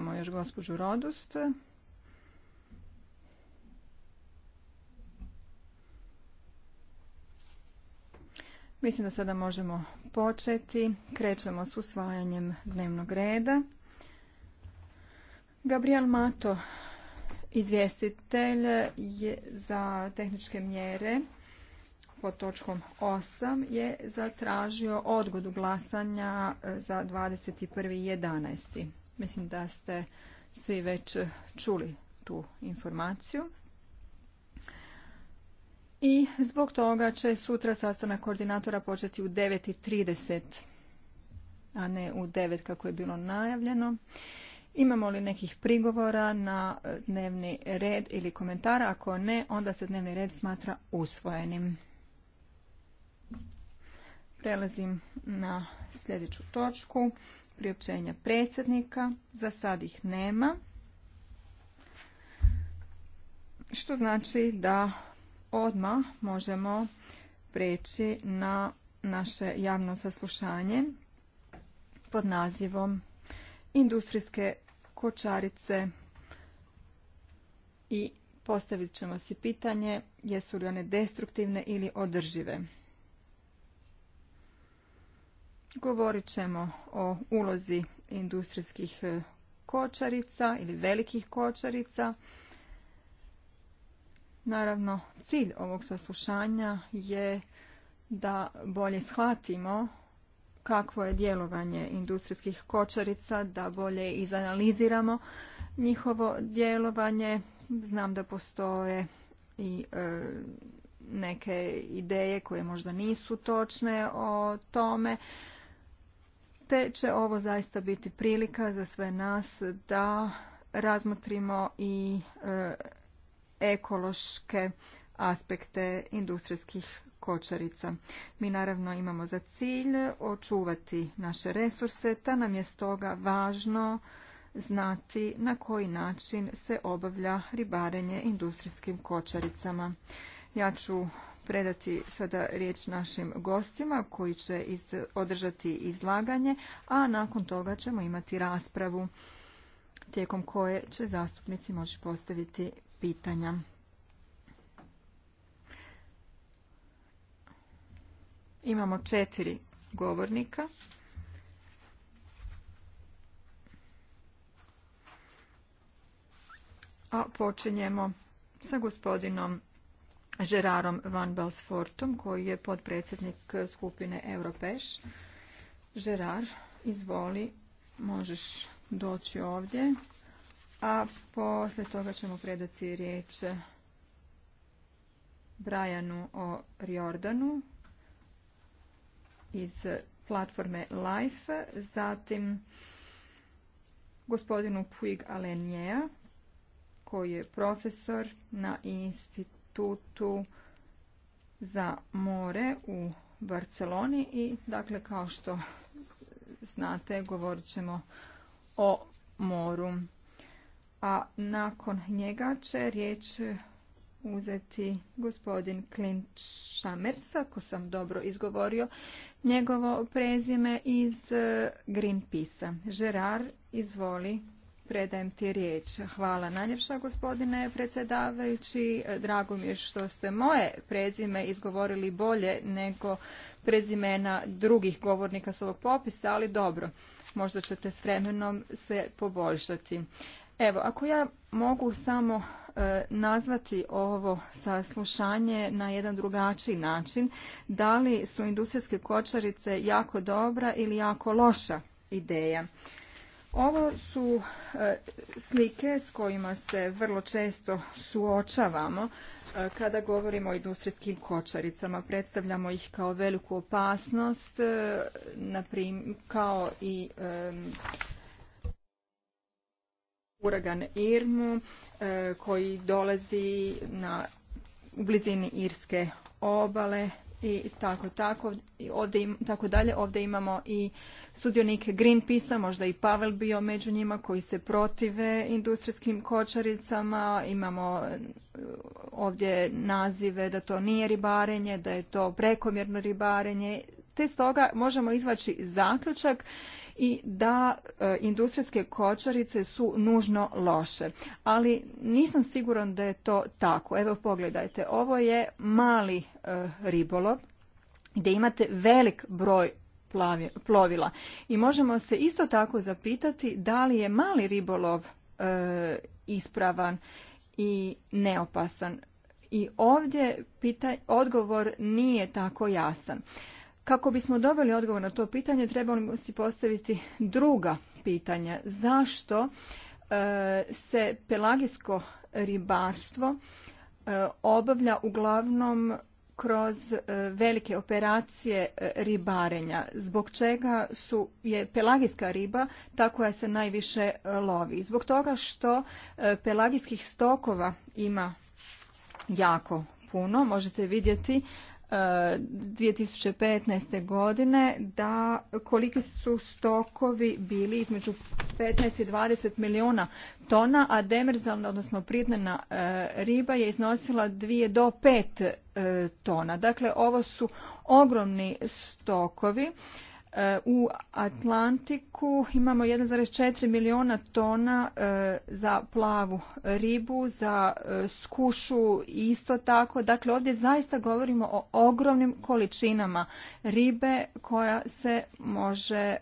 čekamo još gospođu Rodust. Mislim da sada možemo početi. Krećemo s usvajanjem dnevnog reda. Gabriel Mato, izvjestitelj je za tehničke mjere pod točkom 8 je zatražio odgodu glasanja za 21.11. Mislim da ste svi već čuli tu informaciju. I zbog toga će sutra sastanak koordinatora početi u 9.30, a ne u 9 kako je bilo najavljeno. Imamo li nekih prigovora na dnevni red ili komentara? Ako ne, onda se dnevni red smatra usvojenim. Prelazim na sljedeću točku priopćenja predsjednika. Za sad ih nema. Što znači da odmah možemo preći na naše javno saslušanje pod nazivom Industrijske kočarice i postavit ćemo si pitanje jesu li one destruktivne ili održive. Govorit ćemo o ulozi industrijskih e, kočarica ili velikih kočarica. Naravno, cilj ovog saslušanja je da bolje shvatimo kakvo je djelovanje industrijskih kočarica, da bolje izanaliziramo njihovo djelovanje. Znam da postoje i e, neke ideje koje možda nisu točne o tome te će ovo zaista biti prilika za sve nas da razmotrimo i e, ekološke aspekte industrijskih kočarica. Mi naravno imamo za cilj očuvati naše resurse, ta nam je stoga važno znati na koji način se obavlja ribarenje industrijskim kočaricama. Ja ću predati sada riječ našim gostima koji će održati izlaganje, a nakon toga ćemo imati raspravu tijekom koje će zastupnici moći postaviti pitanja. Imamo četiri govornika. A počinjemo sa gospodinom Žerarom Van Belsfortom koji je podpredsjednik skupine Europeš. Žerar, izvoli, možeš doći ovdje, a poslije toga ćemo predati riječ Brajanu o Riordanu iz platforme Life, zatim gospodinu Puig Alenjea, koji je profesor na institutu tu za more u Barceloni i dakle kao što znate govorit ćemo o moru. A nakon njega će riječ uzeti gospodin Clint šamers ako sam dobro izgovorio, njegovo prezime iz Greenpeace-a. Gerard, izvoli, Predajem ti riječ. Hvala najljepša gospodine predsjedavajući. Drago mi je što ste moje prezime izgovorili bolje nego prezimena drugih govornika s ovog popisa, ali dobro, možda ćete s vremenom se poboljšati. Evo, ako ja mogu samo e, nazvati ovo saslušanje na jedan drugačiji način, da li su industrijske kočarice jako dobra ili jako loša ideja? Ovo su e, slike s kojima se vrlo često suočavamo e, kada govorimo o industrijskim kočaricama. Predstavljamo ih kao veliku opasnost, e, kao i uragan Irmu koji dolazi u blizini Irske obale i tako, tako, i ovdje, tako dalje. Ovdje imamo i sudionike Greenpeacea, možda i Pavel bio među njima koji se protive industrijskim kočaricama. Imamo e, ovdje nazive da to nije ribarenje, da je to prekomjerno ribarenje te stoga možemo izvaći zaključak i da e, industrijske kočarice su nužno loše. Ali nisam siguran da je to tako. Evo pogledajte, ovo je mali e, ribolov gdje imate velik broj plovila. I možemo se isto tako zapitati da li je mali ribolov e, ispravan i neopasan. I ovdje odgovor nije tako jasan. Kako bismo dobili odgovor na to pitanje, trebamo si postaviti druga pitanja. Zašto e, se pelagijsko ribarstvo e, obavlja uglavnom kroz e, velike operacije ribarenja, zbog čega su, je pelagijska riba ta koja se najviše lovi. Zbog toga što pelagijskih stokova ima jako puno, možete vidjeti 2015. godine da koliki su stokovi bili između 15 i 20 milijuna tona, a demerzalna, odnosno pridnena e, riba je iznosila 2 do 5 e, tona. Dakle, ovo su ogromni stokovi u Atlantiku imamo 1,4 milijuna tona e, za plavu ribu, za e, skušu isto tako. Dakle, ovdje zaista govorimo o ogromnim količinama ribe koja se može e,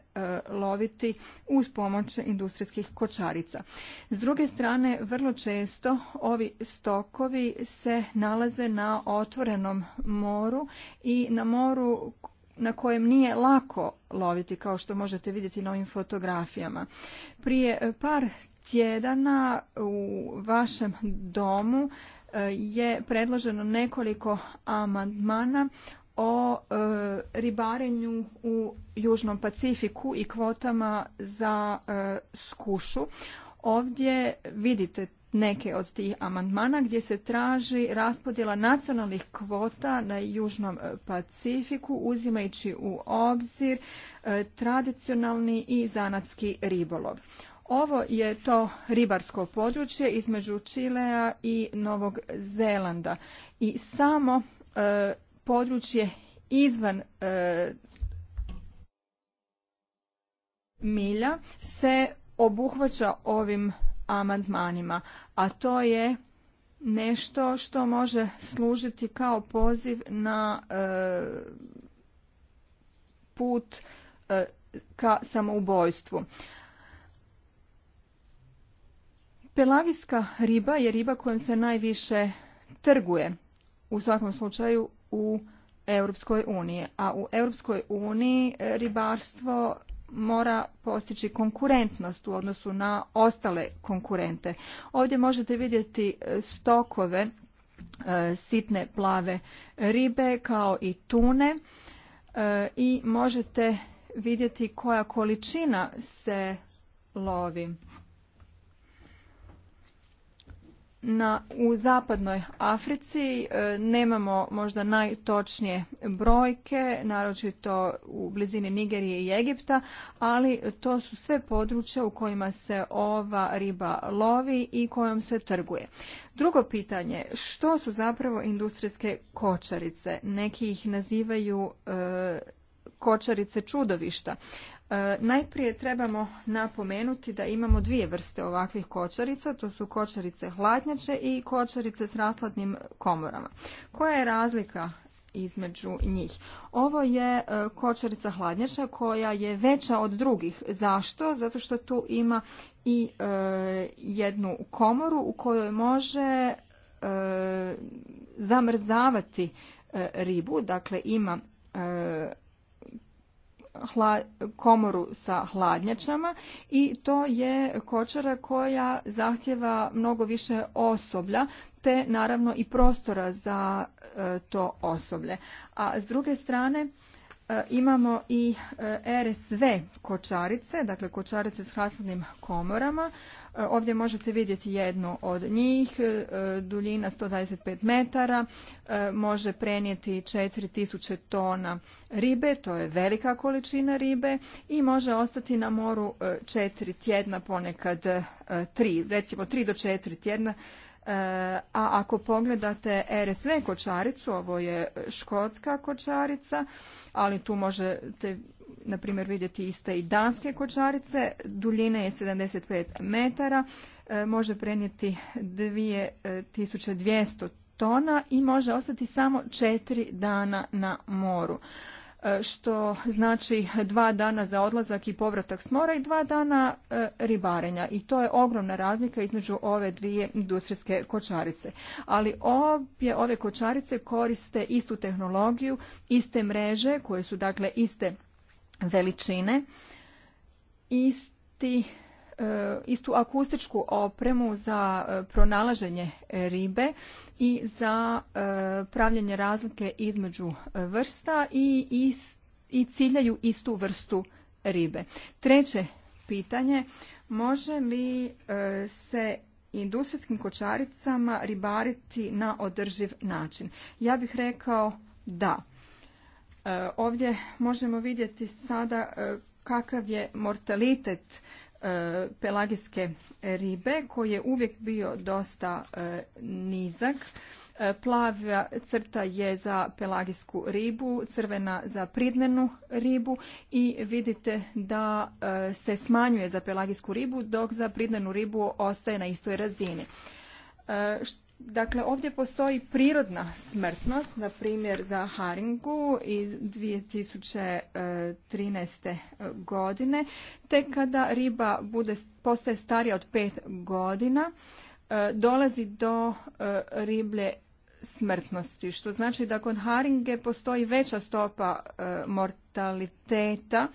loviti uz pomoć industrijskih kočarica. S druge strane, vrlo često ovi stokovi se nalaze na otvorenom moru i na moru na kojem nije lako loviti kao što možete vidjeti na ovim fotografijama. Prije e, par tjedana u vašem domu e, je predloženo nekoliko amandmana o e, ribarenju u Južnom Pacifiku i kvotama za skušu. Ovdje vidite neke od tih amandmana gdje se traži raspodjela nacionalnih kvota na Južnom e, Pacifiku uzimajući u obzir e, tradicionalni i zanatski ribolov. Ovo je to ribarsko područje između Čilea i Novog Zelanda i samo e, područje izvan milja se obuhvaća ovim amandmanima, a to je nešto što može služiti kao poziv na e, put e, ka samoubojstvu. Pelagijska riba je riba kojom se najviše trguje, u svakom slučaju u Europskoj uniji, a u Europskoj uniji ribarstvo mora postići konkurentnost u odnosu na ostale konkurente. Ovdje možete vidjeti e, stokove e, sitne plave ribe kao i tune e, i možete vidjeti koja količina se lovi na, u zapadnoj Africi e, nemamo možda najtočnije brojke, naročito u blizini Nigerije i Egipta, ali to su sve područja u kojima se ova riba lovi i kojom se trguje. Drugo pitanje, što su zapravo industrijske kočarice? Neki ih nazivaju e, kočarice čudovišta. Najprije trebamo napomenuti da imamo dvije vrste ovakvih kočarica, to su kočarice hladnjače i kočarice s rasladnim komorama. Koja je razlika između njih. Ovo je e, kočarica hladnjača koja je veća od drugih. Zašto? Zato što tu ima i e, jednu komoru u kojoj može e, zamrzavati ribu, dakle ima hla, komoru sa hladnjačama i to je kočara koja zahtjeva mnogo više osoblja te naravno i prostora za e, to osoblje. A s druge strane e, imamo i e, RSV kočarice, dakle kočarice s hladnim komorama Ovdje možete vidjeti jednu od njih, e, duljina 125 metara, e, može prenijeti 4000 tona ribe, to je velika količina ribe i može ostati na moru 4 e, tjedna, ponekad 3, recimo 3 do 4 tjedna, a ako pogledate RSV kočaricu, ovo je škotska kočarica, ali tu možete na primjer vidjeti iste i danske kočarice, duljine je 75 metara, e, može prenijeti 2200 e, tona i može ostati samo 4 dana na moru e, što znači dva dana za odlazak i povratak s mora i dva dana ribarenja. I to je ogromna razlika između ove dvije industrijske kočarice. Ali obje ove kočarice koriste istu tehnologiju, iste mreže koje su dakle iste veličine isti e, istu akustičku opremu za e, pronalaženje ribe i za e, pravljanje razlike između vrsta i, i ciljaju istu vrstu ribe. Treće pitanje, može li se industrijskim kočaricama ribariti na održiv način? Ja bih rekao da. E, ovdje možemo vidjeti sada e, kakav je mortalitet e, pelagijske ribe koji je uvijek bio dosta nizak. Plava crta je za pelagijsku ribu, crvena za pridnenu ribu i vidite da se smanjuje za pelagijsku ribu dok za pridnenu ribu ostaje na istoj razini. Dakle, ovdje postoji prirodna smrtnost, na primjer za Haringu iz 2013. godine, te kada riba bude, postaje starija od pet godina, e, dolazi do e, riblje smrtnosti, što znači da kod Haringe postoji veća stopa e, mortaliteta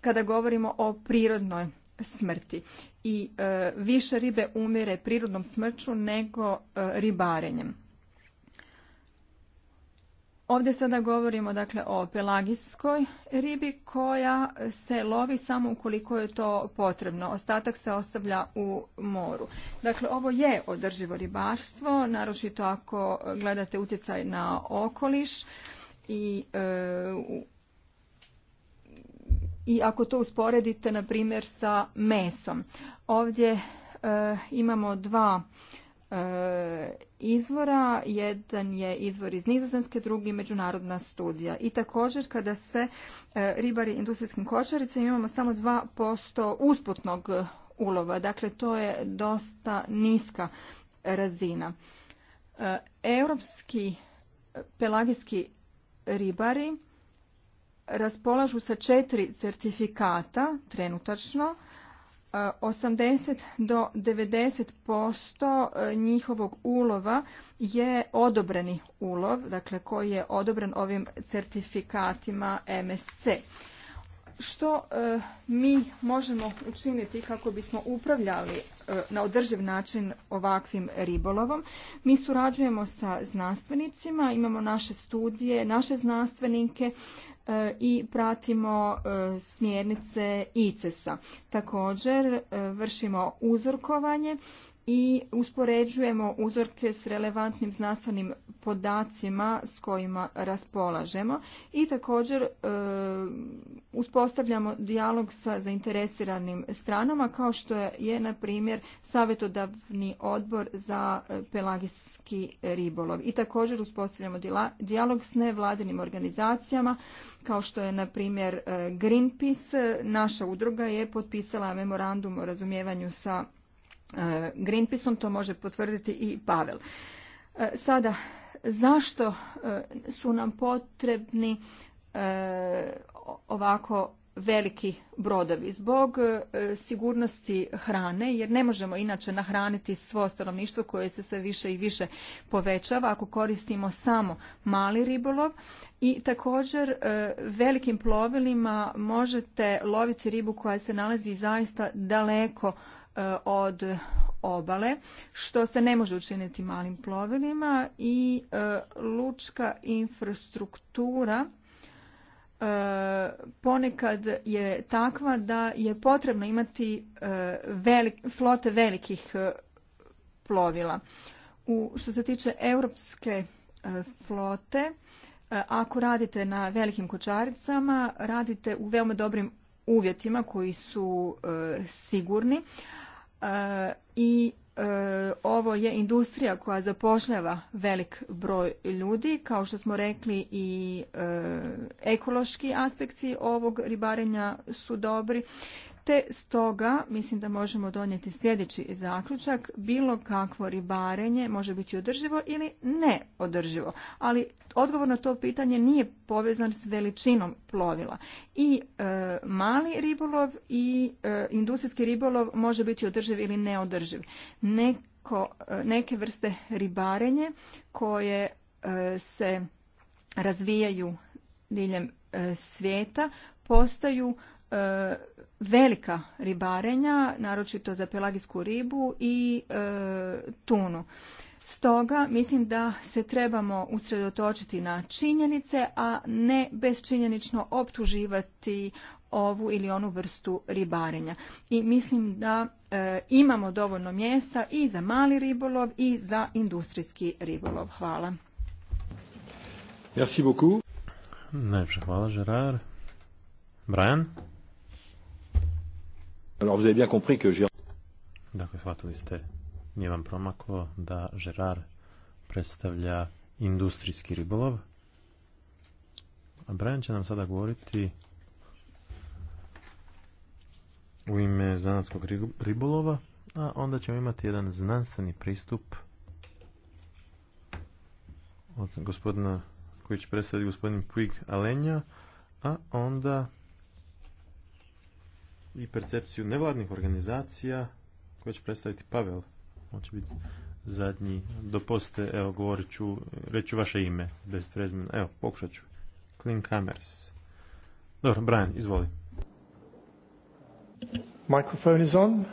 kada govorimo o prirodnoj smrti i e, više ribe umire prirodnom smrću nego e, ribarenjem. Ovdje sada govorimo dakle o pelagijskoj ribi koja se lovi samo ukoliko je to potrebno. Ostatak se ostavlja u moru. Dakle, ovo je održivo ribarstvo, naročito ako gledate utjecaj na okoliš i e, i ako to usporedite, na primjer, sa mesom. Ovdje e, imamo dva e, izvora, jedan je izvor iz Nizozemske, drugi međunarodna studija. I također kada se e, ribari industrijskim kočaricama imamo samo 2% usputnog ulova, dakle to je dosta niska razina. Europski pelagijski ribari raspolažu sa četiri certifikata trenutačno 80 do 90% e, njihovog ulova je odobreni ulov, dakle koji je odobren ovim certifikatima MSC. Što e, mi možemo učiniti kako bismo upravljali e, na održiv način ovakvim ribolovom? Mi surađujemo sa znanstvenicima, imamo naše studije, naše znanstvenike, E, i pratimo e, smjernice ICES-a. Također e, vršimo uzorkovanje i uspoređujemo uzorke s relevantnim znanstvenim podacima s kojima raspolažemo i također e, uspostavljamo dijalog sa zainteresiranim stranama kao što je, je na primjer savjetodavni odbor za e, pelagijski ribolov i također uspostavljamo dijalog s nevladinim organizacijama kao što je na primjer e, Greenpeace naša udruga je potpisala memorandum o razumijevanju sa E, Greenpeaceom, to može potvrditi i Pavel. E, sada, zašto e, su nam potrebni ovako veliki brodovi zbog sigurnosti hrane jer ne možemo inače nahraniti svo stanovništvo koje se sve više i više povećava ako koristimo samo mali ribolov i također velikim plovilima možete loviti ribu koja se nalazi zaista daleko Eh, od obale, što se ne može učiniti malim plovilima i eh, lučka infrastruktura eh, ponekad je takva da je potrebno imati flote velikih plovila. što se tiče europske flote, ako radite na velikim kočaricama, radite u veoma dobrim uvjetima koji su sigurni, E, i e, ovo je industrija koja zapošljava velik broj ljudi kao što smo rekli i e, ekološki aspekci ovog ribarenja su dobri te stoga mislim da možemo donijeti sljedeći zaključak. Bilo kakvo ribarenje može biti održivo ili neodrživo. Ali odgovor na to pitanje nije povezan s veličinom plovila. I e, mali ribolov i e, industrijski ribolov može biti održiv ili neodrživ. Neko, e, neke vrste ribarenje koje se razvijaju diljem svijeta postaju E, velika ribarenja, naročito za pelagijsku ribu i e, tunu. Stoga mislim da se trebamo usredotočiti na činjenice, a ne bezčinjenično optuživati ovu ili onu vrstu ribarenja. I mislim da e, imamo dovoljno mjesta i za mali ribolov i za industrijski ribolov. Hvala. Merci beaucoup. hvala, Alors vous avez bien compris que Dakle, shvatili ste, nije vam promaklo da Gérard predstavlja industrijski ribolov. A Brian će nam sada govoriti u ime zanatskog ribolova, a onda ćemo imati jedan znanstveni pristup od gospodina koji će predstaviti gospodin Puig Alenja, a onda i percepciju nevladnih organizacija koje će predstaviti Pavel. On će biti zadnji. poste. evo, govorit ću, reću vaše ime bez prezimena Evo, pokušat ću. Clean Cameras. Dobro, Brian, izvoli. Microphone is on.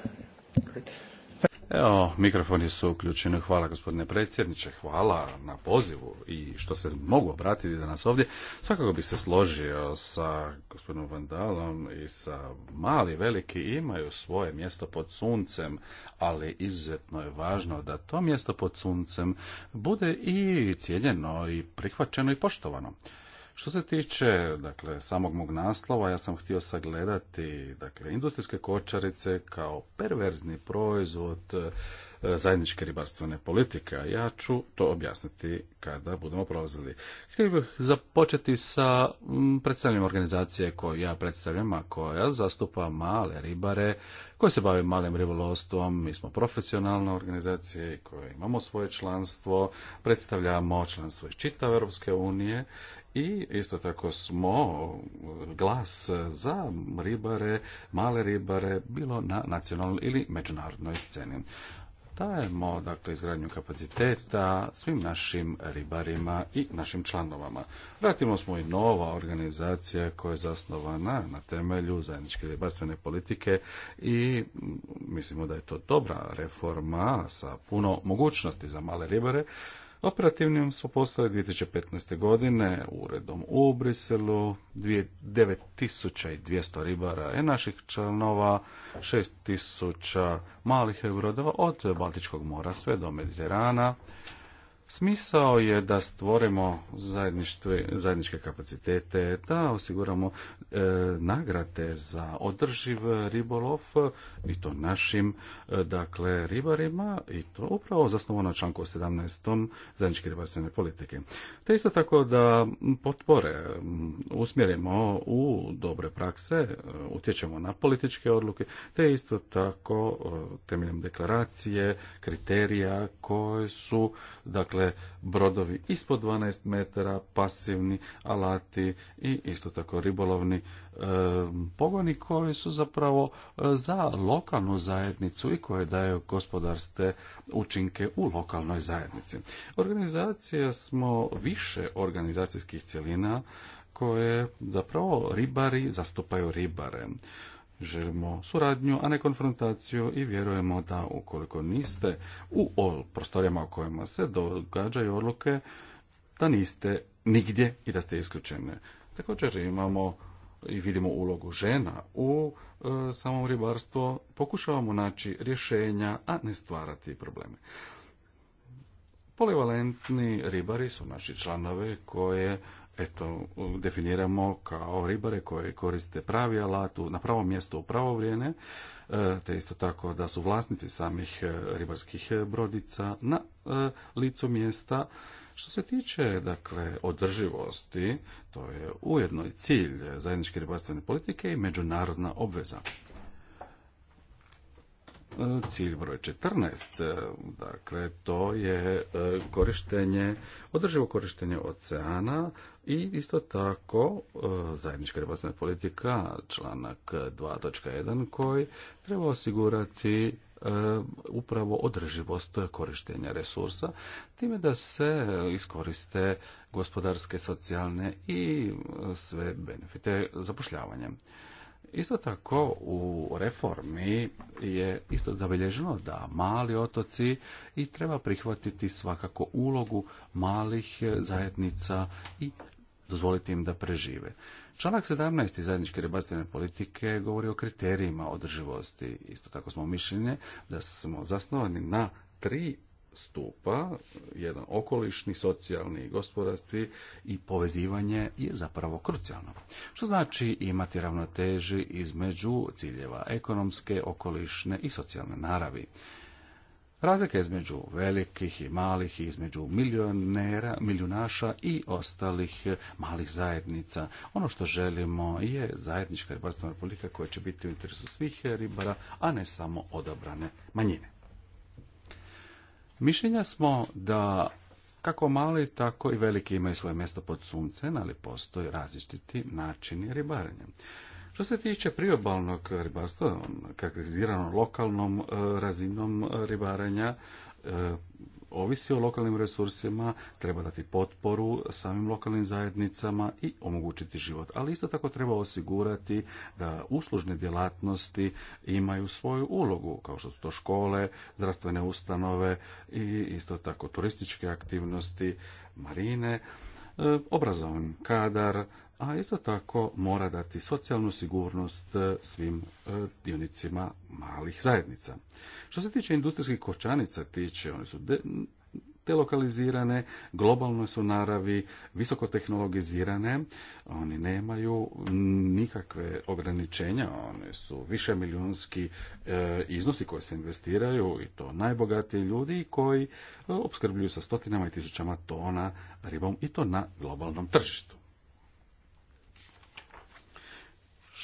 Evo, mikrofoni su uključeni. Hvala gospodine predsjedniče, hvala na pozivu i što se mogu obratiti danas ovdje. Svakako bi se složio sa gospodinom Vandalom i sa mali, veliki imaju svoje mjesto pod suncem, ali izuzetno je važno da to mjesto pod suncem bude i cijenjeno i prihvaćeno i poštovano. Što se tiče dakle, samog mog naslova, ja sam htio sagledati dakle, industrijske kočarice kao perverzni proizvod e, zajedničke ribarstvene politike. Ja ću to objasniti kada budemo prolazili. Htio bih započeti sa predstavljanjem organizacije koju ja predstavljam, a koja zastupa male ribare koje se bave malim ribolovstvom. Mi smo profesionalna organizacija koja imamo svoje članstvo, predstavljamo članstvo iz čitave Europske unije i isto tako smo glas za ribare, male ribare, bilo na nacionalnoj ili međunarodnoj sceni. Dajemo dakle, izgradnju kapaciteta svim našim ribarima i našim članovama. Vratimo smo i nova organizacija koja je zasnovana na temelju zajedničke ribarstvene politike i mislimo da je to dobra reforma sa puno mogućnosti za male ribare Operativnim smo postali 2015. godine uredom u Briselu, 9200 ribara je naših članova, 6000 malih brodova od Baltičkog mora sve do Mediterana. Smisao je da stvorimo zajedničke kapacitete, da osiguramo e, nagrade za održiv ribolov i to našim e, dakle ribarima i to upravo zasnovano na članku 17. zajedničke ribarstvene politike. Te isto tako da potpore mm, usmjerimo u dobre prakse, e, utječemo na političke odluke, te isto tako e, temeljem deklaracije, kriterija koje su dakle Dakle, brodovi ispod 12 metara, pasivni alati i isto tako ribolovni e, pogoni koji su zapravo e, za lokalnu zajednicu i koje daju gospodarske učinke u lokalnoj zajednici. Organizacija smo više organizacijskih cjelina koje zapravo ribari zastupaju ribare želimo suradnju, a ne konfrontaciju i vjerujemo da ukoliko niste u prostorijama u kojima se događaju odluke, da niste nigdje i da ste isključeni. Također imamo i vidimo ulogu žena u e, samom ribarstvu, pokušavamo naći rješenja, a ne stvarati probleme. Polivalentni ribari su naši članovi koje eto, definiramo kao ribare koji koriste pravi alat na pravo mjesto u pravo vrijeme, e, te isto tako da su vlasnici samih e, ribarskih e, brodica na licu mjesta. Što se tiče dakle održivosti, to je ujedno i cilj zajedničke ribarstvene politike i međunarodna obveza cilj broj 14. E, dakle, to je e, korištenje, održivo korištenje oceana i isto tako e, zajednička ribasna politika, članak 2.1 koji treba osigurati upravo održivost korištenja resursa, time da se iskoriste gospodarske, socijalne i sve benefite zapošljavanjem. Isto tako u reformi je isto zabilježeno da mali otoci i treba prihvatiti svakako ulogu malih zajednica i dozvoliti im da prežive. Članak 17. zajedničke ribarstvene politike govori o kriterijima održivosti. Isto tako smo mišljenje da smo zasnovani na tri stupa, jedan okolišni, socijalni i gospodarski i povezivanje je zapravo krucijalno. Što znači imati ravnoteži između ciljeva ekonomske, okolišne i socijalne naravi. Razlika između velikih i malih, između milionera, milijunaša i ostalih malih zajednica. Ono što želimo je zajednička ribarstvena politika koja će biti u interesu svih ribara, a ne samo odabrane manjine. Mišljenja smo da kako mali, tako i veliki imaju svoje mjesto pod suncem, ali postoje različiti načini ribarenja. Što se tiče priobalnog ribarstva, karakterizirano lokalnom e, razinom e, ribarenja, e, ovisi o lokalnim resursima, treba dati potporu samim lokalnim zajednicama i omogućiti život. Ali isto tako treba osigurati da uslužne djelatnosti imaju svoju ulogu, kao što su to škole, zdravstvene ustanove i isto tako turističke aktivnosti, marine, e, Obrazovni kadar, a isto tako mora dati socijalnu sigurnost e, svim e, dionicima malih zajednica. Što se tiče industrijskih kočanica tiče, one su de delokalizirane, globalno su naravi, visoko tehnologizirane, oni nemaju nikakve ograničenja, oni su više milijunski e, iznosi koji se investiraju i to najbogatiji ljudi koji opskrbljuju sa stotinama i tisućama tona ribom i to na globalnom tržištu.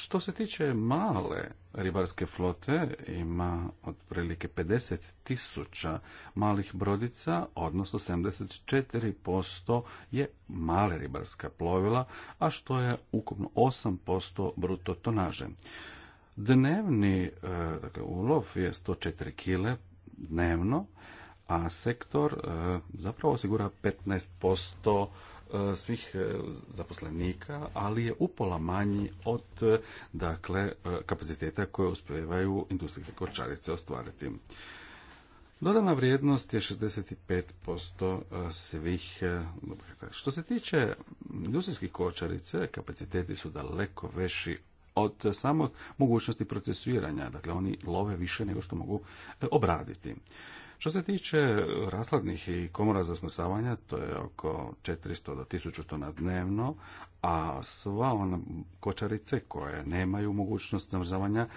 Što se tiče male ribarske flote, ima otprilike 50 tisuća malih brodica, odnosno 74% je male ribarska plovila, a što je ukupno 8% bruto tonaže. Dnevni e, dakle, ulov je 104 kile dnevno, a sektor e, zapravo osigura 15% E, svih e, zaposlenika, ali je upola manji od e, dakle, kapaciteta koje uspjevaju industrijske kočarice ostvariti. Dodana vrijednost je 65% svih. Što se tiče industrijskih kočarice, kapaciteti su daleko veši od samog mogućnosti procesuiranja. Dakle, oni love više nego što mogu obraditi. Što se tiče rasladnih i komora za smrzavanja, to je oko 400 do 1000 tona dnevno, a sva ona kočarice koje nemaju mogućnost zamrzavanja e,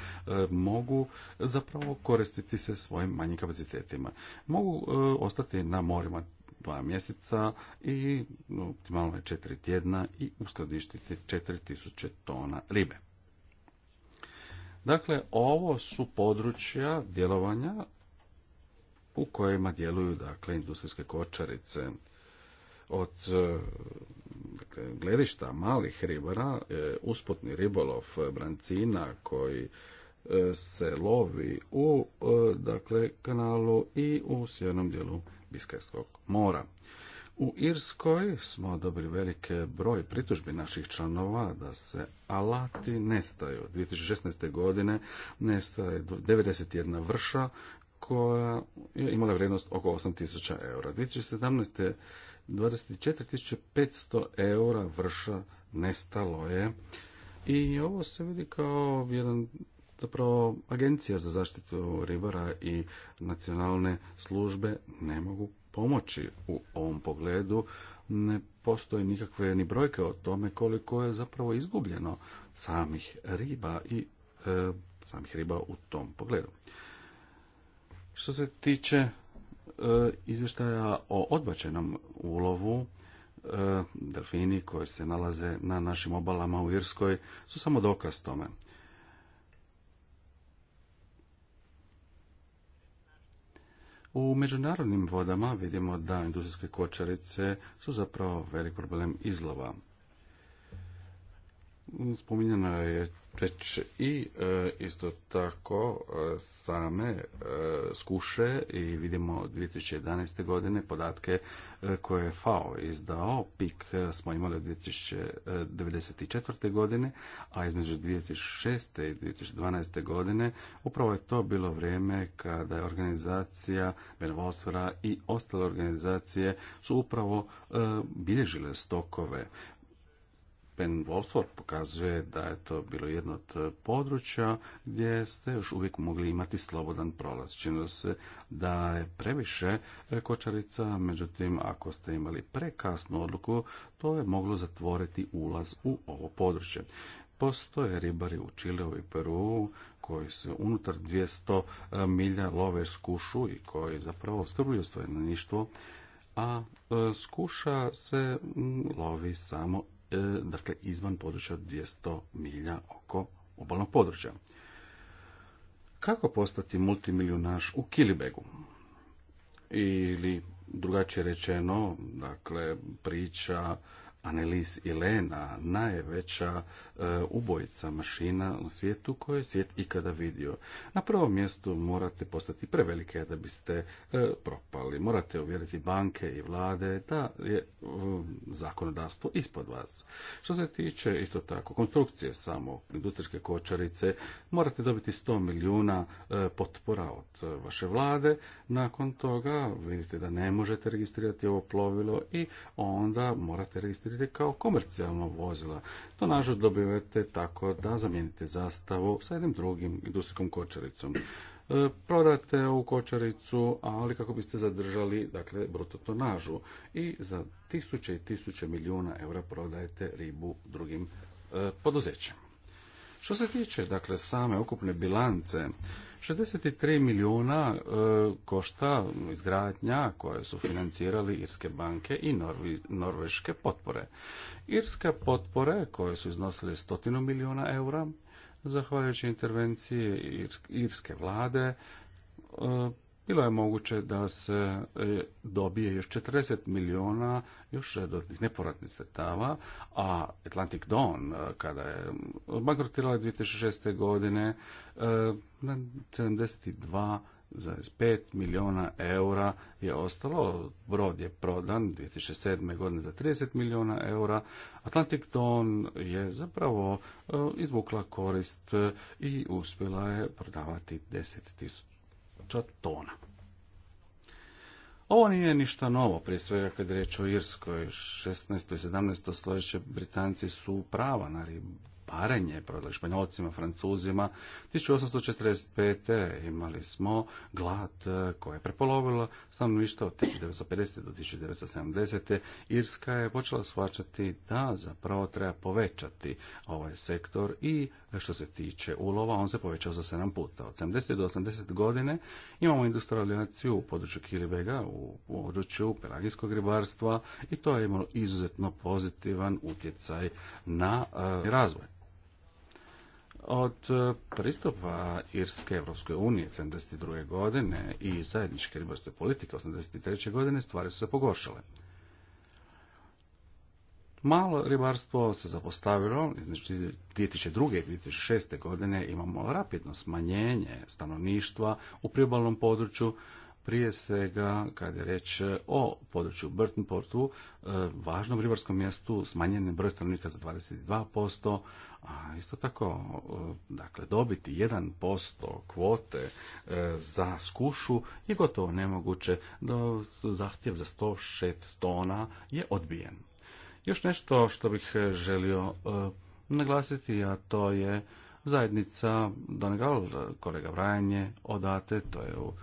mogu zapravo koristiti se svojim manjim kapacitetima. Mogu e, ostati na morima dva mjeseca i optimalno je četiri tjedna i uskladištiti 4000 tona ribe. Dakle, ovo su područja djelovanja u kojima djeluju dakle industrijske kočarice od e, dakle, gledišta malih ribara, e, usputni ribolov brancina koji e, se lovi u dakle kanalu i u sjevernom dijelu Biskajskog mora. U Irskoj smo dobili velike broj pritužbi naših članova da se alati nestaju. 2016. godine nestaje 91 vrša koja je imala vrijednost oko 8000 eura. 2017. 24.500 eura vrša nestalo je i ovo se vidi kao jedan zapravo agencija za zaštitu ribara i nacionalne službe ne mogu pomoći u ovom pogledu. Ne postoje nikakve ni brojke o tome koliko je zapravo izgubljeno samih riba i e, samih riba u tom pogledu. Što se tiče e, izvještaja o odbačenom ulovu, e, delfini koji se nalaze na našim obalama u Irskoj su samo dokaz tome. U međunarodnim vodama vidimo da industrijske kočarice su zapravo velik problem izlova spominjano je već i e, isto tako e, same e, skuše i vidimo 2011. godine podatke koje je FAO izdao. Pik smo imali od 1994. godine, a između 2006. i 2012. godine upravo je to bilo vrijeme kada je organizacija Mervosfera i ostale organizacije su upravo bilježile stokove. Ben Wolford pokazuje da je to bilo jedno od e, područja gdje ste još uvijek mogli imati slobodan prolaz. Činilo se da je previše e, kočarica, međutim ako ste imali prekasnu odluku, to je moglo zatvoriti ulaz u ovo područje. Postoje ribari u Čileu i Peru koji se unutar 200 e, milja love skušu i koji zapravo skrbljuju svoje a skuša se lovi samo E, dakle izvan područja 200 milja oko obalnog područja. Kako postati multimilionaš u Kilibegu? Ili drugačije rečeno, dakle, priča Annelies Ilena, najveća e, ubojica mašina u svijetu koje je svijet ikada vidio. Na prvom mjestu morate postati prevelike da biste e, propali. Morate uvjeriti banke i vlade da je e, zakonodavstvo ispod vas. Što se tiče isto tako konstrukcije samo industrijske kočarice, morate dobiti 100 milijuna potpora od vaše vlade. Nakon toga vidite da ne možete registrirati ovo plovilo i onda morate registrirati koristite kao komercijalno vozila. To nažalost dobivate tako da zamijenite zastavu sa jednim drugim industrijskom kočaricom. E, prodate ovu kočaricu, ali kako biste zadržali dakle, brutotonažu i za tisuće i tisuće milijuna eura prodajete ribu drugim e, poduzećima. Što se tiče dakle, same okupne bilance, 63 milijuna e, košta izgradnja koje su financirali irske banke i norveške potpore. Irske potpore koje su iznosile stotinu milijuna eura, zahvaljujući intervenciji irske vlade, e, bilo je moguće da se e, dobije još 40 milijuna još dodatnih neporatnih sredstava, a Atlantic Dawn, e, kada je bankrotirala 2006. godine, e, na 72 milijuna eura je ostalo. Brod je prodan 2007. godine za 30 milijuna eura. Atlantic Dawn je zapravo izvukla korist i uspjela je prodavati 10 tisuća tona. Ovo nije ništa novo, prije svega kad je riječ o Irskoj. 16. i 17. stoljeće Britanci su prava na ribarenje, prodali Španjolcima, Francuzima. 1845. imali smo glad koje je sami stanovništvo od 1950. do 1970. Irska je počela shvaćati da zapravo treba povećati ovaj sektor i što se tiče ulova, on se povećao za 7 puta. Od 70 do 80 godine imamo industrializaciju u području Kiribega, u području pelagijskog ribarstva i to je imalo izuzetno pozitivan utjecaj na e, razvoj. Od e, pristupa Irske Evropskoj unije 72. godine i zajedničke ribarske politike 83. godine stvari su se pogoršale. Malo ribarstvo se zapostavilo, znači 2002. i 2006. godine imamo rapidno smanjenje stanovništva u priobalnom području, prije svega kad je reč o području burtonportu e, važnom ribarskom mjestu, smanjen je broj stanovnika za 22%, a isto tako, e, dakle, dobiti 1% kvote e, za skušu je gotovo nemoguće, da zahtjev za 106 tona je odbijen. Još nešto što bih e, želio e, naglasiti, a to je zajednica Donegal, kolega Vrajanje, odate, to je u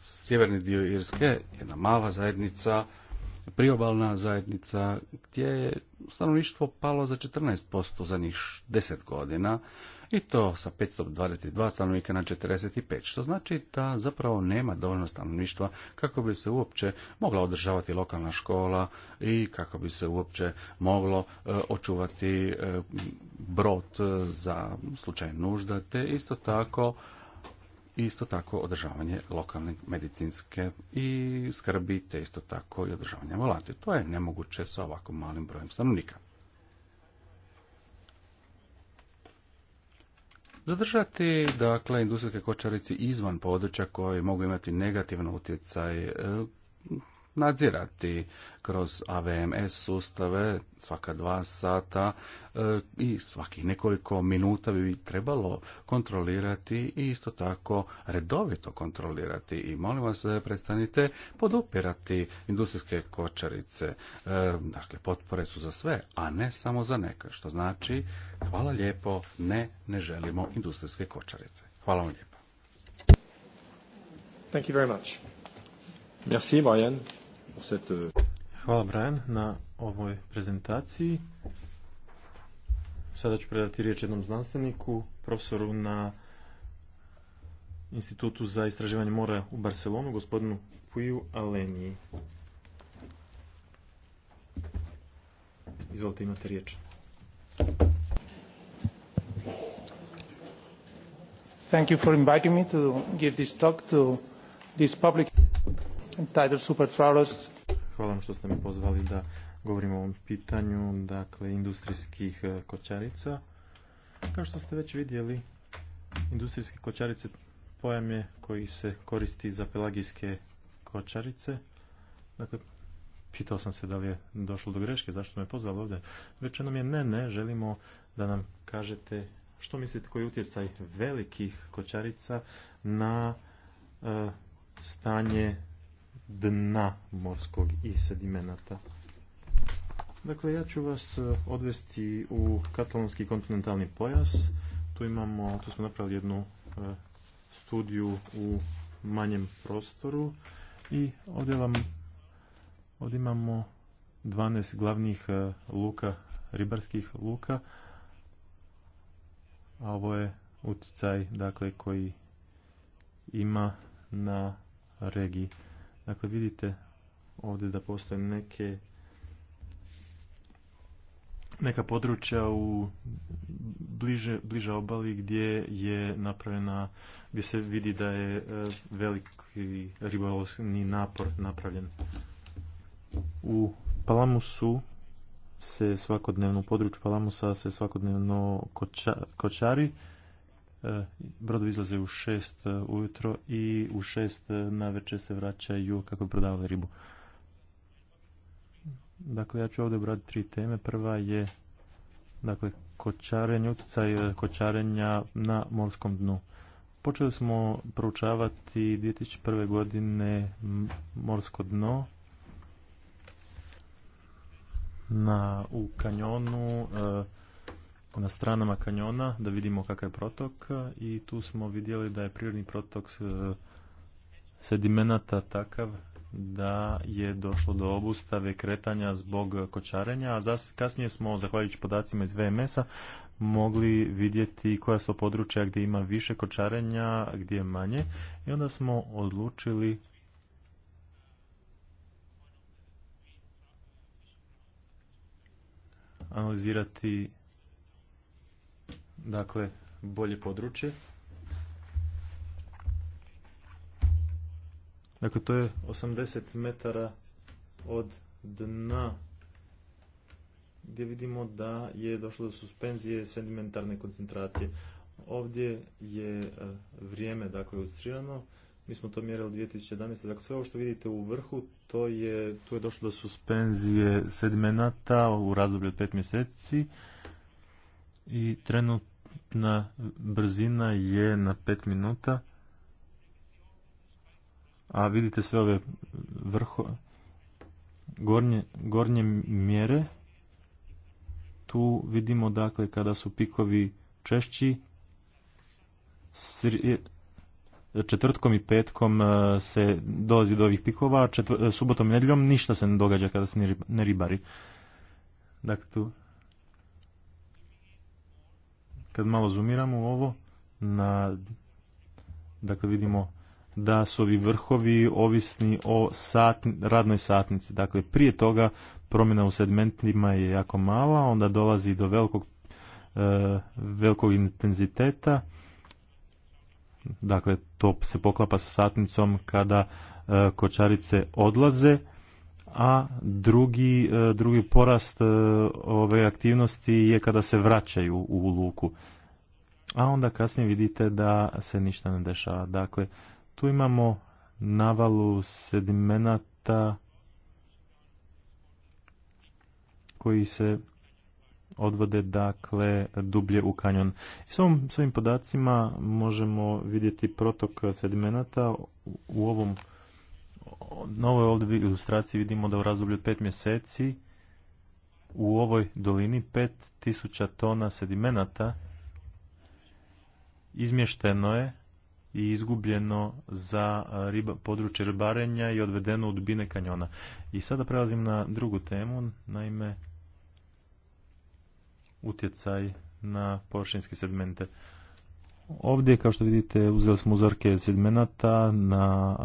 sjeverni dio Irske, jedna mala zajednica, priobalna zajednica gdje je stanovništvo palo za 14% za njih 10 godina i to sa 522 stanovnika na 45, što znači da zapravo nema dovoljno stanovništva kako bi se uopće mogla održavati lokalna škola i kako bi se uopće moglo e, očuvati e, brod e, za slučaj nužda, te isto tako isto tako održavanje lokalne medicinske i skrbi, te isto tako i održavanje volante. To je nemoguće sa ovako malim brojem stanovnika. zadržati dakle industrijske kočarice izvan područja koje mogu imati negativan utjecaj e, nadzirati kroz AVMS sustave svaka dva sata e, i svakih nekoliko minuta bi trebalo kontrolirati i isto tako redovito kontrolirati i molim vas da e, prestanite podupirati industrijske kočarice. E, dakle, potpore su za sve, a ne samo za neke, što znači hvala lijepo, ne, ne želimo industrijske kočarice. Hvala vam lijepo. Thank you very much. Merci, Brian. Euh, Hvala Brian na ovoj prezentaciji. Sada ću predati riječ jednom znanstveniku, profesoru na Institutu za istraživanje mora u Barcelonu, gospodinu Puju Aleniji. Izvolite, imate riječ. Thank you for inviting me to give this talk to this public. Hvala vam što ste me pozvali da govorim o ovom pitanju, dakle, industrijskih e, kočarica. Kao što ste već vidjeli, industrijske kočarice pojam je koji se koristi za pelagijske kočarice. Dakle, pitao sam se da li je došlo do greške, zašto me pozvali ovdje. Rečeno mi je ne, ne, želimo da nam kažete što mislite koji je utjecaj velikih kočarica na e, stanje dna morskog i sedimenata. Dakle, ja ću vas e, odvesti u katalonski kontinentalni pojas. Tu imamo, tu smo napravili jednu e, studiju u manjem prostoru i ovdje vam ovdje imamo 12 glavnih e, luka, ribarskih luka. A ovo je utjecaj dakle koji ima na regiji. Dakle, vidite ovdje da postoje neke neka područja u bliže, bliže obali gdje je napravljena, gdje se vidi da je e, veliki ribolovni napor napravljen. U Palamusu se svakodnevno, u području Palamusa se svakodnevno kočari E, brodovi izlaze u šest e, ujutro i u šest e, na se vraćaju kako bi prodavali ribu. Dakle, ja ću ovdje obraditi tri teme. Prva je dakle, kočarenje, utjecaj kočarenja na morskom dnu. Počeli smo proučavati 2001. godine morsko dno na, u kanjonu na stranama kanjona da vidimo kakav je protok i tu smo vidjeli da je prirodni protok e, sedimenata takav da je došlo do obustave kretanja zbog kočarenja, a kasnije smo, zahvaljujući podacima iz VMS-a, mogli vidjeti koja su područja gdje ima više kočarenja, gdje je manje i onda smo odlučili analizirati dakle bolje područje. Dakle, to je 80 metara od dna gdje vidimo da je došlo do suspenzije sedimentarne koncentracije. Ovdje je e, vrijeme dakle ilustrirano. Mi smo to mjerili 2011. Dakle, sve ovo što vidite u vrhu, to je, tu je došlo do suspenzije sedimenata u razdoblju od 5 mjeseci i trenutna brzina je na 5 minuta a vidite sve ove vrho gornje, gornje mjere tu vidimo dakle kada su pikovi češći sri, četvrtkom i petkom e, se dolazi do ovih pikova, subotom i nedjeljom ništa se ne događa kada se ne ribari. Dakle, tu kad malo zoomiramo ovo, na, dakle vidimo da su ovi vrhovi ovisni o radnoj satnici. Dakle, prije toga promjena u segmentima je jako mala, onda dolazi do velikog, e, velikog intenziteta. Dakle, to se poklapa sa satnicom kada e, kočarice odlaze a drugi, e, drugi porast e, ove aktivnosti je kada se vraćaju u luku. A onda kasnije vidite da se ništa ne dešava. Dakle, tu imamo navalu sedimenata koji se odvode dakle dublje u kanjon. I s, s ovim podacima možemo vidjeti protok sedimenata u ovom ovoj ovdje ilustraciji vidimo da u razdoblju od pet mjeseci u ovoj dolini 5000 tona sedimenata izmješteno je i izgubljeno za područje ribarenja i odvedeno u dubine kanjona. I sada prelazim na drugu temu, naime utjecaj na površinske sedimente. Ovdje, kao što vidite, uzeli smo uzorke sedmenata na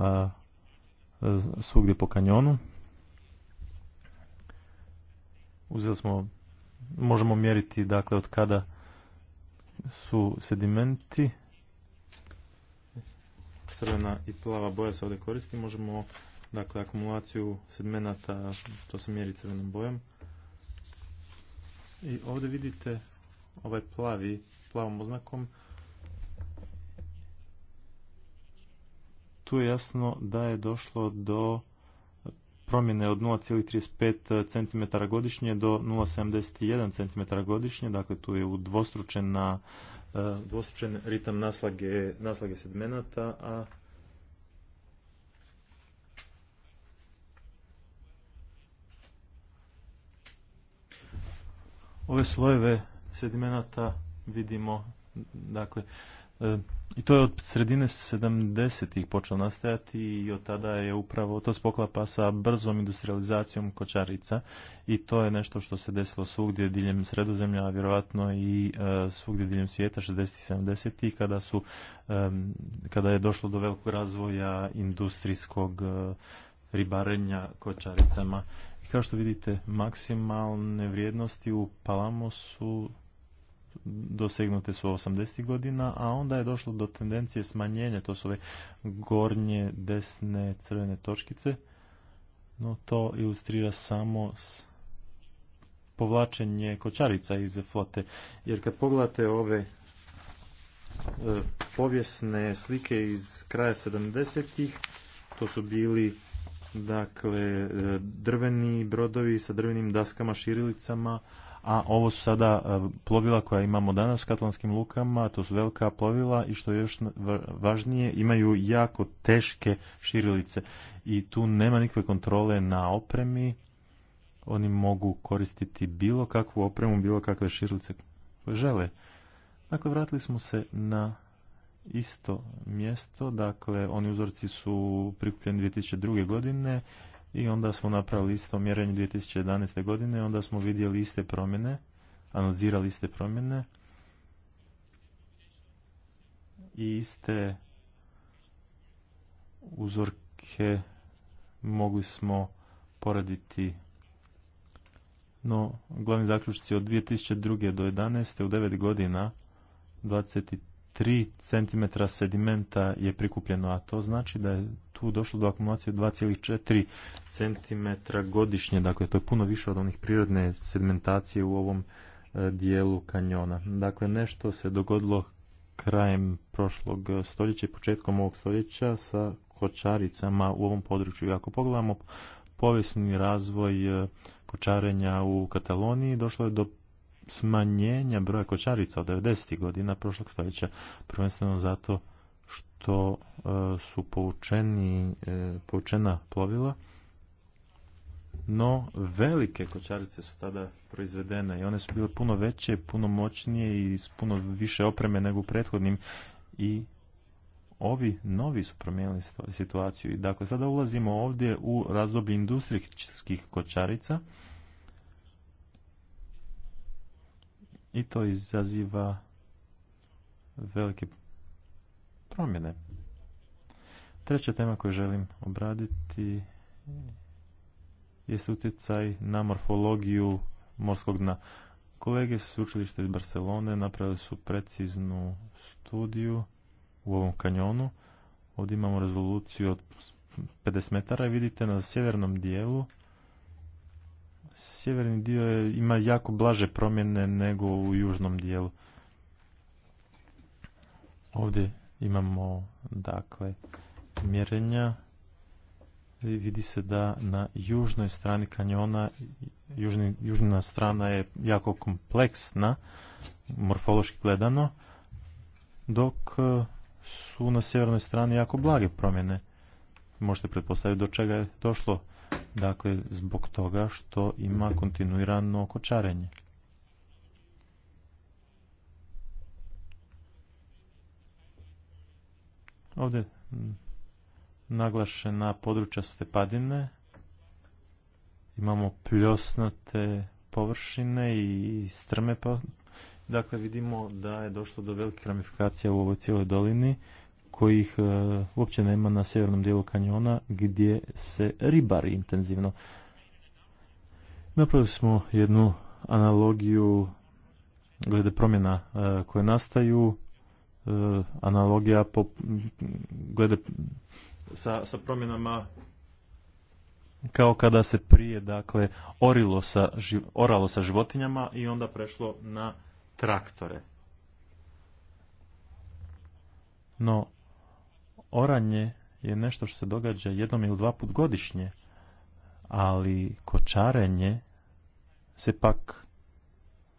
svugdje po kanjonu. Uzeli smo, možemo mjeriti dakle od kada su sedimenti crvena i plava boja se ovdje koristi. Možemo dakle akumulaciju sedmenata, to se mjeri crvenom bojom. I ovdje vidite ovaj plavi, plavom oznakom tu je jasno da je došlo do promjene od 0,35 cm godišnje do 0,71 cm godišnje, dakle tu je udvostručena e, dvostručen ritam naslage, naslage sedmenata, a ove slojeve sedimenata vidimo dakle E, i to je od sredine 70-ih počelo nastajati i od tada je upravo to spoklapa sa brzom industrializacijom kočarica i to je nešto što se desilo svugdje diljem sredozemlja, a vjerojatno i e, svugdje diljem svijeta 60 70-ih kada, su, e, kada je došlo do velikog razvoja industrijskog ribarenja kočaricama. I kao što vidite, maksimalne vrijednosti u Palamosu dosegnute su 80. godina, a onda je došlo do tendencije smanjenja, to su ove gornje, desne, crvene točkice, no to ilustrira samo povlačenje kočarica iz flote, jer kad pogledate ove e, povijesne slike iz kraja 70-ih, to su bili dakle e, drveni brodovi sa drvenim daskama, širilicama, a ovo su sada e, plovila koja imamo danas u katalanskim lukama, to su velika plovila i što je još važnije, imaju jako teške širilice i tu nema nikakve kontrole na opremi, oni mogu koristiti bilo kakvu opremu, bilo kakve širilice koje žele. Dakle, vratili smo se na isto mjesto, dakle, oni uzorci su prikupljeni 2002. godine i onda smo napravili isto mjerenje 2011. godine, onda smo vidjeli iste promjene, analizirali iste promjene i iste uzorke mogli smo porediti. No, glavni zaključci od 2002. do 2011. u 9 godina 23 Tri cm sedimenta je prikupljeno, a to znači da je tu došlo do akumulacije 2,4 cm godišnje, dakle to je puno više od onih prirodne sedimentacije u ovom e, dijelu kanjona. Dakle, nešto se dogodilo krajem prošlog stoljeća i početkom ovog stoljeća sa kočaricama u ovom području. I ako pogledamo povijesni razvoj e, kočarenja u Kataloniji, došlo je do smanjenja broja kočarica od 90. godina prošlog stoljeća, prvenstveno zato što e, su poučeni, e, poučena plovila, no velike kočarice su tada proizvedene i one su bile puno veće, puno moćnije i s puno više opreme nego u prethodnim i ovi novi su promijenili situaciju. I dakle, sada ulazimo ovdje u razdoblje industrijskih kočarica, i to izaziva velike promjene. Treća tema koju želim obraditi jest utjecaj na morfologiju morskog dna. Kolege s učilišta iz Barcelone napravili su preciznu studiju u ovom kanjonu. Ovdje imamo rezoluciju od 50 metara i vidite na sjevernom dijelu sjeverni dio ima jako blaže promjene nego u južnom dijelu. Ovdje imamo dakle mjerenja. Vidi se da na južnoj strani kanjona, južni, južna strana je jako kompleksna, morfološki gledano, dok e, su na sjevernoj strani jako blage promjene. Možete pretpostaviti do čega je došlo Dakle, zbog toga što ima kontinuirano okočarenje. Ovdje naglašena područja su padine Imamo pljosnate površine i strme. Dakle, vidimo da je došlo do velikih ramifikacija u ovoj cijeloj dolini kojih e, uopće nema na sjevernom dijelu kanjona gdje se ribari intenzivno. Napravili smo jednu analogiju glede promjena e, koje nastaju, e, analogija po, glede sa, sa promjenama kao kada se prije dakle orilo sa, oralo sa životinjama i onda prešlo na traktore. No, oranje je nešto što se događa jednom ili dva put godišnje, ali kočarenje se pak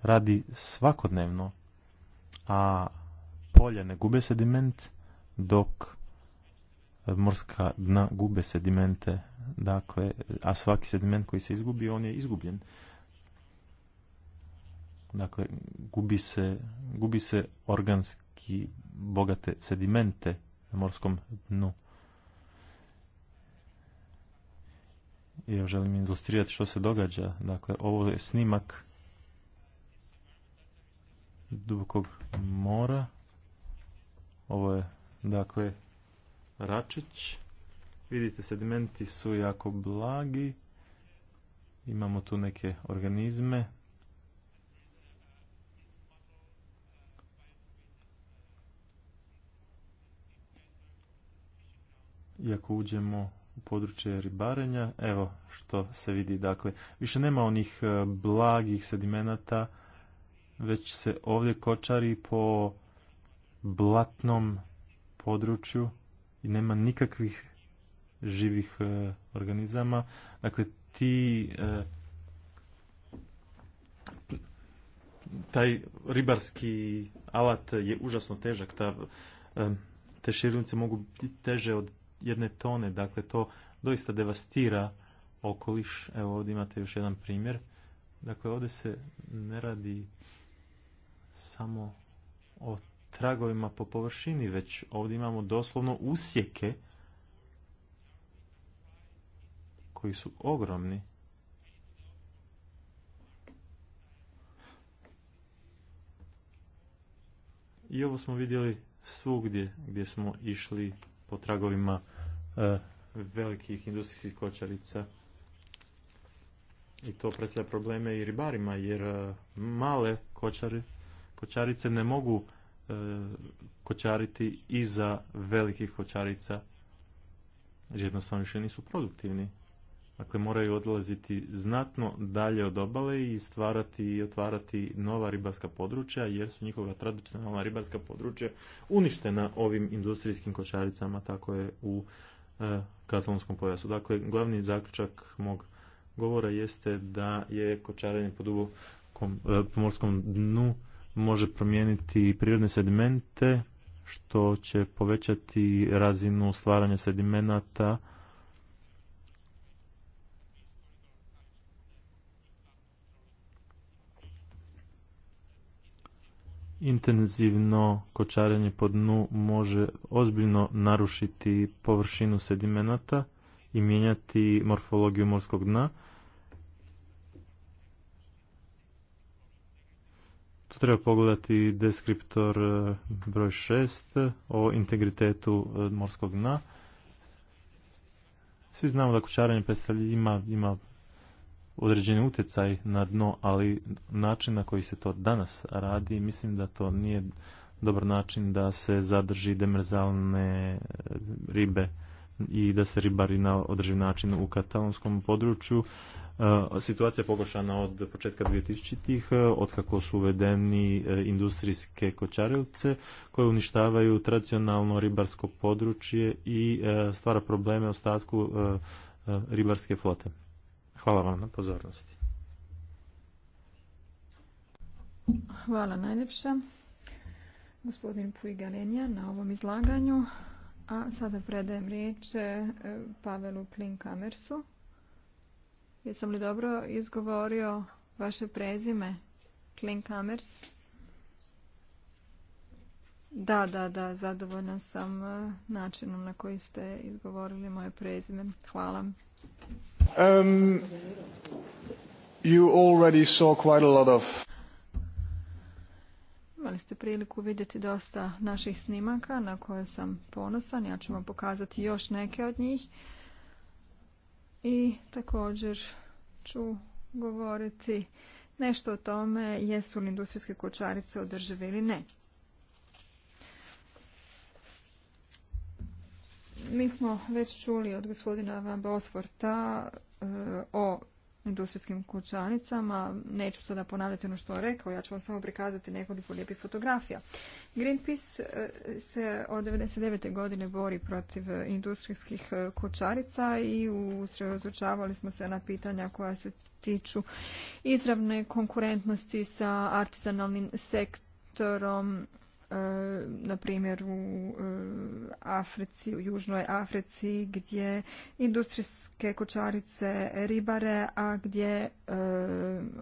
radi svakodnevno, a polje ne gube sediment, dok morska dna gube sedimente, dakle, a svaki sediment koji se izgubi, on je izgubljen. Dakle, gubi se, gubi se organski bogate sedimente na morskom dnu. I želim ilustrirati što se događa. Dakle, ovo je snimak dubokog mora. Ovo je, dakle, račić. Vidite, sedimenti su jako blagi. Imamo tu neke organizme ako uđemo u područje ribarenja, evo što se vidi, dakle, više nema onih e, blagih sedimenata, već se ovdje kočari po blatnom području i nema nikakvih živih e, organizama. Dakle, ti e, taj ribarski alat je užasno težak. Ta, te širunice mogu biti teže od jedne tone. Dakle, to doista devastira okoliš. Evo ovdje imate još jedan primjer. Dakle, ovdje se ne radi samo o tragovima po površini, već ovdje imamo doslovno usjeke koji su ogromni. I ovo smo vidjeli svugdje gdje smo išli po tragovima E, velikih industrijskih kočarica. I to predstavlja probleme i ribarima, jer e, male kočari, kočarice ne mogu e, kočariti iza velikih kočarica, jer jednostavno više nisu produktivni. Dakle, moraju odlaziti znatno dalje od obale i stvarati i otvarati nova ribarska područja, jer su njihova tradicionalna ribarska područja uništena ovim industrijskim kočaricama, tako je u E, katalonskom pojasu. Dakle, glavni zaključak mog govora jeste da je kočarenje po dubokom e, pomorskom dnu može promijeniti prirodne sedimente, što će povećati razinu stvaranja sedimenata intenzivno kočarenje po dnu može ozbiljno narušiti površinu sedimenata i mijenjati morfologiju morskog dna. Tu treba pogledati deskriptor e, broj 6 o integritetu e, morskog dna. Svi znamo da kočaranje predstavlja ima, ima određeni utjecaj na dno, ali način na koji se to danas radi, mislim da to nije dobar način da se zadrži demerzalne e, ribe i da se ribari na određen način u katalonskom području. E, situacija je pogoršana od početka 2000-ih, e, otkako su uvedeni industrijske kočarilce koje uništavaju tradicionalno ribarsko područje i stvara probleme ostatku ribarske flote. Hvala vam na pozornosti. Hvala najljepša gospodin Pujgalenja na ovom izlaganju. A sada predajem riječ e, Pavelu Klinkamersu. Jesam li dobro izgovorio vaše prezime? Klinkamers? Da, da, da, zadovoljna sam e, načinom na koji ste izgovorili moje prezime. Hvala. Um, Imali ste priliku vidjeti dosta naših snimaka na koje sam ponosan. Ja ću vam pokazati još neke od njih. I također ću govoriti nešto o tome jesu li industrijske kočarice održive ili ne. Mi smo već čuli od gospodina Van Bosforta e, o industrijskim kućanicama. Neću sada ponavljati ono što je rekao, ja ću vam samo prikazati nekoliko lijepih fotografija. Greenpeace e, se od 1999. godine bori protiv industrijskih e, kućarica i usredotočavali smo se na pitanja koja se tiču izravne konkurentnosti sa artizanalnim sektorom, E, na primjer u e, Africi, u Južnoj Africi gdje industrijske kočarice ribare, a gdje e,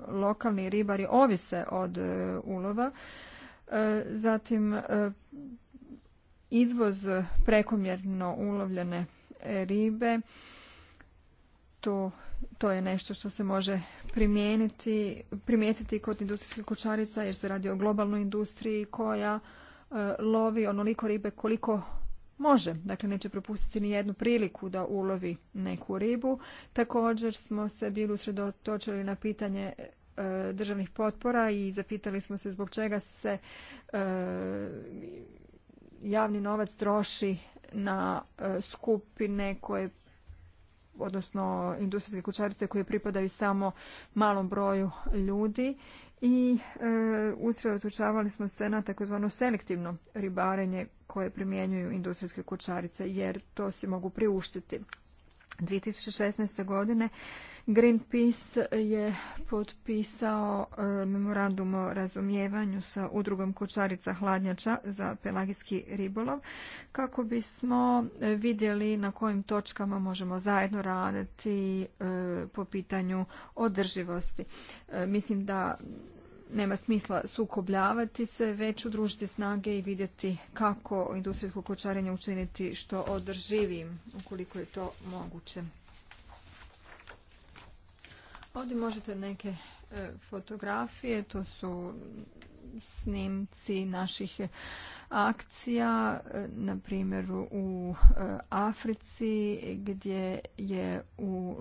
lokalni ribari ovise od ulova. Zatim izvoz prekomjerno ulovljene ribe to, to je nešto što se može primijeniti, primijetiti kod industrijskih kočarica jer se radi o globalnoj industriji koja e, lovi onoliko ribe koliko može. Dakle, neće propustiti ni jednu priliku da ulovi neku ribu. Također smo se bili usredotočili na pitanje e, državnih potpora i zapitali smo se zbog čega se e, javni novac troši na skupine koje odnosno industrijske kućarice koje pripadaju samo malom broju ljudi i e, usredotočavali smo se na takozvano selektivno ribarenje koje primjenjuju industrijske kućarice jer to si mogu priuštiti. 2016. godine Greenpeace je potpisao e, memorandum o razumijevanju sa udrugom kočarica hladnjača za pelagijski ribolov kako bismo e, vidjeli na kojim točkama možemo zajedno raditi e, po pitanju održivosti. E, mislim da nema smisla sukobljavati se, već udružiti snage i vidjeti kako industrijsko kočarenje učiniti što održivim ukoliko je to moguće. Ovdje možete neke E, fotografije, to su snimci naših akcija, e, na primjer u e, Africi gdje je u,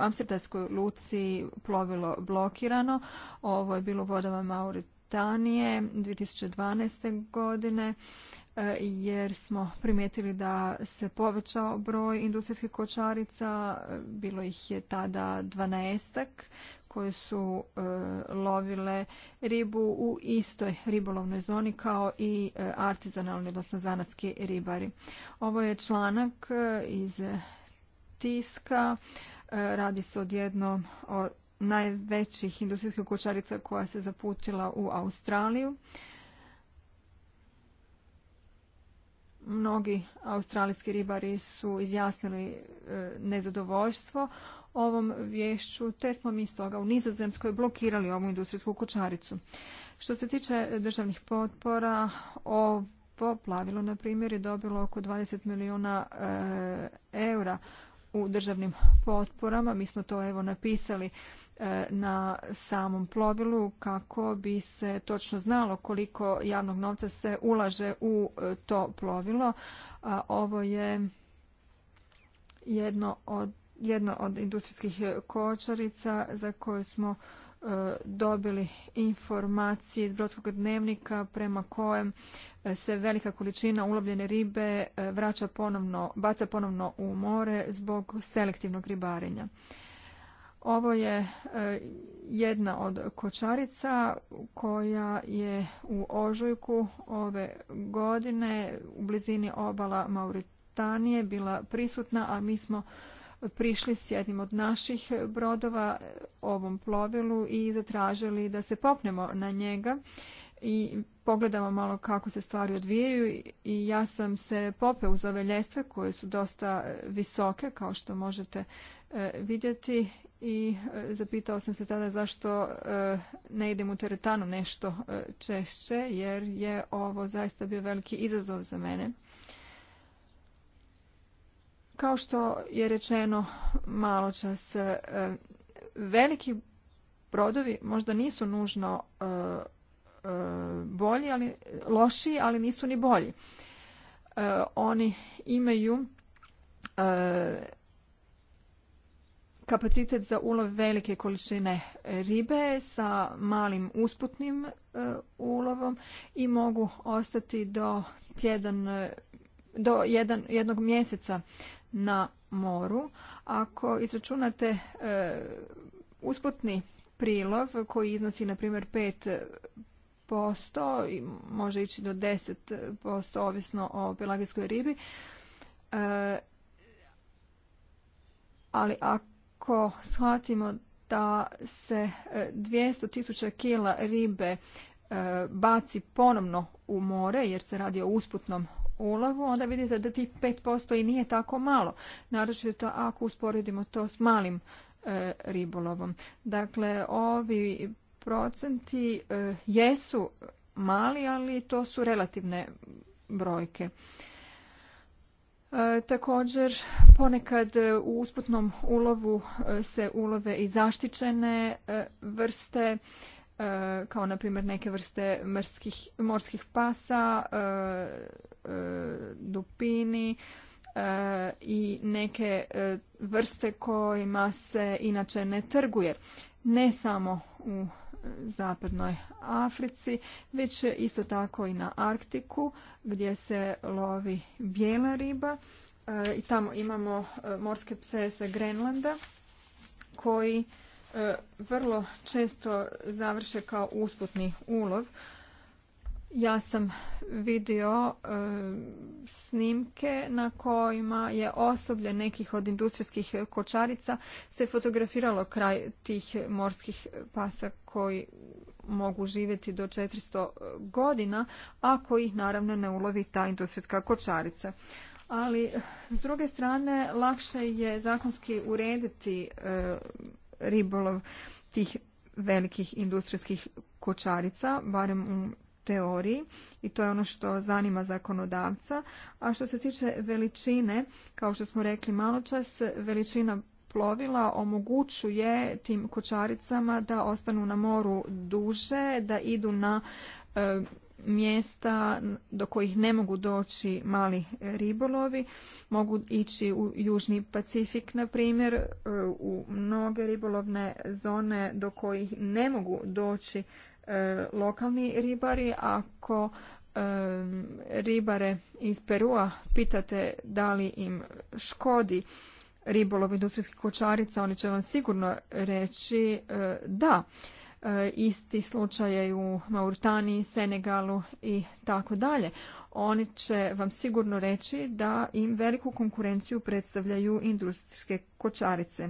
Amsterdamskoj luci plovilo blokirano. Ovo je bilo u vodama Mauritanije 2012. godine jer smo primijetili da se povećao broj industrijskih kočarica, bilo ih je tada dvanaestak koje su e, lovile ribu u istoj ribolovnoj zoni kao i e, artizanalni, odnosno zanatski ribari. Ovo je članak e, iz tiska. radi se jednom od najvećih industrijskih kućarica koja se zaputila u Australiju. Mnogi australijski ribari su izjasnili nezadovoljstvo ovom vješću, te smo mi stoga u Nizozemskoj blokirali ovu industrijsku kućaricu. Što se tiče državnih potpora, ovo plavilo, na primjer, je dobilo oko 20 milijuna e, eura u državnim potporama. Mi smo to evo napisali e, na samom plovilu kako bi se točno znalo koliko javnog novca se ulaže u e, to plovilo. ovo je jedno od jedna od industrijskih kočarica za koju smo e, dobili informacije iz brodskog dnevnika prema kojem e, se velika količina ulovljene ribe e, vraća ponovno, baca ponovno u more zbog selektivnog ribarenja. Ovo je jedna od kočarica koja je u ožujku ove godine u blizini obala Mauritanije bila prisutna, a mi smo prišli s jednim od naših brodova e, ovom plovilu i zatražili da se popnemo na njega i pogledamo malo kako se stvari odvijaju i ja sam se popeo uz ove ljestve koje su dosta e, visoke kao što možete e, vidjeti i zapitao sam se tada zašto ne idem u teretanu nešto češće jer je ovo zaista bio veliki izazov za mene. Kao što je rečeno malo čas, e, veliki brodovi možda nisu nužno e, e, bolji, ali lošiji, ali nisu ni bolji. Oni imaju kapacitet za ulov velike količine ribe sa malim usputnim ulovom i mogu ostati do tjedan do jedan, jednog mjeseca na moru. Ako izračunate e, usputni prilov koji iznosi na primjer 5% i može ići do 10% ovisno o pelagijskoj ribi. E, ali ako shvatimo da se 200.000 e, tisuća kila ribe baci ponovno u more jer se radi o usputnom ulovu, onda vidite da tih 5% i nije tako malo. Naročito ako usporedimo to s malim e, ribolovom. Dakle, ovi procenti e, jesu mali, ali to su relativne brojke. E, također ponekad u usputnom ulovu se ulove i zaštićene vrste E, kao na primjer neke vrste morskih, morskih pasa, e, e, dupini i neke vrste kojima se inače ne trguje. Ne samo u zapadnoj Africi, već isto tako i na Arktiku gdje se lovi bijela riba. I tamo imamo morske pse sa Grenlanda koji E, vrlo često završe kao usputni ulov. Ja sam vidio e, snimke na kojima je osoblje nekih od industrijskih kočarica se fotografiralo kraj tih morskih pasa koji mogu živjeti do 400 godina, ako ih naravno ne ulovi ta industrijska kočarica. Ali s druge strane lakše je zakonski urediti e, ribolov tih velikih industrijskih kočarica, barem u teoriji i to je ono što zanima zakonodavca. A što se tiče veličine, kao što smo rekli malo čas, veličina plovila omogućuje tim kočaricama da ostanu na moru duže, da idu na e, mjesta do kojih ne mogu doći mali ribolovi. Mogu ići u Južni Pacifik, na primjer, e, u mnoge ribolovne zone do kojih ne mogu doći e, lokalni ribari. Ako e, ribare iz Perua pitate da li im škodi ribolov industrijskih kočarica, oni će vam sigurno reći da. E, isti slučaje u Mauritaniji, Senegalu i tako dalje. Oni će vam sigurno reći da im veliku konkurenciju predstavljaju industrijske kočarice.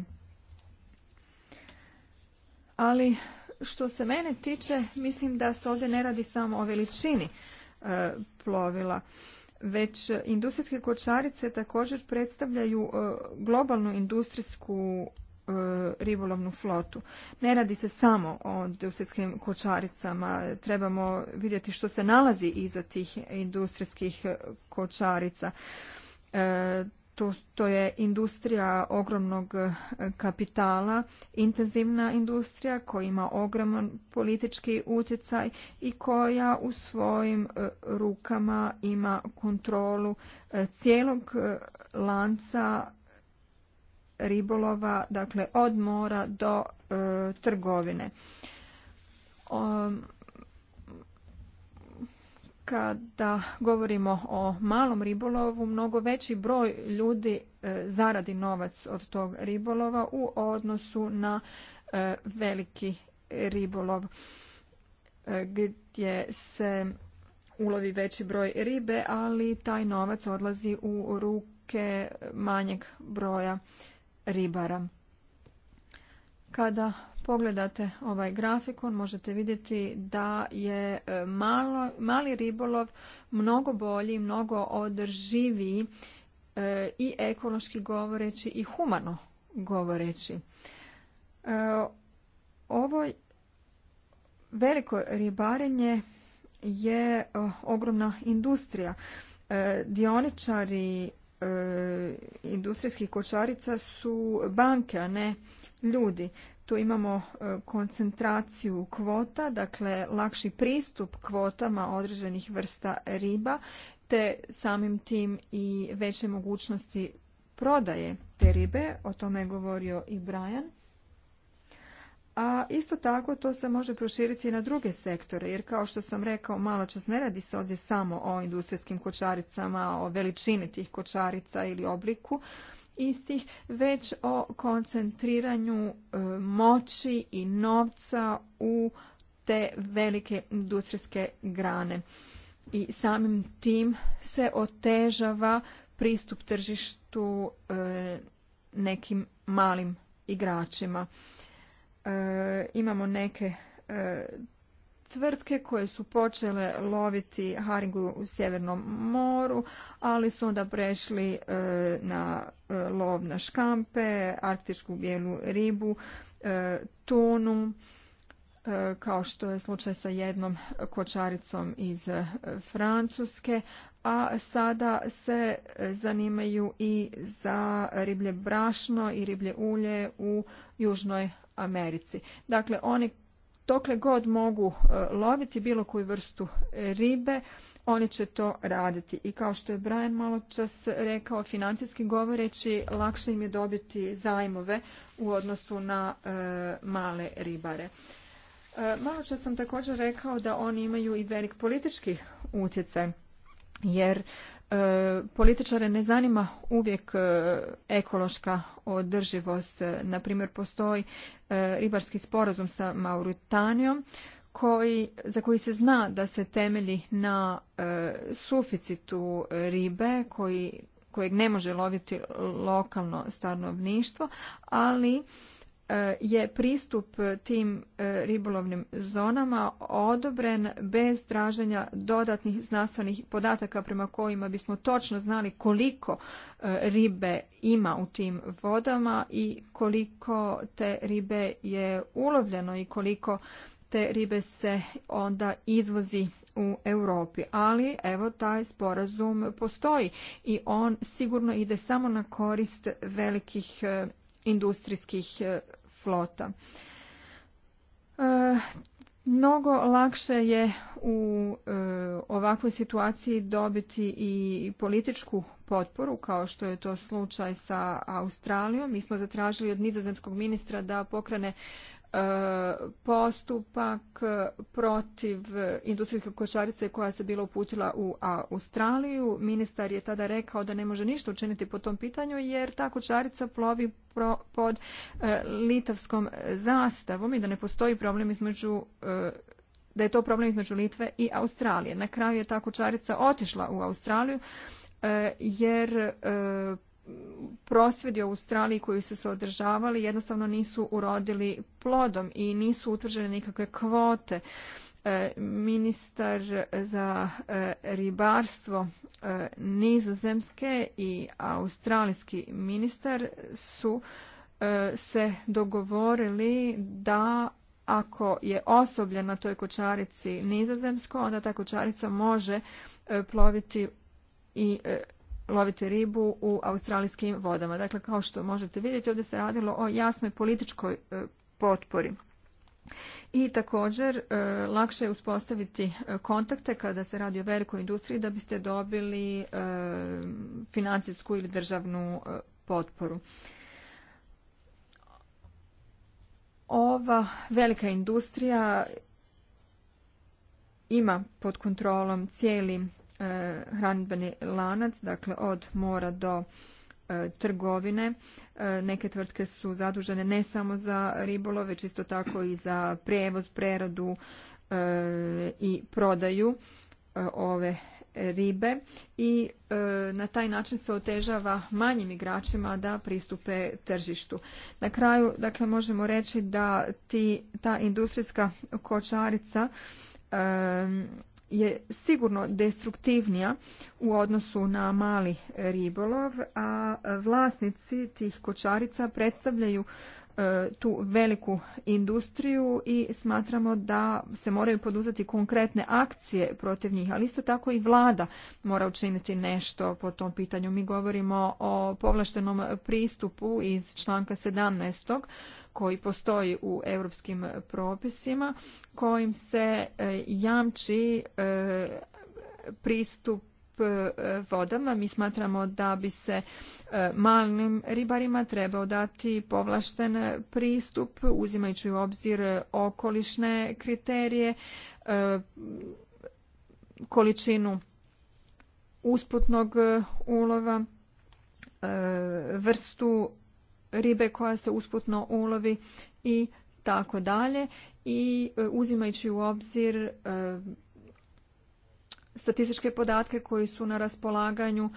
Ali što se mene tiče, mislim da se ovdje ne radi samo o veličini e, plovila već industrijske kočarice također predstavljaju e, globalnu industrijsku E, ribolovnu flotu. Ne radi se samo o industrijskim kočaricama, trebamo vidjeti što se nalazi iza tih industrijskih kočarica. E, to, to je industrija ogromnog kapitala, intenzivna industrija koja ima ogroman politički utjecaj i koja u svojim e, rukama ima kontrolu cijelog lanca ribolova, dakle od mora do e, trgovine. kada govorimo o malom ribolovu, mnogo veći broj ljudi e, zaradi novac od tog ribolova u odnosu na e, veliki ribolov gdje se ulovi veći broj ribe, ali taj novac odlazi u ruke manjeg broja ribara. Kada pogledate ovaj grafikon možete vidjeti da je e, mali ribolov mnogo bolji, mnogo održiviji e, i ekološki govoreći i humano govoreći. E, ovo veliko ribarenje je e, ogromna industrija. E, dioničari E, industrijskih kočarica su banke, a ne ljudi. Tu imamo e, koncentraciju kvota, dakle lakši pristup kvotama određenih vrsta riba, te samim tim i veće mogućnosti prodaje te ribe, o tome je govorio i Brian a isto tako to se može proširiti i na druge sektore, jer kao što sam rekao malo čas ne radi se ovdje samo o industrijskim kočaricama, o veličini tih kočarica ili obliku istih, već o koncentriranju e, moći i novca u te velike industrijske grane. I samim tim se otežava pristup tržištu e, nekim malim igračima. E, imamo neke e, tvrtke koje su počele loviti haringu u Sjevernom moru, ali su onda prešli e, na lov na škampe, arktičku bijelu ribu, tunu, kao što je slučaj sa jednom kočaricom iz Francuske, a sada se zanimaju i za riblje brašno i riblje ulje u Južnoj Americi. Dakle, oni dokle god mogu e, loviti bilo koju vrstu ribe, oni će to raditi. I kao što je Brian malo čas rekao, financijski govoreći, lakše im je dobiti zajmove u odnosu na e, male ribare. E, malo čas sam također rekao da oni imaju i velik politički utjecaj jer e, političare ne zanima uvijek e, ekološka održivost. E, na primjer, postoji ribarski sporazum sa Mauritanijom koji, za koji se zna da se temelji na suficitu ribe koji, kojeg ne može loviti lokalno stanovništvo, ali E, je pristup tim e, ribolovnim zonama odobren bez traženja dodatnih znanstvenih podataka prema kojima bismo točno znali koliko e, ribe ima u tim vodama i koliko te ribe je ulovljeno i koliko te ribe se onda izvozi u Europi. Ali evo taj sporazum postoji i on sigurno ide samo na korist velikih industrijskih flota. E, mnogo lakše je u e, ovakvoj situaciji dobiti i političku potporu, kao što je to slučaj sa Australijom. Mi smo zatražili od nizozemskog ministra da pokrene postupak protiv industrijske košarice koja se bila uputila u Australiju. Ministar je tada rekao da ne može ništa učiniti po tom pitanju jer ta košarica plovi pod e, litavskom zastavom i da ne postoji problem između e, da je to problem između Litve i Australije. Na kraju je ta kočarica otišla u Australiju e, jer prosvjedi u Australiji koji su se održavali jednostavno nisu urodili plodom i nisu utvrđene nikakve kvote. E, ministar za e, ribarstvo e, nizozemske i australijski ministar su se dogovorili da ako je osobljen na toj kočarici nizozemsko, onda ta kočarica može ploviti i loviti ribu u australijskim vodama. Dakle, kao što možete vidjeti, ovdje se radilo o jasnoj političkoj e, potpori. I također e, lakše je uspostaviti e, kontakte kada se radi o velikoj industriji da biste dobili financijsku ili državnu potporu. Ova velika industrija ima pod kontrolom cijeli E, hranidbeni lanac, dakle od mora do e, trgovine. E, neke tvrtke su zadužene ne samo za ribolov, već isto tako i za prijevoz, preradu i prodaju ove ribe i na taj način se otežava manjim igračima da pristupe tržištu. Na kraju, dakle, možemo reći da ti, ta industrijska kočarica je sigurno destruktivnija u odnosu na mali ribolov, a vlasnici tih kočarica predstavljaju e, tu veliku industriju i smatramo da se moraju poduzeti konkretne akcije protiv njih, ali isto tako i vlada mora učiniti nešto po tom pitanju. Mi govorimo o povlaštenom pristupu iz članka 17 koji postoji u europskim propisima kojim se e, jamči e, pristup e, vodama. Mi smatramo da bi se malim ribarima trebao dati povlašten pristup uzimajući u obzir okolišne kriterije, količinu usputnog ulova, vrstu ribe koja se usputno ulovi i tako dalje i e, uzimajući u obzir e, statističke podatke koji su na raspolaganju,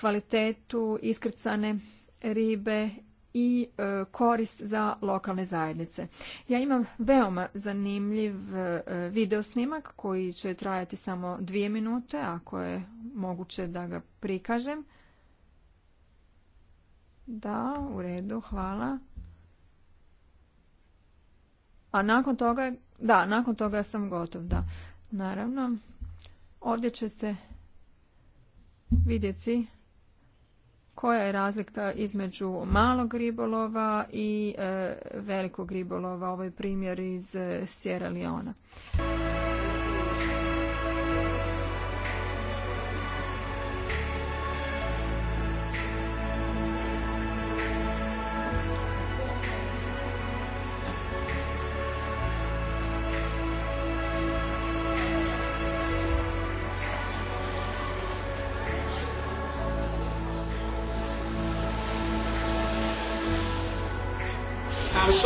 kvalitetu iskrcane ribe i e, korist za lokalne zajednice. Ja imam veoma zanimljiv video snimak koji će trajati samo dvije minute, ako je moguće da ga prikažem. Da, u redu, hvala. A nakon toga, da, nakon toga sam gotov, da. Naravno, ovdje ćete vidjeti koja je razlika između malog ribolova i e, velikog ribolova, je primjer iz e, Sierra Leona.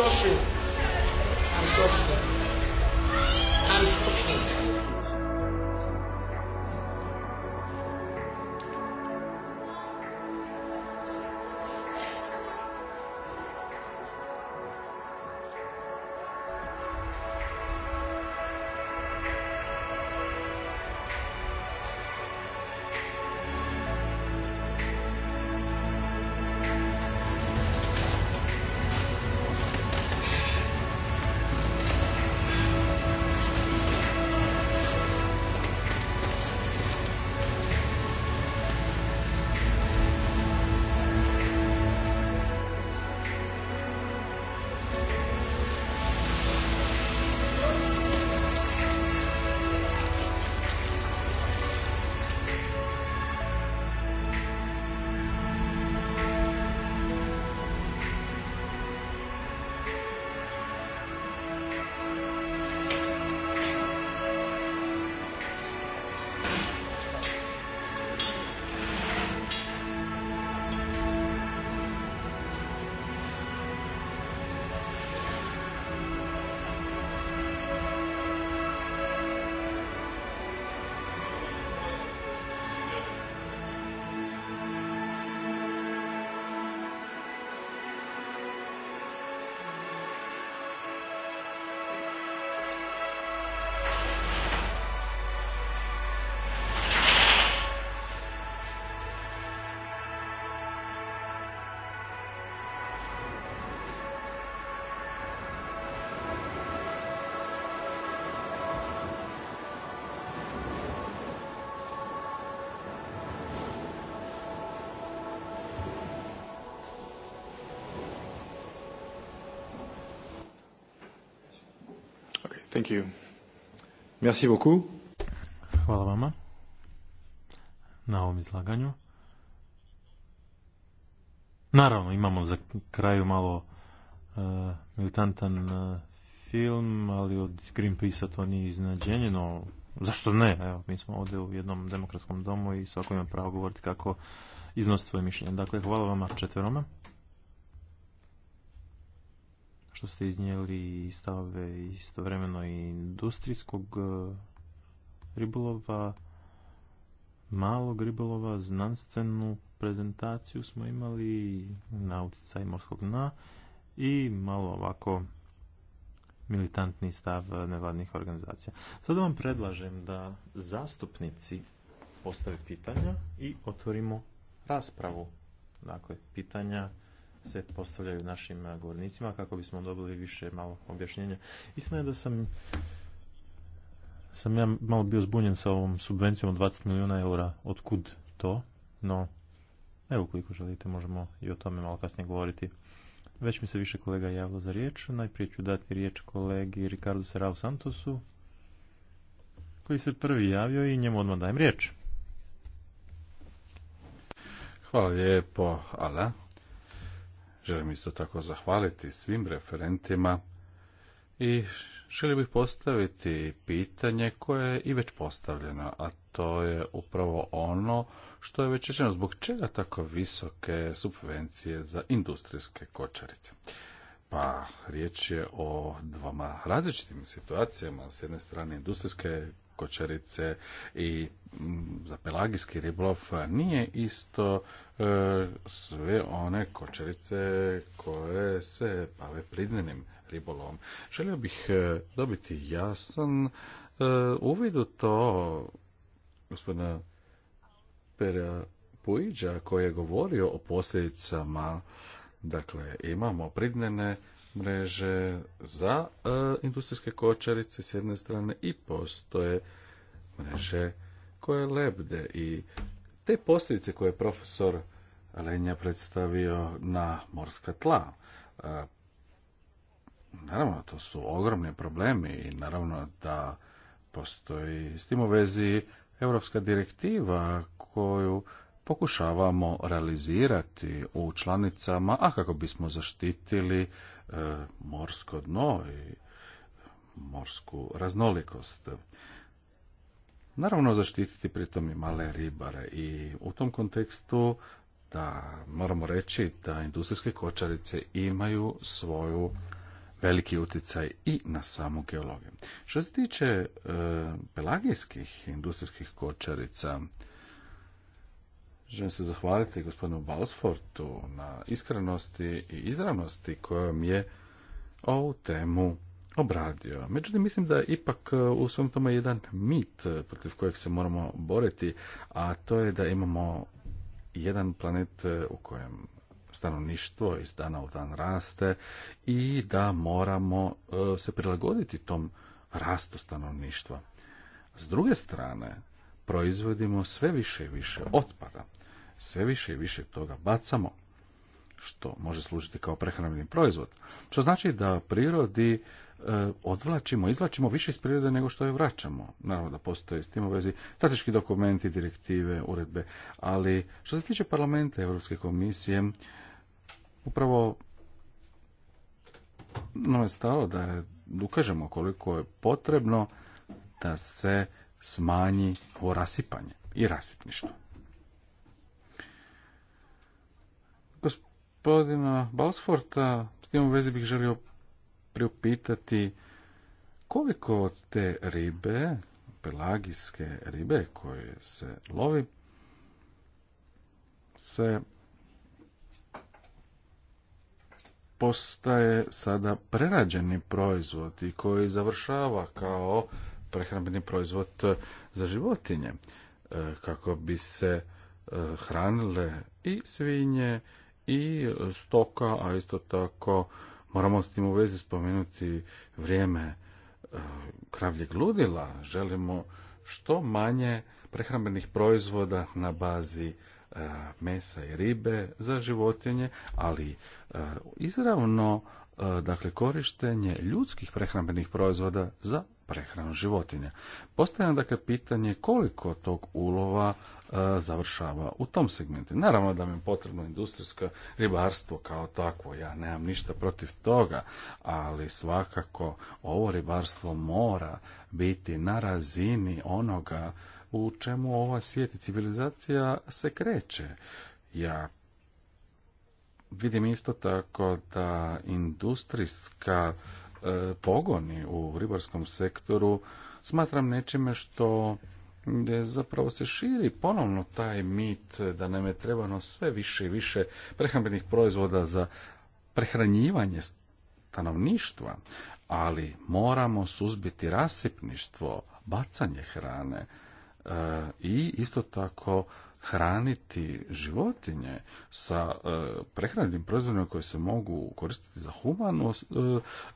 Sofi. Thank you. Merci beaucoup. Hvala vama na ovom izlaganju. Naravno, imamo za kraju malo e, militantan e, film, ali od Greenpeace-a to nije iznadženje, no zašto ne? Evo, mi smo ovdje u jednom demokratskom domu i svako ima pravo govoriti kako iznositi svoje mišljenje. Dakle, hvala vama četveroma što ste iznijeli stave istovremeno i industrijskog e, ribolova, malog ribolova, znanstvenu prezentaciju smo imali na utjecaj morskog dna i malo ovako militantni stav nevladnih organizacija. Sada vam predlažem da zastupnici postave pitanja i otvorimo raspravu. Dakle, pitanja se postavljaju našim eh, govornicima kako bismo dobili više malo objašnjenja. Istina je da sam sam ja malo bio zbunjen sa ovom subvencijom od 20 milijuna eura. Otkud to? No, evo koliko želite možemo i o tome malo kasnije govoriti. Već mi se više kolega javilo za riječ. Najprije ću dati riječ kolegi Ricardo Serau Santosu, koji se prvi javio i njemu odmah dajem riječ. Hvala lijepo, Ala. Želim isto tako zahvaliti svim referentima i želim bih postaviti pitanje koje je i već postavljeno, a to je upravo ono što je već rečeno. Zbog čega tako visoke subvencije za industrijske kočarice? Pa riječ je o dvama različitim situacijama. S jedne strane industrijske kočerice i za pelagijski ribolov nije isto e, sve one kočerice koje se bave pridnenim ribolovom. Želio bih e, dobiti jasan e, uvid u to gospodina Pera Puiđa koji je govorio o posljedicama Dakle, imamo pridnene mreže za e, industrijske kočarice s jedne strane i postoje mreže koje lebde i te posljedice koje je profesor Lenja predstavio na morska tla. E, naravno, to su ogromni problemi i naravno da postoji s tim u vezi europska direktiva koju pokušavamo realizirati u članicama, a kako bismo zaštitili E, morsko dno i morsku raznolikost. Naravno zaštititi pritom i male ribare i u tom kontekstu da moramo reći da industrijske kočarice imaju svoju veliki utjecaj i na samu geologiju. Što se tiče pelagijskih e, industrijskih kočarica, Želim se zahvaliti gospodinu Balsfortu na iskrenosti i izravnosti kojom je ovu temu obradio. Međutim, mislim da je ipak e, u svom tome jedan mit e, protiv kojeg se moramo boriti, a to je da imamo jedan planet e, u kojem stanovništvo iz dana u dan raste i da moramo se prilagoditi tom rastu stanovništva. S druge strane, proizvodimo sve više i više otpada sve više i više toga bacamo, što može služiti kao prehrambeni proizvod. Što znači da prirodi e, odvlačimo, izvlačimo više iz prirode nego što je vraćamo. Naravno da postoje s tim u vezi strateški dokumenti, direktive, uredbe, ali što se tiče parlamenta Europske komisije, upravo nam je stalo da ukažemo koliko je potrebno da se smanji ovo rasipanje i rasipništvo. gospodina Balsforta, s tim u vezi bih želio priupitati koliko od te ribe, pelagijske ribe koje se lovi, se postaje sada prerađeni proizvod i koji završava kao prehrambeni proizvod za životinje e, kako bi se e, hranile i svinje i stoka, a isto tako moramo s tim u vezi spomenuti vrijeme e, kravljeg ludila. Želimo što manje prehrambenih proizvoda na bazi e, mesa i ribe za životinje, ali e, izravno dakle korištenje ljudskih prehrambenih proizvoda za prehranu životinja. Postavljam dakle pitanje koliko tog ulova e, završava u tom segmentu. Naravno da mi je potrebno industrijsko ribarstvo kao takvo, ja nemam ništa protiv toga, ali svakako ovo ribarstvo mora biti na razini onoga u čemu ova svijet i civilizacija se kreće. Ja vidim isto tako da industrijska E, pogoni u ribarskom sektoru smatram nečime što gdje zapravo se širi ponovno taj mit da nam je trebano sve više i više prehrambenih proizvoda za prehranjivanje stanovništva, ali moramo suzbiti rasipništvo, bacanje hrane e, i isto tako hraniti životinje sa e, prehranjenim proizvodima koje se mogu koristiti za humanu e,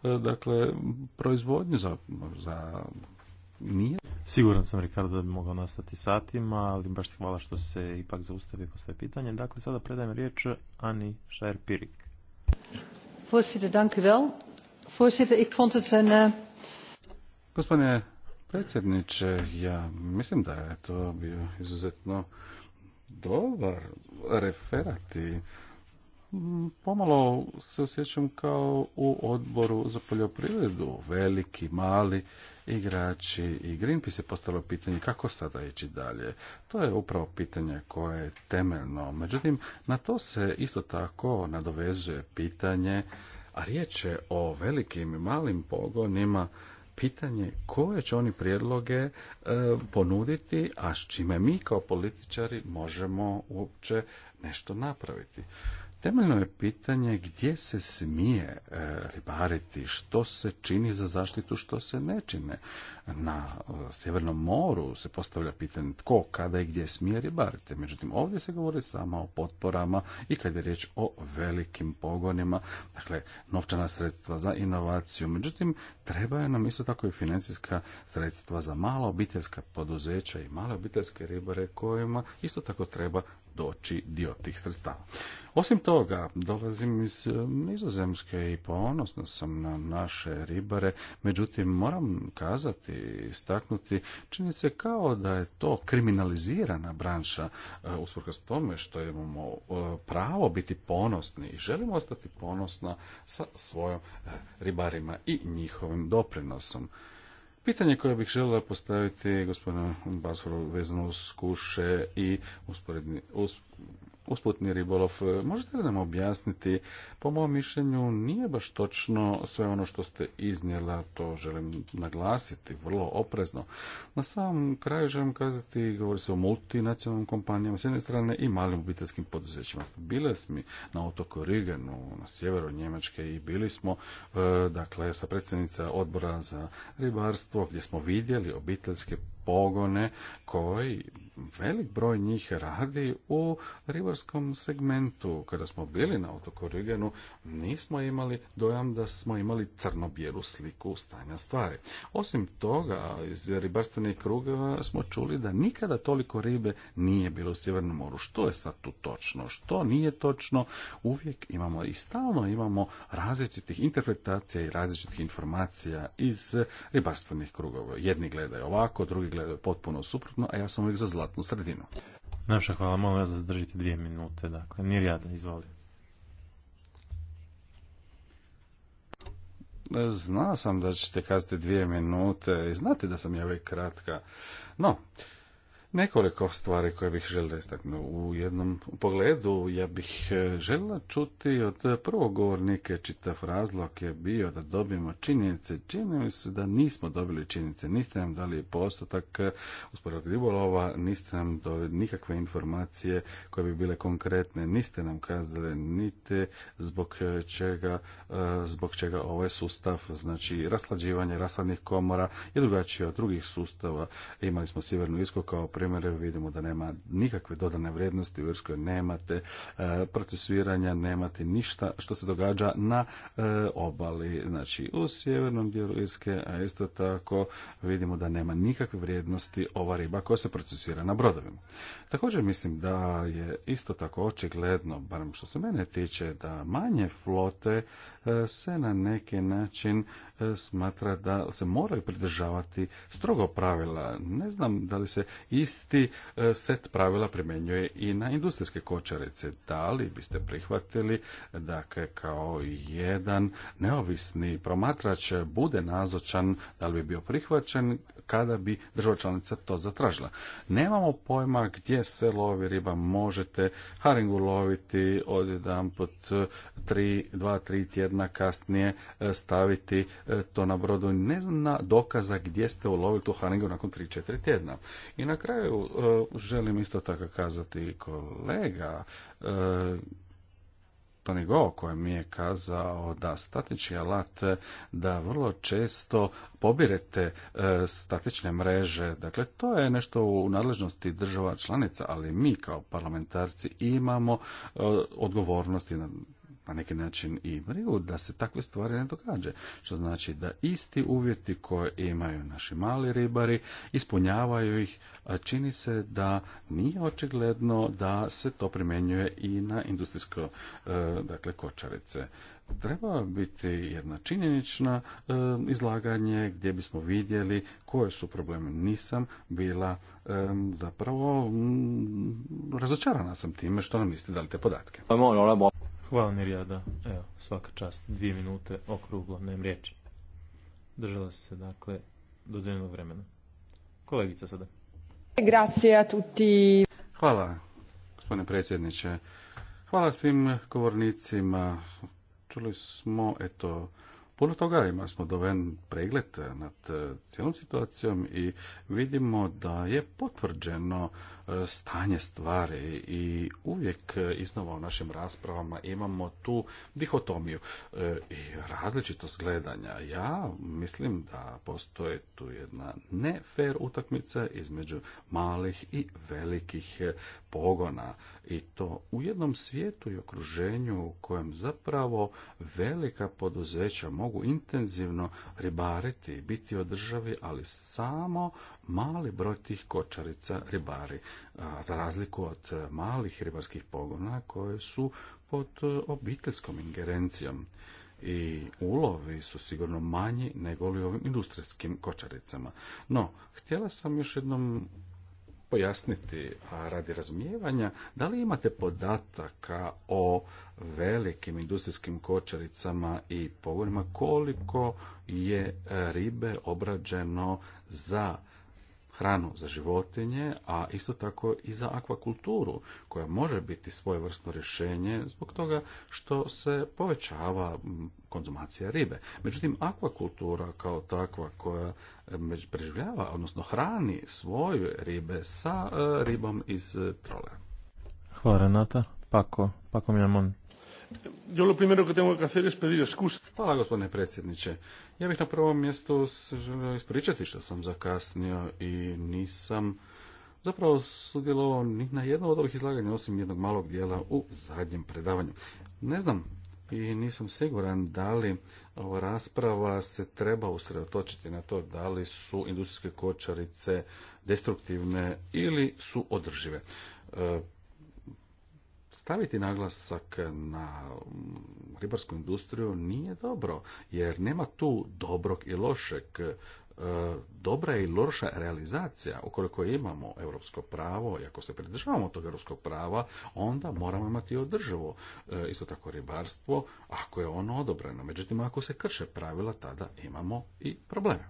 e, dakle proizvodnju za, za nije. Siguran sam, Ricardo, da bi mogao nastati satima, ali baš ti hvala što se ipak zaustavi postoje pitanje. Dakle, sada predajem riječ Ani Šajer-Pirik. Voorzitter, dank u wel. ik vond het een... Eh, Gospodine predsjedniče, ja mislim da je to bio izuzetno dobar referati. Pomalo se osjećam kao u odboru za poljoprivredu. Veliki, mali igrači i Greenpeace je postalo pitanje kako sada ići dalje. To je upravo pitanje koje je temeljno. Međutim, na to se isto tako nadovezuje pitanje, a riječ je o velikim i malim pogonima pitanje koje će oni prijedloge e, ponuditi, a s čime mi kao političari možemo uopće nešto napraviti. Temeljno je pitanje gdje se smije e, ribariti, što se čini za zaštitu, što se ne čine na e, Sjevernom moru se postavlja pitanje tko, kada i gdje smije ribariti. Međutim, ovdje se govori samo o potporama i kad je riječ o velikim pogonima, dakle, novčana sredstva za inovaciju. Međutim, je nam isto tako i financijska sredstva za mala obiteljska poduzeća i male obiteljske ribare kojima isto tako treba doći dio tih sredstava. Osim toga, dolazim iz e, nizozemske i ponosna sam na naše ribare, međutim moram kazati istaknuti, čini se kao da je to kriminalizirana branša e, usprkos tome što imamo e, pravo biti ponosni i želimo ostati ponosna sa svojom e, ribarima i njihovim doprinosom. Pitanje koje bih želio postaviti gospodinu Basforu vezano uz kuše i usporedni, usputni ribolov. Možete li nam objasniti? Po mom mišljenju nije baš točno sve ono što ste iznijela, to želim naglasiti vrlo oprezno. Na samom kraju želim kazati, govori se o multinacionalnim kompanijama s jedne strane i malim obiteljskim poduzećima. Bile smo na otoku Rigenu, na sjeveru Njemačke i bili smo e, dakle sa predsjednica odbora za ribarstvo gdje smo vidjeli obiteljske pogone koji velik broj njih radi u ribarskom segmentu. Kada smo bili na otoku Rigenu, nismo imali dojam da smo imali crno-bijelu sliku stanja stvari. Osim toga, iz ribarstvenih krugova smo čuli da nikada toliko ribe nije bilo u Sjevernom moru. Što je sad tu točno? Što nije točno? Uvijek imamo i stalno imamo različitih interpretacija i različitih informacija iz ribarstvenih krugova. Jedni gledaju ovako, drugi gledaju potpuno suprotno, a ja sam uvijek za zlatnu sredinu. Naša hvala, molim vas da zadržite dvije minute, dakle, Nirjada, izvoli. E, Znao sam da ćete kazati dvije minute i znate da sam ja uvijek kratka. No, Nekoliko stvari koje bih želila istaknuti. U jednom pogledu ja bih e, želila čuti od prvog govornika čitav razlog je bio da dobijemo činjenice. Čini se da nismo dobili činjenice. Niste nam dali postotak e, usporog ribolova, niste nam dobili nikakve informacije koje bi bile konkretne. Niste nam kazali niti zbog čega, e, zbog čega ovaj sustav, znači raslađivanje rasadnih komora je drugačije od drugih sustava. Imali smo Sjevernu Isku kao pri primjer vidimo da nema nikakve dodane vrijednosti u Irskoj, nemate e, procesuiranja, nemate ništa što se događa na e, obali, znači u sjevernom dijelu Irske, a isto tako vidimo da nema nikakve vrijednosti ova riba koja se procesira na brodovima. Također mislim da je isto tako očigledno, barem što se mene tiče, da manje flote E, se na neki način e, smatra da se moraju pridržavati strogo pravila. Ne znam da li se isti e, set pravila primenjuje i na industrijske kočarice. Da li biste prihvatili da dakle, kao jedan neovisni promatrač bude nazočan, da li bi bio prihvaćen kada bi država članica to zatražila. Nemamo pojma gdje se lovi riba, možete haringu loviti od jedan put tri, dva, tri tjedna kasnije e, staviti e, to na brodu. Ne znam dokaza gdje ste ulovili tu haringu nakon tri, četiri tjedna. I na kraju e, želim isto tako kazati kolega Tony Go mi je kazao da statički alat da vrlo često pobirete e, statične mreže. Dakle, to je nešto u nadležnosti država članica, ali mi kao parlamentarci imamo e, odgovornosti na neki način i brigu da se takve stvari ne događe. Što znači da isti uvjeti koje imaju naši mali ribari, ispunjavaju ih, a čini se da nije očigledno da se to primjenjuje i na industrijsko e, dakle, kočarice treba biti jedna činjenična e, izlaganje gdje bismo vidjeli koje su probleme. Nisam bila e, zapravo razočarana sam time što nam niste dali te podatke. Hvala Nirjada. Evo, svaka čast, dvije minute okruglo, nem riječi. Držala se dakle do dnevnog vremena. Kolegica sada. Grazie tutti. Hvala, gospodine predsjedniče. Hvala svim govornicima. Čuli smo, eto, Puno toga imali smo doven pregled nad e, cijelom situacijom i vidimo da je potvrđeno e, stanje stvari i uvijek e, iznova u našim raspravama imamo tu dihotomiju i različitost gledanja. Ja mislim da postoje tu jedna nefer utakmica između malih i velikih pogona i to u jednom svijetu i okruženju u kojem zapravo velika poduzeća mogu intenzivno ribariti i biti održavi, ali samo mali broj tih kočarica ribari. za razliku od e, malih ribarskih pogona koje su pod e, obiteljskom ingerencijom i ulovi su sigurno manji nego li ovim industrijskim kočaricama. No, htjela sam još jednom pojasniti radi razmijevanja da li imate podataka o velikim industrijskim kočaricama i pogonima koliko je ribe obrađeno za hranu za životinje, a isto tako i za akvakulturu, koja može biti svojevrsno rješenje zbog toga što se povećava konzumacija ribe. Međutim, akvakultura kao takva koja e, preživljava, odnosno hrani svoje ribe sa e, ribom iz e, trole. Hvala Renata. Pako, Pako lo Hvala gospodine predsjedniče. Ja bih na prvom mjestu želio ispričati što sam zakasnio i nisam zapravo sudjelovao ni na jedno od ovih izlaganja, osim jednog malog dijela u zadnjem predavanju. Ne znam i nisam siguran da li ova rasprava se treba usredotočiti na to da li su industrijske kočarice destruktivne ili su održive. E, staviti naglasak na ribarsku industriju nije dobro, jer nema tu dobrog i lošeg e, dobra i loša realizacija, ukoliko imamo europsko pravo i ako se pridržavamo tog europskog prava, onda moramo imati održivo e, isto tako ribarstvo ako je ono odobreno. Međutim, ako se krše pravila, tada imamo i probleme.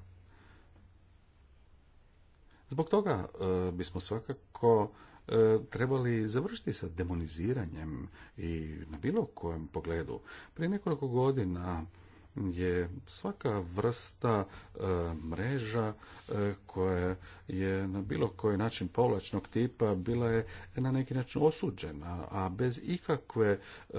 Zbog toga e, bismo svakako E, trebali završiti sa demoniziranjem i na bilo kojem pogledu. Prije nekoliko godina je svaka vrsta e, mreža e, koja je na bilo koji način povlačnog tipa bila je na neki način osuđena, a bez ikakve e,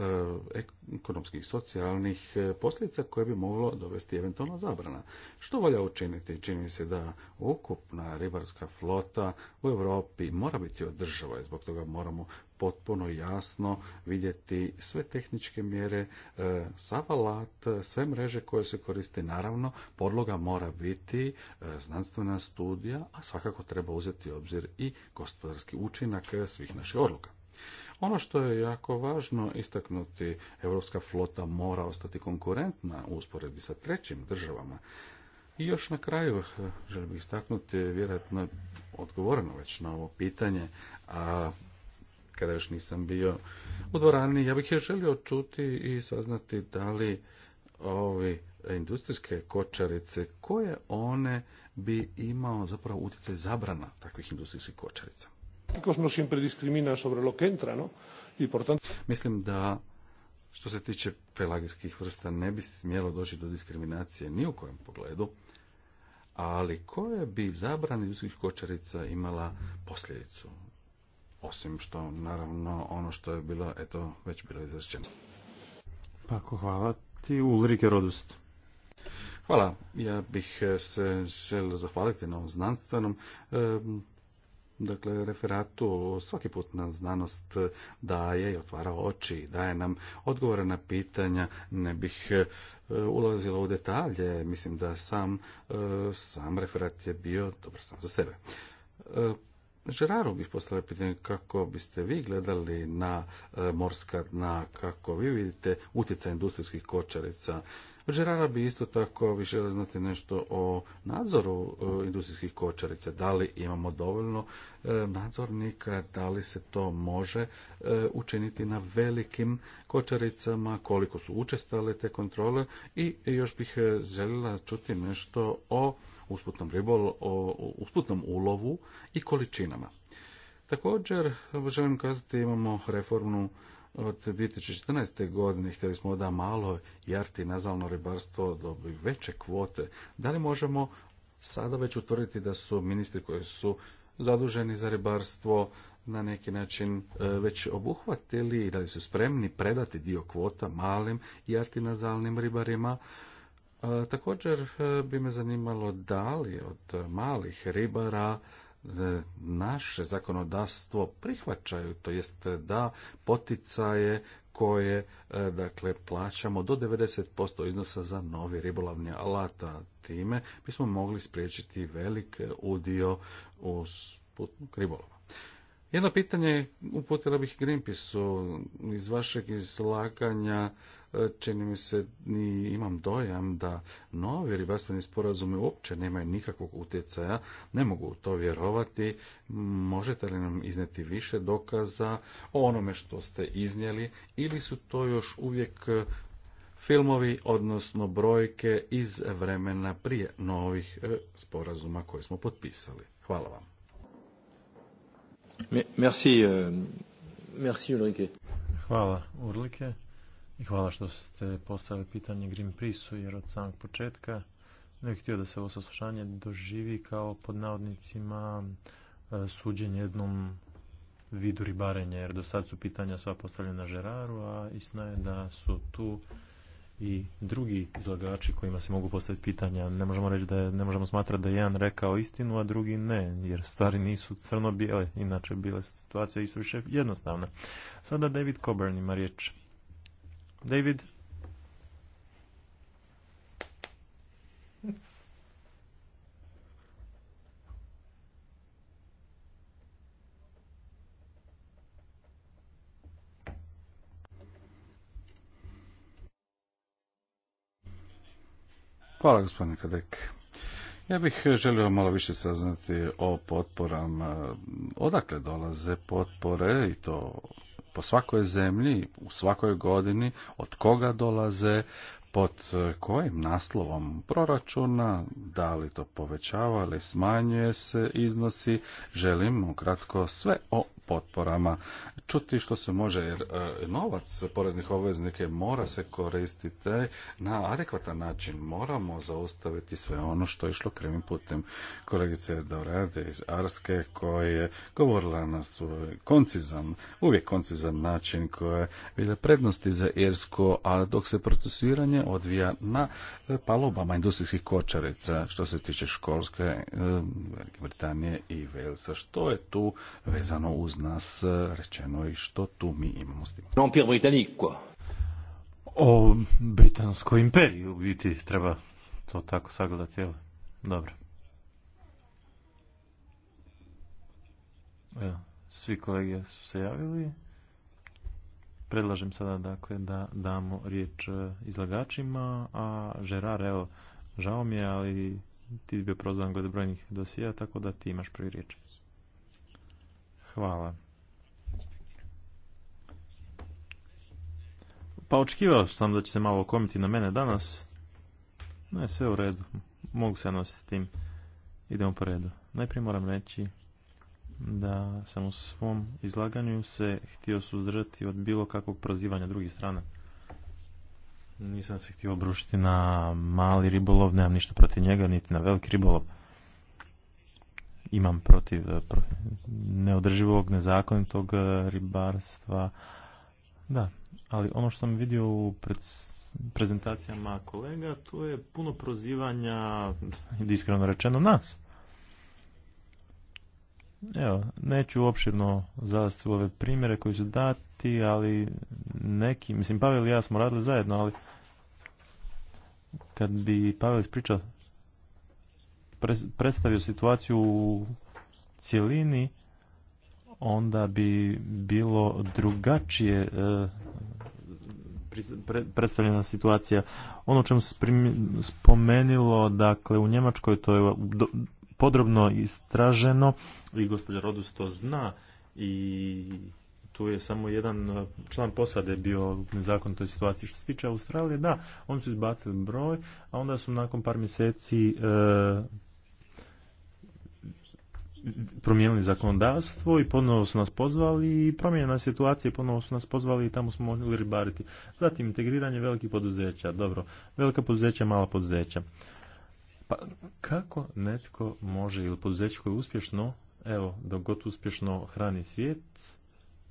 ekonomskih i socijalnih posljedica koje bi moglo dovesti eventualno zabrana. Što valja učiniti? Čini se da ukupna ribarska flota u Europi mora biti održava i zbog toga moramo potpuno jasno vidjeti sve tehničke mjere, e, sav alat, sve mreže koje se koriste. Naravno, podloga mora biti e, znanstvena studija, a svakako treba uzeti u obzir i gospodarski učinak svih naših odluka. Ono što je jako važno istaknuti, europska flota mora ostati konkurentna u usporedbi sa trećim državama. I još na kraju e, želim istaknuti, vjerojatno je odgovoreno već na ovo pitanje, a kada još nisam bio u dvorani. Ja bih još želio čuti i saznati da li ovi industrijske kočarice, koje one bi imao zapravo utjecaj zabrana takvih industrijskih kočarica? Mislim da što se tiče pelagijskih vrsta ne bi smjelo doći do diskriminacije ni u kojem pogledu, ali koje bi zabrana industrijskih kočarica imala posljedicu? osim što naravno ono što je bilo, eto, već bilo izrečeno. Pako, pa, hvala ti, Ulrike Rodust. Hvala, ja bih e, se želio zahvaliti na ovom znanstvenom e, dakle, referatu svaki put na znanost e, daje i otvara oči i daje nam odgovore na pitanja. Ne bih ulazila u detalje, mislim da sam, sam referat je bio dobar sam za sebe. Žeraru bih postavio pitanje kako biste vi gledali na e, morska dna, kako vi vidite utjecaj industrijskih kočarica. Žerara bi isto tako bi želeo znati nešto o nadzoru e, industrijskih kočarica. Da li imamo dovoljno e, nadzornika, da li se to može učiniti na velikim kočaricama, koliko su učestale te kontrole i još bih željela čuti nešto o usputnom, ribol, usputnom ulovu i količinama. Također, želim kazati, imamo reformu od 2014. godine htjeli smo da malo jarti nazalno ribarstvo dobi veće kvote. Da li možemo sada već utvrditi da su ministri koji su zaduženi za ribarstvo na neki način e, već obuhvatili i da li su spremni predati dio kvota malim i nazalnim ribarima Također e, bi me zanimalo da li od malih ribara e, naše zakonodavstvo prihvaćaju, to jest da poticaje koje e, dakle plaćamo do 90% iznosa za novi ribolovni alata. Time bismo mogli spriječiti velik udio u putnog ribolova. Jedno pitanje uputila bih Greenpeaceu iz vašeg izlaganja čini mi se ni imam dojam da novi ribarstveni sporazumi uopće nemaju nikakvog utjecaja, ne mogu to vjerovati. Možete li nam izneti više dokaza o onome što ste iznijeli ili su to još uvijek e, filmovi, odnosno brojke iz vremena prije novih e, sporazuma koje smo potpisali. Hvala vam. Merci, e, merci Hvala Urlike. I hvala što ste postavili pitanje Green Prisu, jer od samog početka ne bih htio da se ovo saslušanje doživi kao pod navodnicima e, suđenje jednom vidu ribarenja, jer do sad su pitanja sva postavljena Žeraru, a istina je da su tu i drugi izlagači kojima se mogu postaviti pitanja. Ne možemo reći da ne možemo smatrati da je jedan rekao istinu, a drugi ne, jer stvari nisu crno-bijele, inače bila situacija su više jednostavna. Sada David Coburn ima riječ. David? Hvala gospodine Kadek. Ja bih želio malo više saznati o potporama. Odakle dolaze potpore i to po svakoj zemlji, u svakoj godini, od koga dolaze, pod e, kojim naslovom proračuna, da li to povećava ili smanjuje se iznosi, želim ukratko sve o potporama, čuti što se može, jer e, novac poreznih obveznike mora se koristiti na adekvatan način. Moramo zaustaviti sve ono što je išlo krivim putem. Kolegice Dorade iz Arske koja je govorila na svoj koncizan, uvijek koncizan način koje je prednosti za Irsku, a dok se procesuiranje odvija na e, palobama industrijskih kočarica što se tiče Školske, e, Velike Britanije i Velsa. Što je tu vezano uz nas e, rečeno i što tu mi imamo s tim. O Britanskoj imperiju, u biti treba to tako sagledati, jel? Dobro. Evo, svi kolege su se javili. Predlažem sada dakle da damo riječ e, izlagačima, a Žerar, evo, žao mi je, ali ti bi bio prozvan glede brojnih dosija, tako da ti imaš prvi riječ. Hvala. Pa očekivao sam da će se malo okomiti na mene danas. Ne, sve u redu. Mogu se nositi s tim. Idemo po redu. Najprije moram reći da sam u svom izlaganju se htio suzdržati od bilo kakvog prozivanja drugih strana. Nisam se htio obrušiti na mali ribolov, nemam ništa protiv njega, niti na veliki ribolov imam protiv eh, neodrživog, nezakonitog eh, ribarstva. Da, ali ono što sam vidio u prezentacijama kolega, to je puno prozivanja, iskreno rečeno, nas. Evo, neću opširno zadati ove primjere koji su dati, ali neki, mislim, Pavel i ja smo radili zajedno, ali kad bi Pavel ispričao predstavio situaciju u cjelini, onda bi bilo drugačije e, predstavljena situacija. Ono čemu se spomenilo, dakle, u Njemačkoj to je podrobno istraženo i gospođa Rodus to zna i tu je samo jedan e, član posade bio zakon u toj situaciji. Što se tiče Australije, da, oni su izbacili broj, a onda su nakon par mjeseci e, promijenili zakonodavstvo i ponovo su nas pozvali i promjena situacija, ponovo su nas pozvali i tamo smo mogli ribariti. Zatim integriranje velikih poduzeća, dobro, velika poduzeća, mala poduzeća. Pa kako netko može ili poduzeće koje je uspješno, evo, dok god uspješno hrani svijet,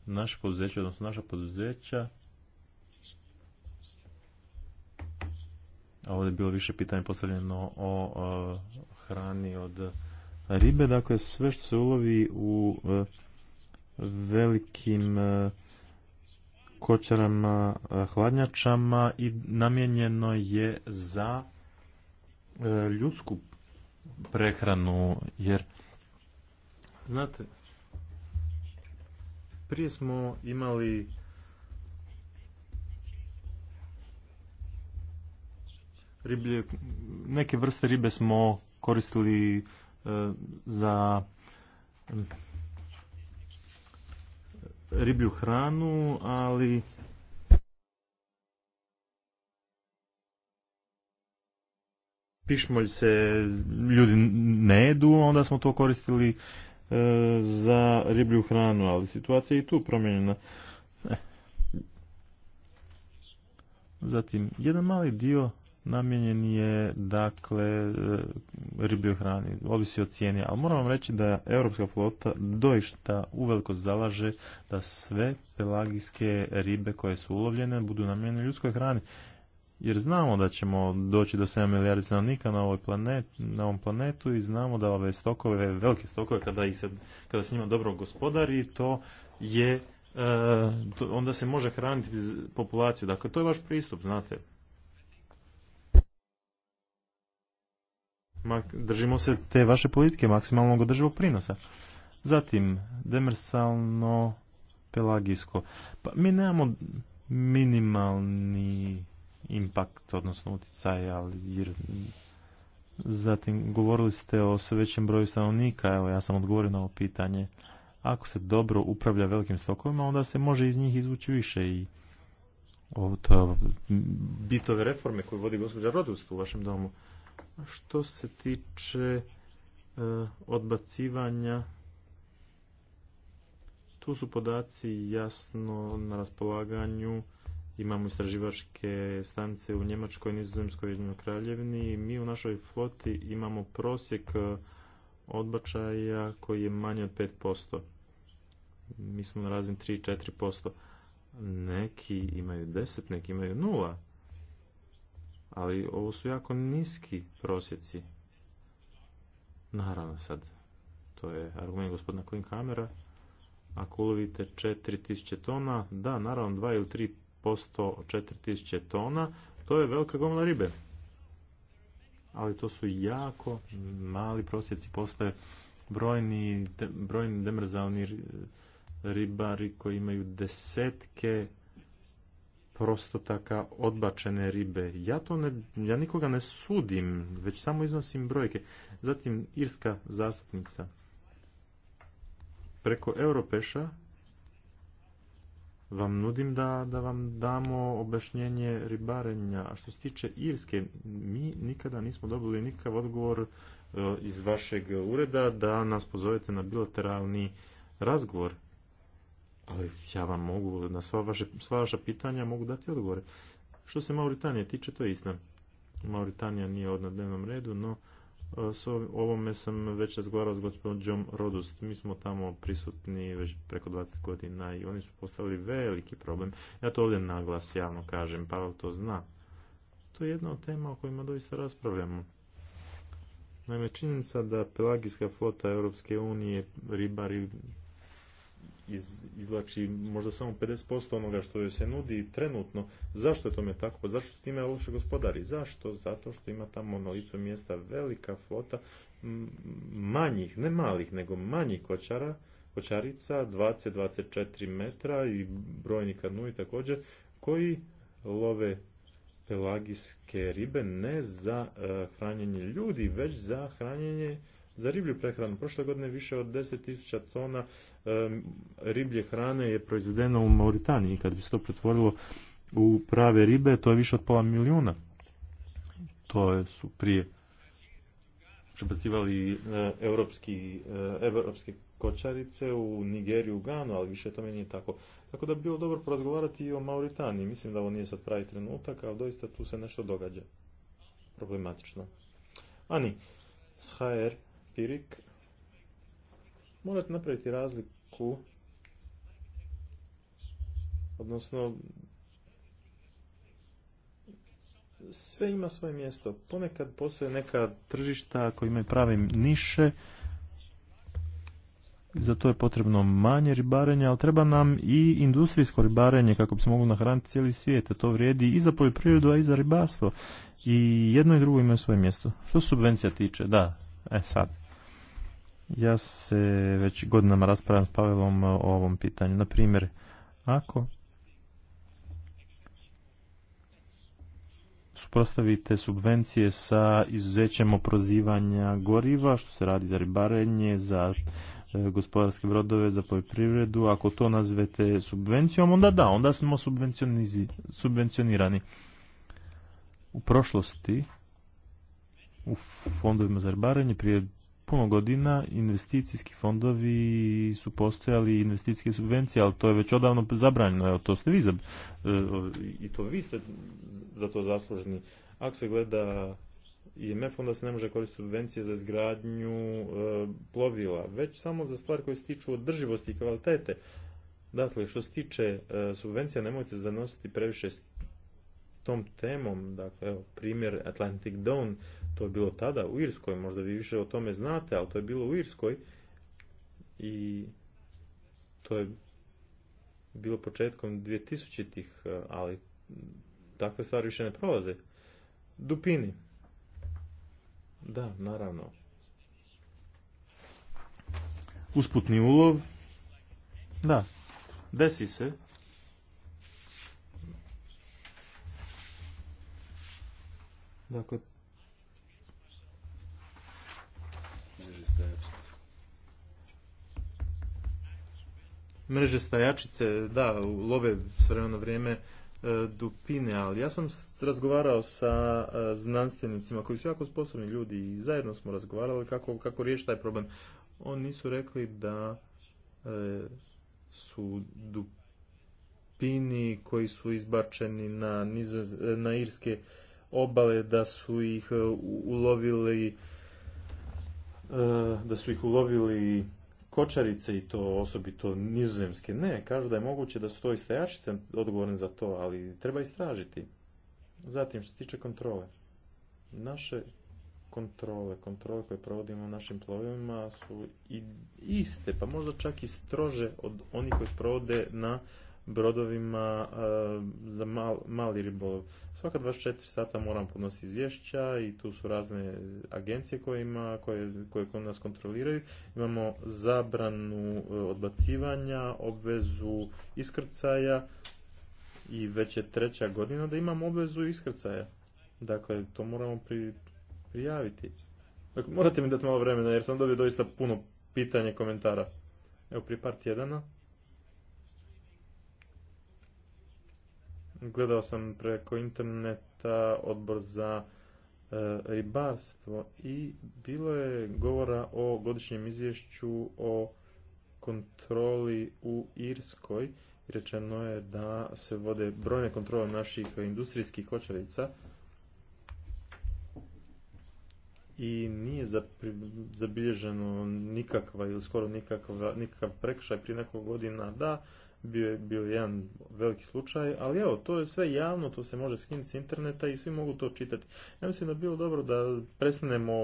naše poduzeće, odnosno naša poduzeća, a ovdje je bilo više pitanje postavljeno o hrani od ribe, dakle sve što se ulovi u e, velikim e, kočarama, e, hladnjačama i namijenjeno je za ljudsku prehranu, jer znate, prije smo imali riblje, neke vrste ribe smo koristili za e, riblju hranu, ali pišmolj se ljudi ne jedu, onda smo to koristili e, za riblju hranu, ali situacija je i tu promijenjena. E. Zatim, jedan mali dio namijenjen je dakle e, ribljoj hrani, ovisi o cijeni, ali moram vam reći da europska flota doista uveliko zalaže da sve pelagijske ribe koje su ulovljene budu namijenjene ljudskoj hrani. Jer znamo da ćemo doći do 7 milijardi stanovnika na, ovoj na ovom planetu i znamo da ove stokove, velike stokove, kada, ih se, kada se njima dobro gospodari, to je, e, onda se može hraniti populaciju. Dakle, to je vaš pristup, znate. držimo se te vaše politike maksimalnog održivog prinosa. Zatim, demersalno pelagijsko. Pa mi nemamo minimalni impakt, odnosno utjecaj, ali jer... Zatim, govorili ste o sve većem broju stanovnika, evo ja sam odgovorio na ovo pitanje. Ako se dobro upravlja velikim stokovima, onda se može iz njih izvući više i ovo to je bitove reforme koje vodi gospođa Rodust u vašem domu. Što se tiče e, odbacivanja, tu su podaci jasno na raspolaganju. Imamo istraživačke stanice u Njemačkoj, Nizozemskoj i Kraljevini. Mi u našoj floti imamo prosjek e, odbačaja koji je manji od 5%. Mi smo na razini 3-4%. Neki imaju 10, neki imaju 0 ali ovo su jako niski prosjeci. Naravno sad, to je argument gospodina Klinkamera, ako ulovite 4000 tona, da, naravno 2 ili 3 posto 4000 tona, to je velika gomila ribe. Ali to su jako mali prosjeci, postoje brojni, brojni demrzalni ribari koji imaju desetke prostotaka odbačene ribe. Ja to ne, ja nikoga ne sudim, već samo iznosim brojke. Zatim irska zastupnica preko Europeša vam nudim da, da vam damo objašnjenje ribarenja. A što se tiče Irske, mi nikada nismo dobili nikakav odgovor e, iz vašeg ureda da nas pozovete na bilateralni razgovor ali ja vam mogu na sva, sva vaša pitanja mogu dati odgovore. Što se Mauritanije tiče, to je istina. Mauritanija nije od na dnevnom redu, no e, s ovome sam već razgovarao s gospođom Rodust. Mi smo tamo prisutni već preko 20 godina i oni su postavili veliki problem. Ja to ovdje naglas javno kažem, Pavel to zna. To je jedna od tema o kojima doista raspravljamo. Naime, činjenica da pelagijska flota Europske unije ribari iz, izlači možda samo 50% onoga što joj se nudi trenutno. Zašto je tome tako? Pa zašto s time loše gospodari? Zašto? Zato što ima tamo na licu mjesta velika flota manjih, ne malih, nego manjih kočara, kočarica, 20-24 metra i brojni kanuji također, koji love pelagijske ribe ne za e, hranjenje ljudi, već za hranjenje za riblju prehranu. Prošle godine više od 10.000 tona riblje hrane je proizvedeno u Mauritaniji. Kad bi se to pretvorilo u prave ribe, to je više od pola milijuna. To su prije prebacivali evropski europske kočarice u Nigeriju, Ganu, ali više tome nije tako. Tako da bi bilo dobro porazgovarati i o Mauritaniji. Mislim da ovo nije sad pravi trenutak, ali doista tu se nešto događa. Problematično. Ani, s HR Pirik, morate napraviti razliku, odnosno sve ima svoje mjesto. Ponekad postoje neka tržišta koji imaju prave niše, za to je potrebno manje ribarenje, ali treba nam i industrijsko ribarenje kako bi se moglo nahraniti cijeli svijet. to vrijedi i za poljoprivredu, a i za ribarstvo. I jedno i drugo imaju svoje mjesto. Što subvencija tiče, da, e sad. Ja se već godinama raspravljam s Pavelom o ovom pitanju. Na primjer, ako suprostavite subvencije sa izuzećem oprozivanja goriva, što se radi za ribarenje, za e, gospodarske brodove, za poljoprivredu, ako to nazvete subvencijom, onda da, onda smo subvencionirani. U prošlosti u fondovima za ribarenje prije puno godina investicijski fondovi su postojali investicijske subvencije, ali to je već odavno zabranjeno. Evo, to ste vi e, i to vi ste za to zaslužni. Ako se gleda IMF, onda se ne može koristiti subvencije za izgradnju e, plovila, već samo za stvari koje se tiču održivosti i kvalitete. Dakle, što se tiče e, subvencija, nemojte zanositi previše s tom temom. Dakle, evo, primjer Atlantic Dawn, to je bilo tada u Irskoj, možda vi više o tome znate, ali to je bilo u Irskoj i to je bilo početkom 2000-ih, e, ali takve stvari više ne prolaze. Dupini. Da, naravno. Usputni ulov. Da, desi se. Dakle, mreže stajačice, da, love s vremeno vrijeme e, dupine, ali ja sam razgovarao sa e, znanstvenicima koji su jako sposobni ljudi i zajedno smo razgovarali kako, kako riješiti taj problem. Oni nisu rekli da e, su dupini koji su izbačeni na, na irske obale, da su ih ulovili da su ih ulovili kočarice i to osobito nizozemske. Ne, kažu da je moguće da su to stajačice odgovorne za to, ali treba istražiti. Zatim, što se tiče kontrole. Naše kontrole, kontrole koje provodimo u našim plovima su iste, pa možda čak i strože od onih koji provode na brodovima eh, za mal, mali ribolov. Svaka 24 sata moram podnositi izvješća i tu su razne agencije koje, ima, koje, koje nas kontroliraju. Imamo zabranu eh, odbacivanja, obvezu iskrcaja i već je treća godina da imamo obvezu iskrcaja. Dakle, to moramo pri, prijaviti. Dakle, morate mi dati malo vremena jer sam dobio doista puno pitanja i komentara. Evo, prije par tjedana gledao sam preko interneta odbor za e, ribarstvo i bilo je govora o godišnjem izvješću o kontroli u Irskoj. Rečeno je da se vode brojne kontrole naših industrijskih kočarica i nije zabilježeno nikakva ili skoro nikakva, nikakav prekršaj prije nekog godina da, bio je bio jedan veliki slučaj, ali evo, to je sve javno, to se može skinuti s interneta i svi mogu to čitati. Ja mislim da bi bilo dobro da prestanemo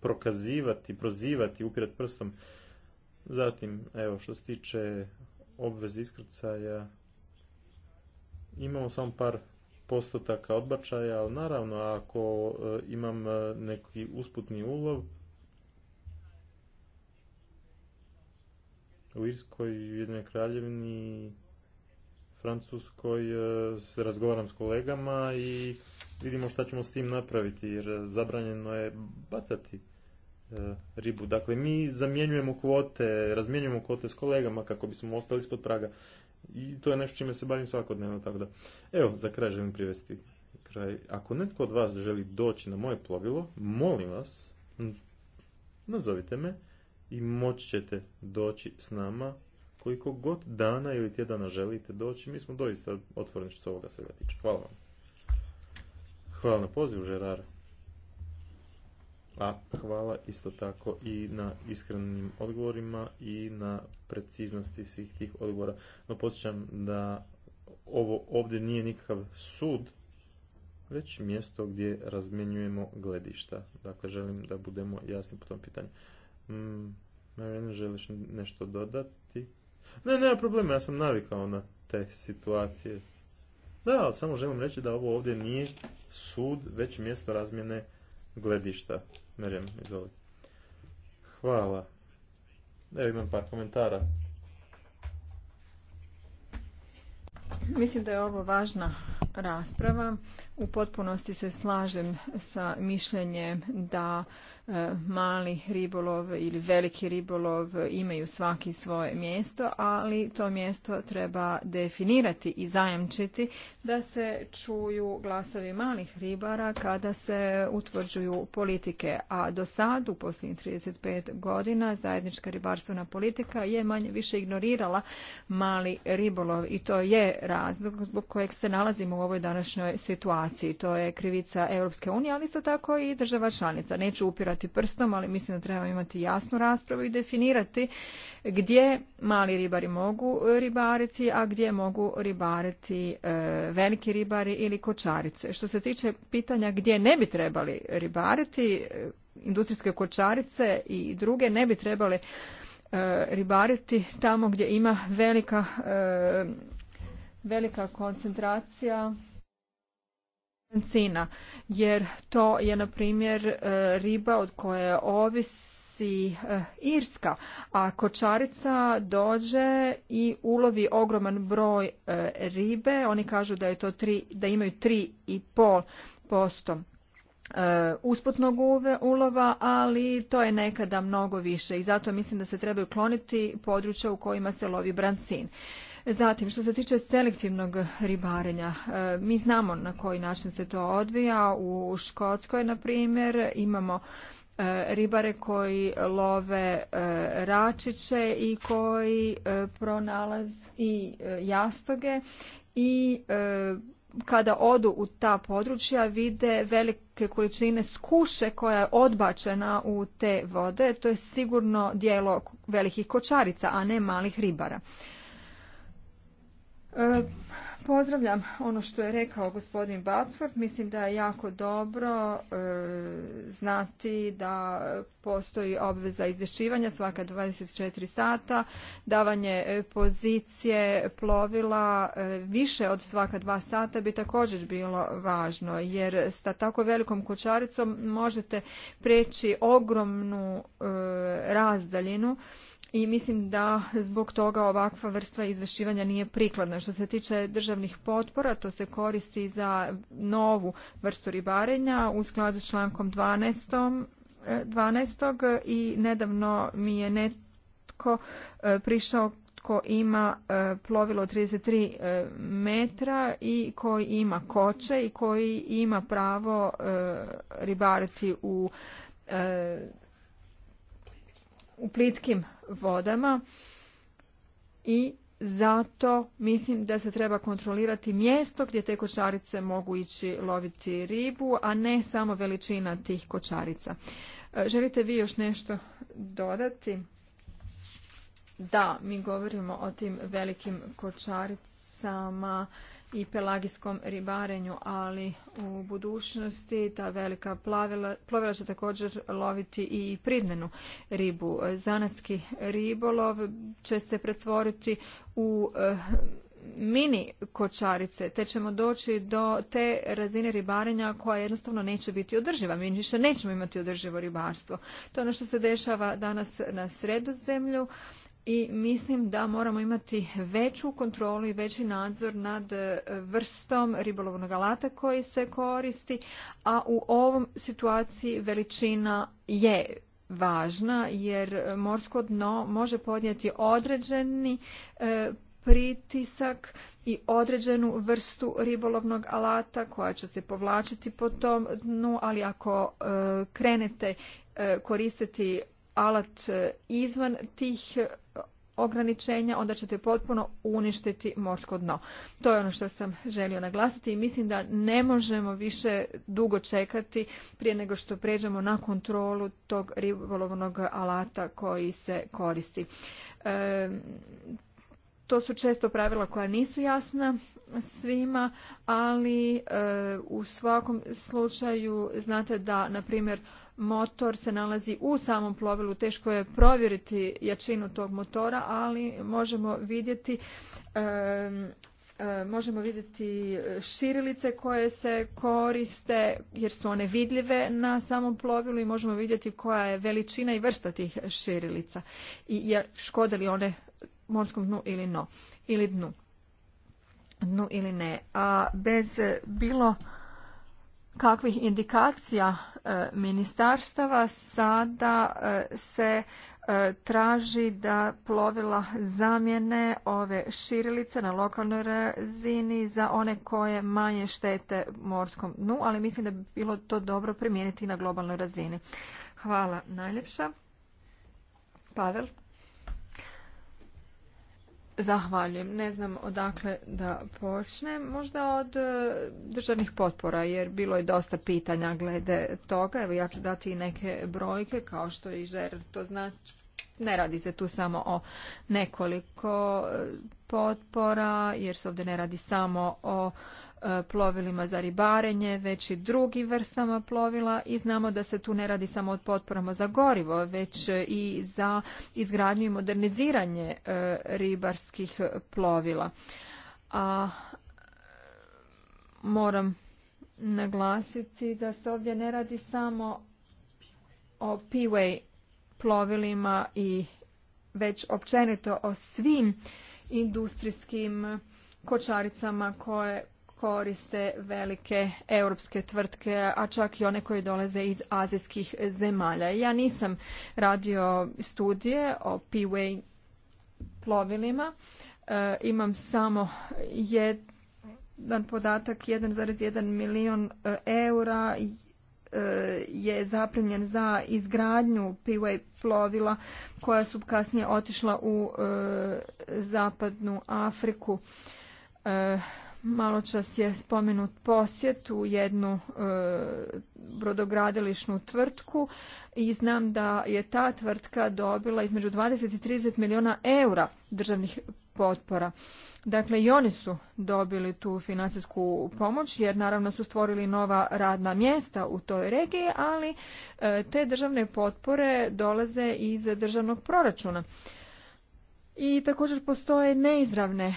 prokazivati, prozivati, upirati prstom. Zatim, evo, što se tiče obveze iskrcaja, imamo samo par postotaka odbačaja, ali naravno ako e, imam e, neki usputni ulov, u Irskoj, jednoj Kraljevini, Francuskoj, se razgovaram s kolegama i vidimo šta ćemo s tim napraviti, jer zabranjeno je bacati e, ribu. Dakle, mi zamjenjujemo kvote, razmjenjujemo kvote s kolegama kako bismo ostali ispod praga. I to je nešto čime se bavim svakodnevno, tako da. Evo, za kraj želim privesti kraj. Ako netko od vas želi doći na moje plovilo, molim vas, nazovite me i moći ćete doći s nama koliko god dana ili tjedana želite doći. Mi smo doista otvoreni što se ovoga svega tiče. Hvala vam. Hvala na pozivu, Žerar. A hvala isto tako i na iskrenim odgovorima i na preciznosti svih tih odgovora. No podsjećam da ovo ovdje nije nikakav sud, već mjesto gdje razmjenjujemo gledišta. Dakle, želim da budemo jasni po tom pitanju. Mm, ne želiš nešto dodati? Ne, nema problema, ja sam navikao na te situacije. Da, ali samo želim reći da ovo ovdje nije sud, već mjesto razmjene gledišta. izvoli. Hvala. Evo imam par komentara. Mislim da je ovo važna rasprava. U potpunosti se slažem sa mišljenjem da e, mali ribolov ili veliki ribolov imaju svaki svoje mjesto, ali to mjesto treba definirati i zajamčiti da se čuju glasovi malih ribara kada se utvrđuju politike. A do sad, u posljednjih 35 godina, zajednička ribarstvena politika je manje više ignorirala mali ribolov i to je razlog zbog kojeg se nalazimo u ovoj današnjoj situaciji. To je krivica Europske unije, ali isto tako i država članica. Neću upirati prstom, ali mislim da trebamo imati jasnu raspravu i definirati gdje mali ribari mogu ribariti, a gdje mogu ribariti e, veliki ribari ili kočarice. Što se tiče pitanja gdje ne bi trebali ribariti, e, industrijske kočarice i druge ne bi trebali e, ribariti tamo gdje ima velika velika koncentracija brancina jer to je na primjer e, riba od koje ovisi e, Irska, a kočarica dođe i ulovi ogroman broj e, ribe, oni kažu da je to tri, da imaju 3,5% usputnog ulova, ali to je nekada mnogo više i zato mislim da se trebaju kloniti područja u kojima se lovi brancin. Zatim, što se tiče selektivnog ribarenja, e, mi znamo na koji način se to odvija. U Škotskoj, na primjer, imamo e, ribare koji love e, račiće i koji pronalaz i jastoge i kada odu u ta područja vide velike količine skuše koja je odbačena u te vode. To je sigurno dijelo velikih kočarica, a ne malih ribara. E, pozdravljam ono što je rekao gospodin batsford Mislim da je jako dobro e, znati da postoji obveza izvješćivanja svaka 24 sata, davanje e, pozicije plovila više od svaka dva sata bi također bilo važno, jer sa tako velikom kočaricom možete preći ogromnu razdaljinu i mislim da zbog toga ovakva vrsta izvešivanja nije prikladna. Što se tiče državnih potpora, to se koristi za novu vrstu ribarenja u skladu s člankom 12. 12. E, i nedavno mi je netko e, prišao ko ima e, plovilo 33 metra i koji ima koče i koji ima pravo ribariti u u plitkim vodama i zato mislim da se treba kontrolirati mjesto gdje te kočarice mogu ići loviti ribu, a ne samo veličina tih kočarica. E, želite vi još nešto dodati? Da, mi govorimo o tim velikim kočaricama i pelagijskom ribarenju, ali u budućnosti ta velika plavila, plovila će također loviti i pridnenu ribu. Zanatski ribolov će se pretvoriti u eh, mini kočarice, te ćemo doći do te razine ribarenja koja jednostavno neće biti održiva. Mi više nećemo imati održivo ribarstvo. To je ono što se dešava danas na sredozemlju i mislim da moramo imati veću kontrolu i veći nadzor nad e, vrstom ribolovnog alata koji se koristi, a u ovom situaciji veličina je važna jer morsko dno može podnijeti određeni e, pritisak i određenu vrstu ribolovnog alata koja će se povlačiti po tom dnu, ali ako e, krenete koristiti alat e, izvan tih e, ograničenja, onda ćete potpuno uništiti morsko dno. To je ono što sam želio naglasiti i mislim da ne možemo više dugo čekati prije nego što pređemo na kontrolu tog ribolovnog alata koji se koristi. E, to su često pravila koja nisu jasna svima, ali u svakom slučaju znate da, na primjer, motor se nalazi u samom plovilu, teško je provjeriti jačinu tog motora, ali možemo vidjeti e, možemo vidjeti širilice koje se koriste jer su one vidljive na samom plovilu i možemo vidjeti koja je veličina i vrsta tih širilica i škode li one morskom dnu ili no ili dnu dnu ili ne a bez bilo kakvih indikacija e, ministarstava sada e, se e, traži da plovila zamjene ove širilice na lokalnoj razini za one koje manje štete morskom dnu, ali mislim da bi bilo to dobro primijeniti na globalnoj razini. Hvala najljepša. Pavel? Zahvaljujem. Ne znam odakle da počnem. Možda od e, državnih potpora, jer bilo je dosta pitanja glede toga. Evo ja ću dati i neke brojke, kao što i žer to znači. Ne radi se tu samo o nekoliko e, potpora, jer se ovdje ne radi samo o E, plovilima za ribarenje, već i drugim vrstama plovila i znamo da se tu ne radi samo o potporama za gorivo, već i za izgradnju i moderniziranje e, ribarskih plovila. A moram naglasiti da se ovdje ne radi samo o P-way plovilima i već općenito o svim industrijskim kočaricama koje koriste velike europske tvrtke, a čak i one koje dolaze iz azijskih zemalja. Ja nisam radio studije o P-Way plovilima, e, imam samo jedan podatak, 1,1 milion e, eura e, je zaprimljen za izgradnju P-Way plovila koja su kasnije otišla u zapadnu Afriku. E, Malo čas je spomenut posjet u jednu e, brodogradilišnu tvrtku i znam da je ta tvrtka dobila između 20 i 30 milijuna eura državnih potpora. Dakle, i oni su dobili tu financijsku pomoć jer naravno su stvorili nova radna mjesta u toj regiji, ali e, te državne potpore dolaze iz državnog proračuna. I također postoje neizravne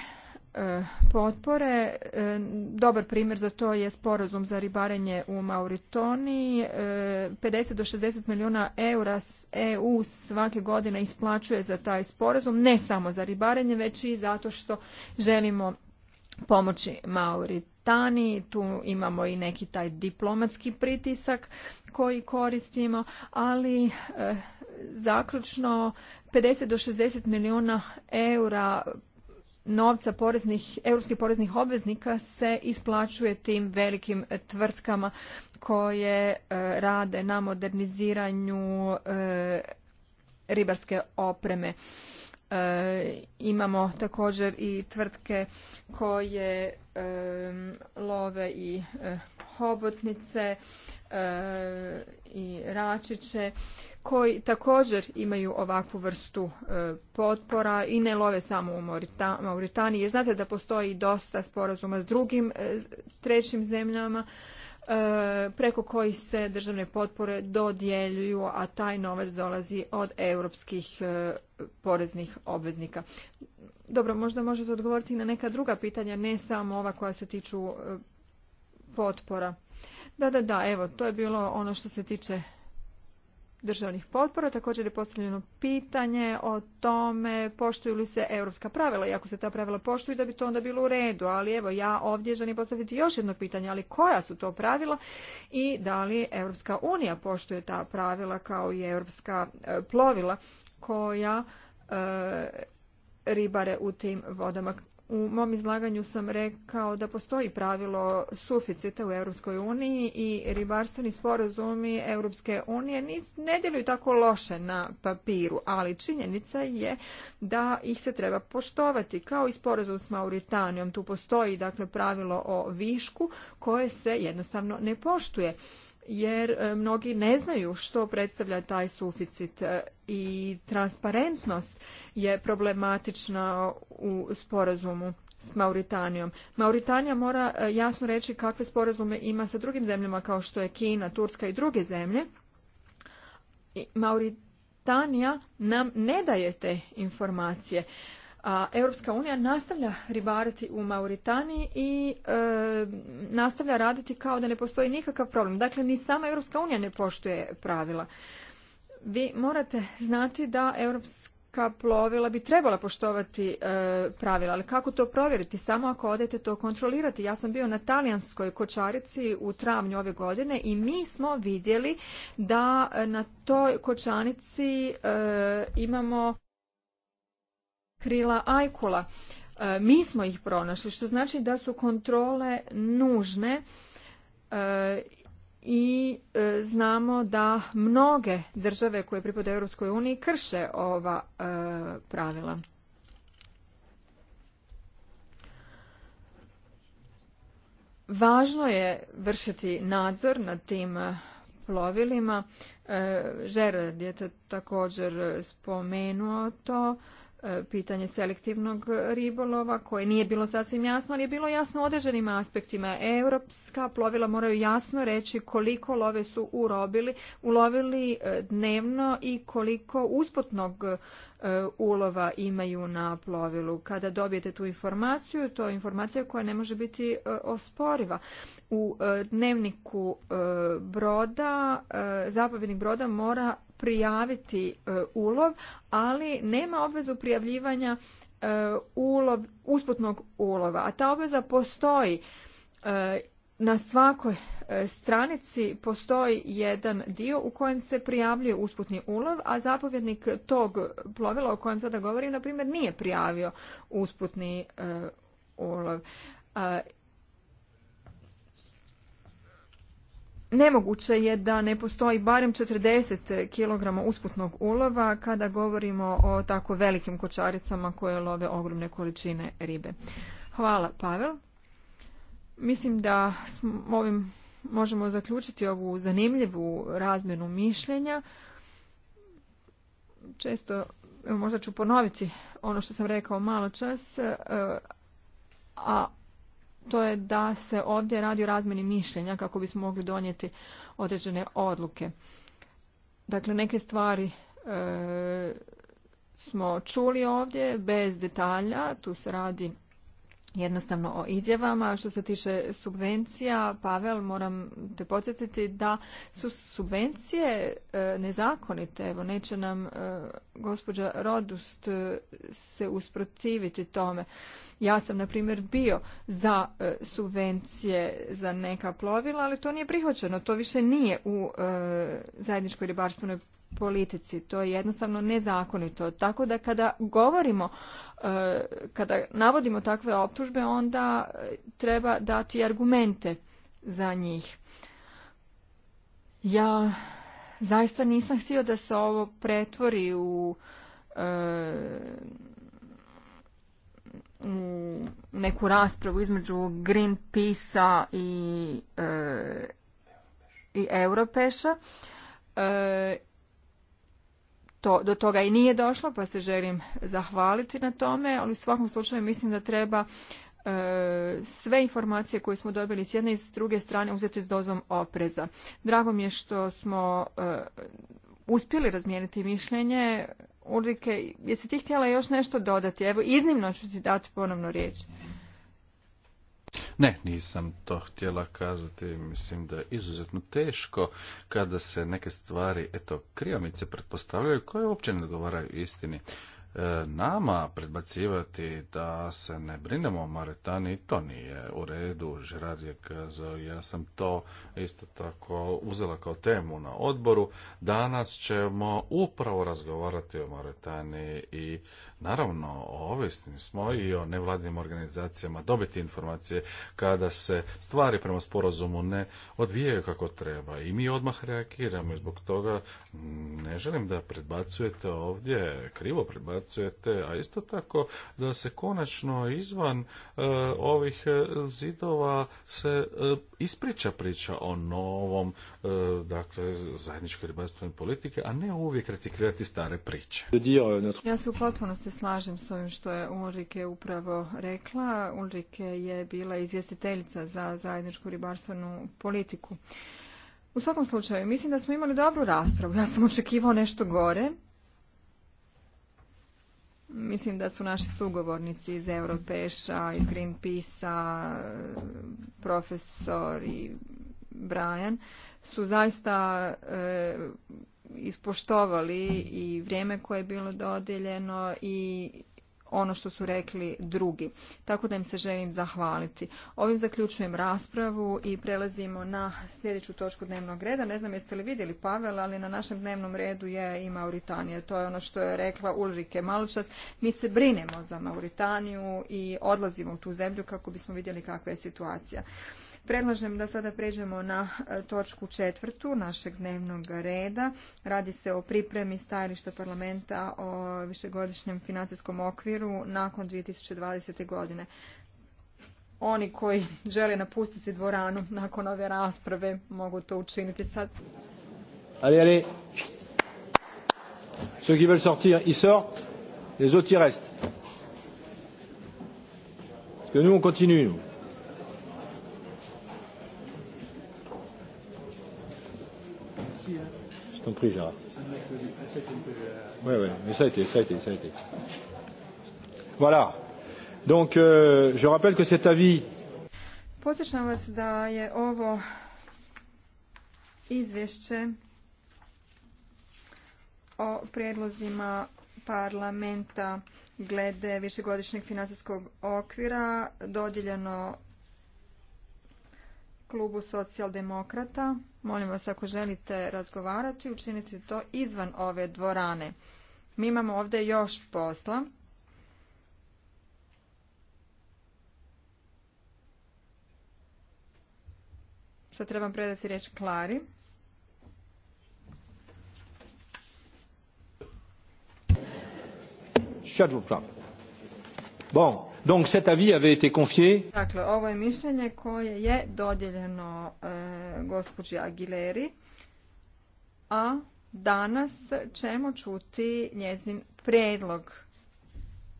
E, potpore. E, dobar primjer za to je sporazum za ribarenje u Mauritoniji. 50 e, do 60 milijuna eura EU svake godine isplaćuje za taj sporazum, ne samo za ribarenje, već i zato što želimo pomoći Mauritaniji. Tu imamo i neki taj diplomatski pritisak koji koristimo, ali zaključno 50 do 60 milijuna eura novca poreznih, europskih poreznih obveznika se isplaćuje tim velikim tvrtkama koje e, rade na moderniziranju e, ribarske opreme. E, imamo također i tvrtke koje love i hobotnice i račiće koji također imaju ovakvu vrstu e, potpora i ne love samo u Mauritaniji. Jer znate da postoji dosta sporazuma s drugim e, trećim zemljama e, preko kojih se državne potpore dodjeljuju, a taj novac dolazi od europskih poreznih obveznika. Dobro, možda možete odgovoriti na neka druga pitanja, ne samo ova koja se tiču potpora. Da, da, da, evo, to je bilo ono što se tiče državnih potpora. Također je postavljeno pitanje o tome poštuju li se europska pravila i ako se ta pravila poštuju da bi to onda bilo u redu. Ali evo ja ovdje želim postaviti još jedno pitanje, ali koja su to pravila i da li Europska unija poštuje ta pravila kao i europska e, plovila koja e, ribare u tim vodama u mom izlaganju sam rekao da postoji pravilo suficita u Europskoj uniji i ribarstveni sporazumi Europske unije ne djeluju tako loše na papiru, ali činjenica je da ih se treba poštovati. Kao i sporazum s Mauritanijom, tu postoji dakle pravilo o višku koje se jednostavno ne poštuje jer e, mnogi ne znaju što predstavlja taj suficit e, i transparentnost je problematična u sporazumu s Mauritanijom. Mauritanija mora e, jasno reći kakve sporazume ima sa drugim zemljama kao što je Kina, Turska i druge zemlje. Mauritanija nam ne daje te informacije. A Europska unija nastavlja ribariti u Mauritaniji i e, nastavlja raditi kao da ne postoji nikakav problem. Dakle, ni sama Europska unija ne poštuje pravila. Vi morate znati da europska plovila bi trebala poštovati e, pravila, ali kako to provjeriti? Samo ako odete to kontrolirati. Ja sam bio na talijanskoj kočarici u travnju ove godine i mi smo vidjeli da e, na toj kočanici imamo krila ajkula. E, mi smo ih pronašli, što znači da su kontrole nužne e, i e, znamo da mnoge države koje pripadaju Europskoj uniji krše ova pravila. Važno je vršiti nadzor nad tim plovilima. Žerad je također spomenuo to. E, pitanje selektivnog ribolova koje nije bilo sasvim jasno, ali je bilo jasno u određenim aspektima. Europska plovila moraju jasno reći koliko love su urobili, ulovili e, dnevno i koliko usputnog e, ulova imaju na plovilu. Kada dobijete tu informaciju, to je informacija koja ne može biti osporiva. U dnevniku broda, zapovjednik broda mora prijaviti e, ulov, ali nema obvezu prijavljivanja e, ulov, usputnog ulova. A ta obveza postoji e, na svakoj stranici postoji jedan dio u kojem se prijavljuje usputni ulov, a zapovjednik tog plovila o kojem sada govorim, na primjer, nije prijavio usputni ulov. Nemoguće je da ne postoji barem 40 kg usputnog ulova kada govorimo o tako velikim kočaricama koje love ogromne količine ribe. Hvala Pavel. Mislim da ovim možemo zaključiti ovu zanimljivu razmjenu mišljenja. Često, možda ću ponoviti ono što sam rekao malo čas, e, a to je da se ovdje radi o razmjeni mišljenja kako bismo mogli donijeti određene odluke. Dakle, neke stvari e, smo čuli ovdje bez detalja, tu se radi jednostavno o izjavama. Što se tiče subvencija, Pavel, moram te podsjetiti da su subvencije e, nezakonite. Evo, neće nam e, gospođa Rodust e, se usprotiviti tome. Ja sam, na primjer, bio za subvencije za neka plovila, ali to nije prihvaćeno. To više nije u zajedničkoj ribarstvenoj politici. To je jednostavno nezakonito. Tako da kada govorimo, e, kada navodimo takve optužbe, onda e, treba dati argumente za njih. Ja zaista nisam htio da se ovo pretvori u, e, neku raspravu između Greenpeace-a i, i Europeša to, do toga i nije došlo, pa se želim zahvaliti na tome, ali u svakom slučaju mislim da treba e, sve informacije koje smo dobili s jedne i s druge strane uzeti s dozom opreza. Drago mi je što smo e, uspjeli razmijeniti mišljenje. Ulrike, jesi ti htjela još nešto dodati? Evo, iznimno ću ti dati ponovno riječ. Ne, nisam to htjela kazati. Mislim da je izuzetno teško kada se neke stvari, eto, kriomice pretpostavljaju koje uopće ne odgovaraju istini. E, nama predbacivati da se ne brinemo o Maritani, to nije u redu. Žerar je kazao, ja sam to isto tako uzela kao temu na odboru. Danas ćemo upravo razgovarati o Maritani i Naravno, ovisni smo i o nevladnim organizacijama dobiti informacije kada se stvari prema sporazumu ne odvijaju kako treba i mi odmah reagiramo i zbog toga ne želim da predbacujete ovdje, krivo predbacujete, a isto tako da se konačno izvan e, ovih e, zidova se e, ispriča priča o novom E, dakle, zajedničke ribarstvene politike, a ne uvijek reciklirati stare priče. Ja se potpuno se slažem s ovim što je Ulrike upravo rekla. Ulrike je bila izvjestiteljica za zajedničku ribarstvenu politiku. U svakom slučaju, mislim da smo imali dobru raspravu. Ja sam očekivao nešto gore. Mislim da su naši sugovornici iz Europeša, iz Greenpeace-a, profesor i Brian su zaista e, ispoštovali i vrijeme koje je bilo dodijeljeno i ono što su rekli drugi. Tako da im se želim zahvaliti. Ovim zaključujem raspravu i prelazimo na sljedeću točku dnevnog reda. Ne znam jeste li vidjeli Pavel, ali na našem dnevnom redu je i Mauritanija. To je ono što je rekla Ulrike Malčas. Mi se brinemo za Mauritaniju i odlazimo u tu zemlju kako bismo vidjeli kakva je situacija. Predlažem da sada pređemo na e, točku četvrtu našeg dnevnog reda. Radi se o pripremi stajališta parlamenta o višegodišnjem financijskom okviru nakon 2020. godine. Oni koji žele napustiti dvoranu nakon ove rasprave mogu to učiniti sad. Ali, ali. Ceux qui veulent sortir, ils sortent. Les autres, ils restent. que nous, ton prix, Gérard. Oui, oui, mais ça a été, ça a été, ça a été. Voilà. Donc, euh, je rappelle que cet avis... Potičam vas da je ovo izvješće o prijedlozima parlamenta glede višegodišnjeg financijskog okvira dodijeljeno klubu socijaldemokrata. Molim vas, ako želite razgovarati, učinite to izvan ove dvorane. Mi imamo ovdje još posla. Sad trebam predati riječ Klari. Schedule Donc Dakle, ovo je mišljenje koje je dodijeljeno e, gospođi Aguileri, a danas ćemo čuti njezin predlog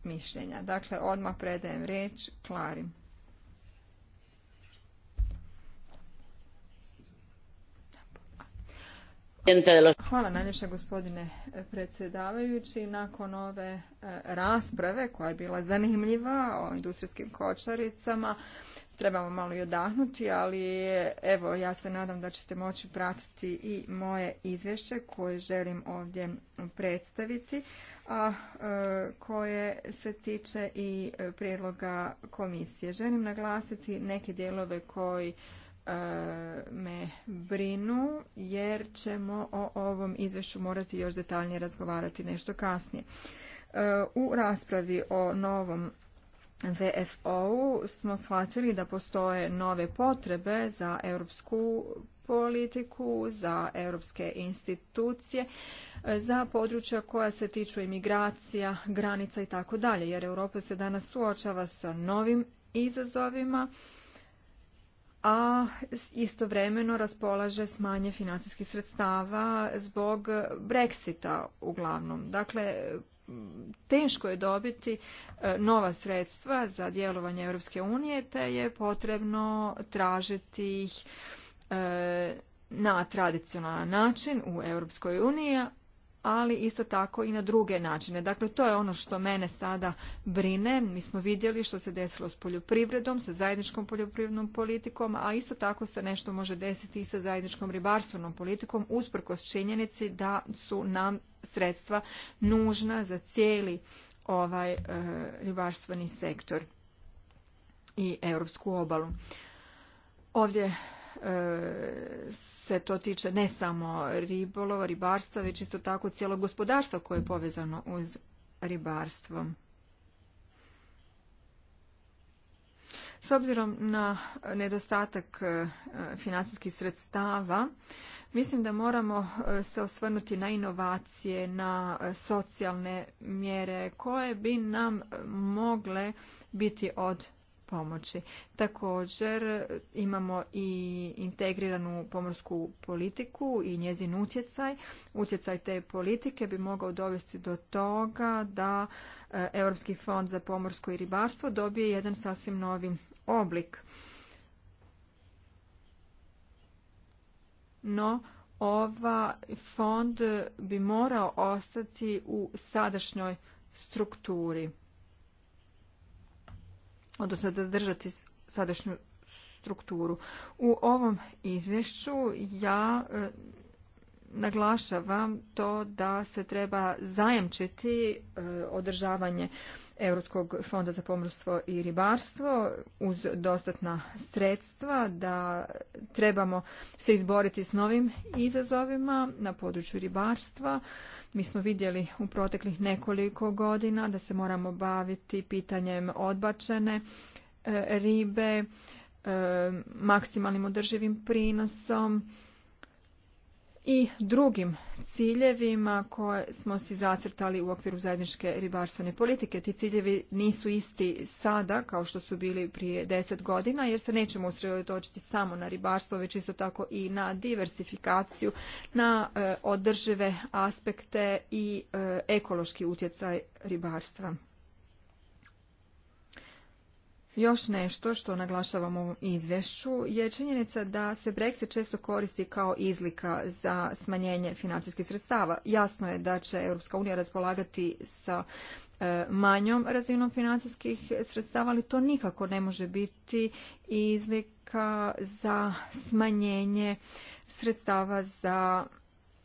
mišljenja. Dakle, odmah predajem riječ Klarim. Hvala najljepša gospodine predsjedavajući. Nakon ove e, rasprave koja je bila zanimljiva o industrijskim kočaricama, trebamo malo i odahnuti, ali evo ja se nadam da ćete moći pratiti i moje izvješće koje želim ovdje predstaviti, a e, koje se tiče i prijedloga komisije. Želim naglasiti neke dijelove koji E, me brinu jer ćemo o ovom izvješću morati još detaljnije razgovarati nešto kasnije. E, u raspravi o novom VFO-u smo shvatili da postoje nove potrebe za europsku politiku, za europske institucije, za područja koja se tiču imigracija, granica i tako dalje, jer Europa se danas suočava sa novim izazovima a istovremeno raspolaže s manje financijskih sredstava zbog Brexita uglavnom. Dakle, teško je dobiti e, nova sredstva za djelovanje Europske unije, te je potrebno tražiti ih e, na tradicionalan način u Europskoj uniji, ali isto tako i na druge načine. Dakle, to je ono što mene sada brine. Mi smo vidjeli što se desilo s poljoprivredom, sa zajedničkom poljoprivrednom politikom, a isto tako se nešto može desiti i sa zajedničkom ribarstvenom politikom, usprkos činjenici da su nam sredstva nužna za cijeli ovaj eh, ribarstveni sektor i europsku obalu. Ovdje se to tiče ne samo ribolova, ribarstva, već isto tako cijelo gospodarstva koje je povezano uz ribarstvo. S obzirom na nedostatak e, financijskih sredstava, mislim da moramo e, se osvrnuti na inovacije, na e, socijalne mjere koje bi nam mogle biti od pomoći. Također imamo i integriranu pomorsku politiku i njezin utjecaj. Utjecaj te politike bi mogao dovesti do toga da e, Europski fond za pomorsko i ribarstvo dobije jedan sasvim novi oblik. No, ova fond bi morao ostati u sadašnjoj strukturi odnosno zadržati sadašnju strukturu. U ovom izvješću ja e, naglašavam to da se treba zajamčiti e, održavanje Europskog fonda za pomorstvo i ribarstvo uz dostatna sredstva da trebamo se izboriti s novim izazovima na području ribarstva. Mi smo vidjeli u proteklih nekoliko godina da se moramo baviti pitanjem odbačene e, ribe, e, maksimalnim održivim prinosom, i drugim ciljevima koje smo si zacrtali u okviru zajedničke ribarstvene politike. Ti ciljevi nisu isti sada kao što su bili prije deset godina jer se nećemo usredotočiti samo na ribarstvo već isto tako i na diversifikaciju, na e, održive aspekte i e, ekološki utjecaj ribarstva. Još nešto što naglašavam u ovom izvješću je činjenica da se Brexit često koristi kao izlika za smanjenje financijskih sredstava. Jasno je da će Europska unija raspolagati sa e, manjom razinom financijskih sredstava, ali to nikako ne može biti izlika za smanjenje sredstava za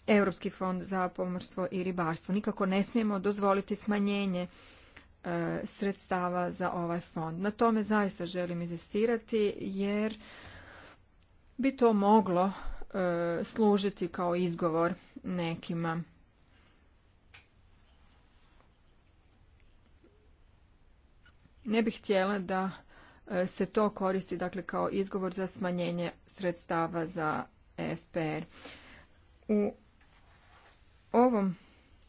Europski fond za pomorstvo i ribarstvo. Nikako ne smijemo dozvoliti smanjenje E, sredstava za ovaj fond. Na tome zaista želim inzistirati jer bi to moglo e, služiti kao izgovor nekima. Ne bih htjela da e, se to koristi dakle kao izgovor za smanjenje sredstava za FPR. U ovom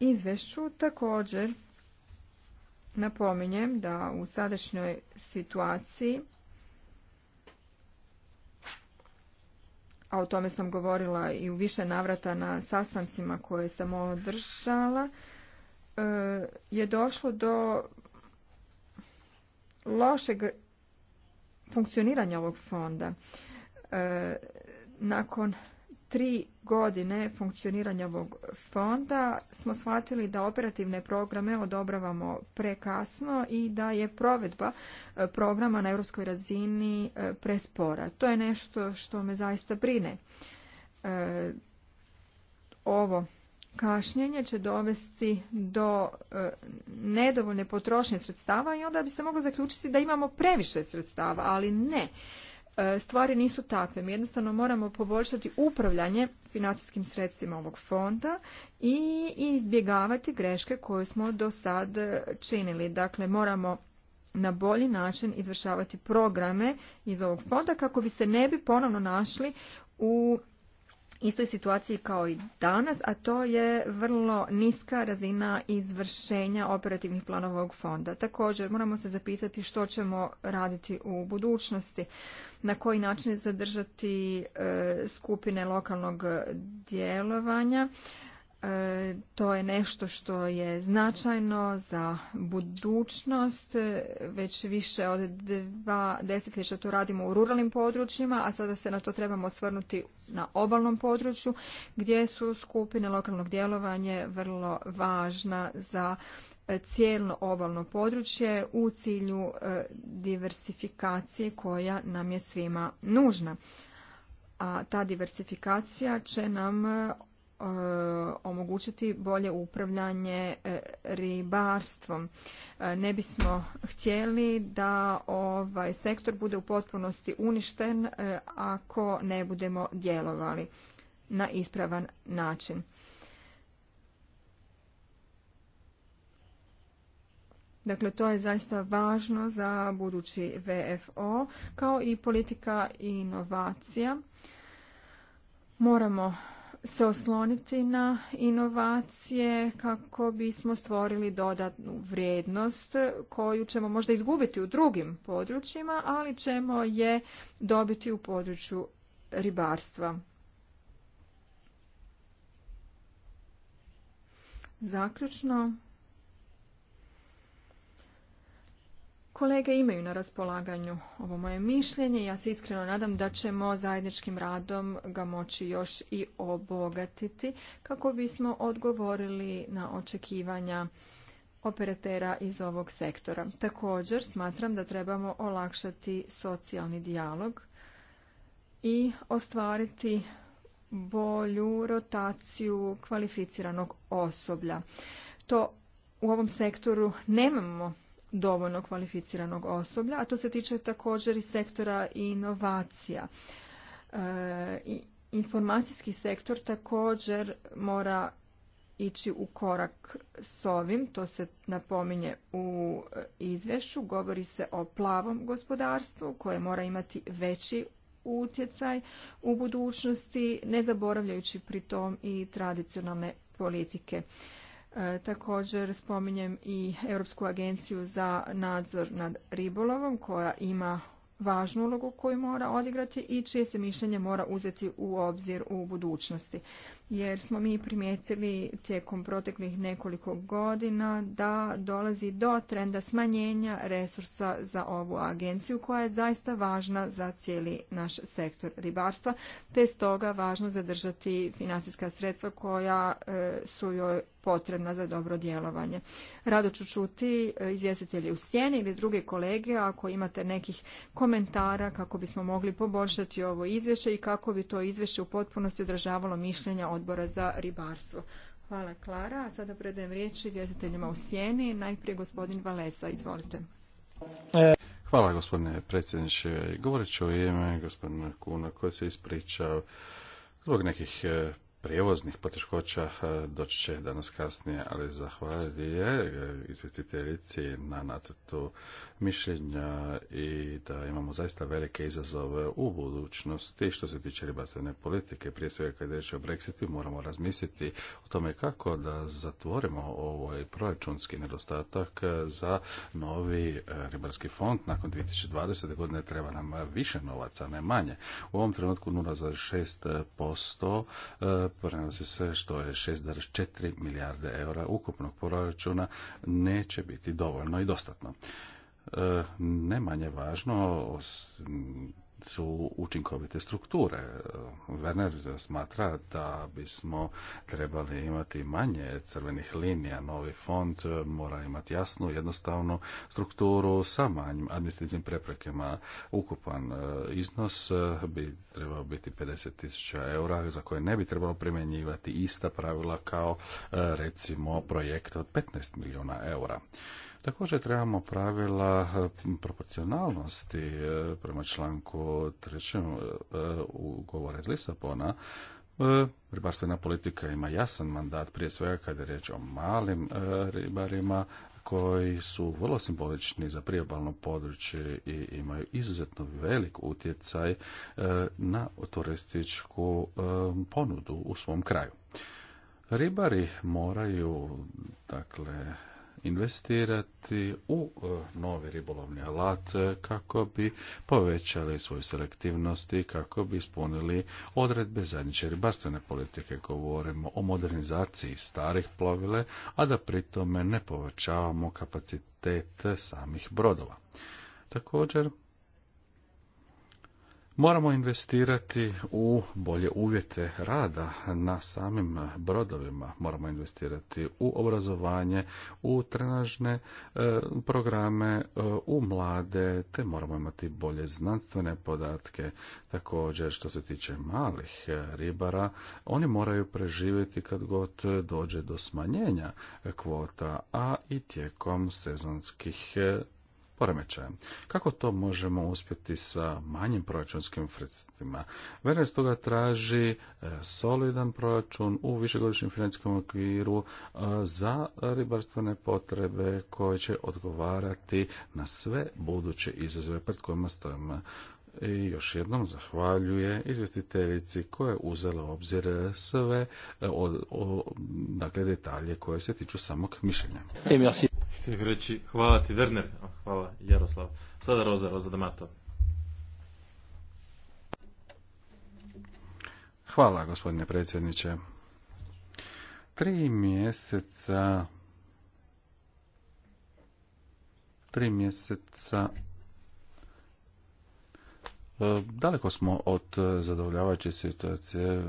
izvješću također Napominjem da u sadašnjoj situaciji, a o tome sam govorila i u više navrata na sastancima koje sam održala, e, je došlo do lošeg funkcioniranja ovog fonda. E, nakon tri godine funkcioniranja ovog fonda smo shvatili da operativne programe odobravamo prekasno i da je provedba e, programa na europskoj razini e, prespora. To je nešto što me zaista brine. E, ovo kašnjenje će dovesti do nedovoljne potrošnje sredstava i onda bi se moglo zaključiti da imamo previše sredstava, ali ne. E, stvari nisu takve. Mi jednostavno moramo poboljšati upravljanje financijskim sredstvima ovog fonda i izbjegavati greške koje smo do sad činili. Dakle, moramo na bolji način izvršavati programe iz ovog fonda kako bi se ne bi ponovno našli u istoj situaciji kao i danas, a to je vrlo niska razina izvršenja operativnih planova ovog fonda. Također moramo se zapitati što ćemo raditi u budućnosti, na koji način zadržati e, skupine lokalnog djelovanja, E, to je nešto što je značajno za budućnost. Već više od dva desetljeća to radimo u ruralnim područjima, a sada se na to trebamo osvrnuti na obalnom području gdje su skupine lokalnog djelovanja vrlo važna za e, cijelno obalno područje u cilju e, diversifikacije koja nam je svima nužna. A ta diversifikacija će nam E, omogućiti bolje upravljanje e, ribarstvom. E, ne bismo htjeli da ovaj sektor bude u potpunosti uništen ako ne budemo djelovali na ispravan način. Dakle, to je zaista važno za budući VFO, kao i politika inovacija. Moramo se osloniti na inovacije kako bismo stvorili dodatnu vrijednost koju ćemo možda izgubiti u drugim područjima, ali ćemo je dobiti u području ribarstva. Zaključno Kolege imaju na raspolaganju ovo moje mišljenje. Ja se iskreno nadam da ćemo zajedničkim radom ga moći još i obogatiti kako bismo odgovorili na očekivanja operatera iz ovog sektora. Također smatram da trebamo olakšati socijalni dijalog i ostvariti bolju rotaciju kvalificiranog osoblja. To u ovom sektoru nemamo dovoljno kvalificiranog osoblja, a to se tiče također i sektora inovacija. E, informacijski sektor također mora ići u korak s ovim, to se napominje u izvješću, govori se o plavom gospodarstvu koje mora imati veći utjecaj u budućnosti, ne zaboravljajući pri tom i tradicionalne politike. E, također spominjem i Europsku agenciju za nadzor nad ribolovom koja ima važnu ulogu koju mora odigrati i čije se mišljenje mora uzeti u obzir u budućnosti. Jer smo mi primijetili tijekom proteklih nekoliko godina da dolazi do trenda smanjenja resursa za ovu agenciju koja je zaista važna za cijeli naš sektor ribarstva, te stoga važno zadržati financijska sredstva koja e, su joj potrebna za dobro djelovanje. Rado ću čuti e, izvjestitelji u sjeni ili druge kolege ako imate nekih komentara kako bismo mogli poboljšati ovo izvješće i kako bi to izvješće u potpunosti odražavalo mišljenja odbora za ribarstvo. Hvala Klara. A sada predajem riječ izvjestiteljima u sjeni. Najprije gospodin Valesa. Izvolite. E, hvala gospodine predsjedniče. Govorit ću o ime gospodina Kuna koji se ispričao zbog nekih e, prijevoznih poteškoća e, doći će danas kasnije, ali zahvaljujem e, izvjestiteljici na nacrtu mišljenja i da imamo zaista velike izazove u budućnosti što se tiče ribarstvene politike. Prije svega kad je riječ o Brexitu moramo razmisliti o tome kako da zatvorimo ovaj proračunski nedostatak za novi e, ribarski fond. Nakon 2020. godine treba nam više novaca, ne manje. U ovom trenutku 0,6% prenosi se što je 6,4 milijarde eura ukupnog proračuna neće biti dovoljno i dostatno. E, ne manje važno, su učinkovite strukture. Werner smatra da bismo trebali imati manje crvenih linija. Novi fond mora imati jasnu, jednostavnu strukturu sa manjim administrativnim preprekama. Ukupan e, iznos e, bi trebao biti 50.000 eura za koje ne bi trebalo primjenjivati ista pravila kao e, recimo projekt od 15 milijuna eura. Također trebamo pravila e, proporcionalnosti e, prema članku 3. E, ugovora iz Lisabona. Ribarstvena politika ima jasan mandat, prije svega kada je riječ o malim ribarima, koji su vrlo simbolični za priobalno područje i imaju izuzetno velik utjecaj na turističku ponudu u svom kraju. Ribari moraju dakle investirati u e, novi ribolovni alat e, kako bi povećali svoju selektivnost i kako bi ispunili odredbe zajedničke ribarstvene politike. Govorimo o modernizaciji starih plovile, a da pritome ne povećavamo kapacitet samih brodova. Također, Moramo investirati u bolje uvjete rada na samim brodovima, moramo investirati u obrazovanje, u trenažne e, programe, e, u mlade, te moramo imati bolje znanstvene podatke. Također što se tiče malih e, ribara, oni moraju preživjeti kad god dođe do smanjenja kvota, a i tijekom sezonskih poremećajem. Kako to možemo uspjeti sa manjim proračunskim sredstvima? Venez stoga traži e, solidan proračun u višegodišnjem financijskom okviru e, za ribarstvene potrebe koje će odgovarati na sve buduće izazove pred kojima stojimo. I još jednom zahvaljuje izvestiteljici koja je uzela obzir sve e, o, o, dakle, detalje koje se tiču samog mišljenja. E, merci. Htio reći hvala ti Werner, hvala Jaroslav. Sada Roza, Roza Damato. Hvala gospodine predsjedniče. Tri mjeseca tri mjeseca E, daleko smo od e, zadovoljavajuće situacije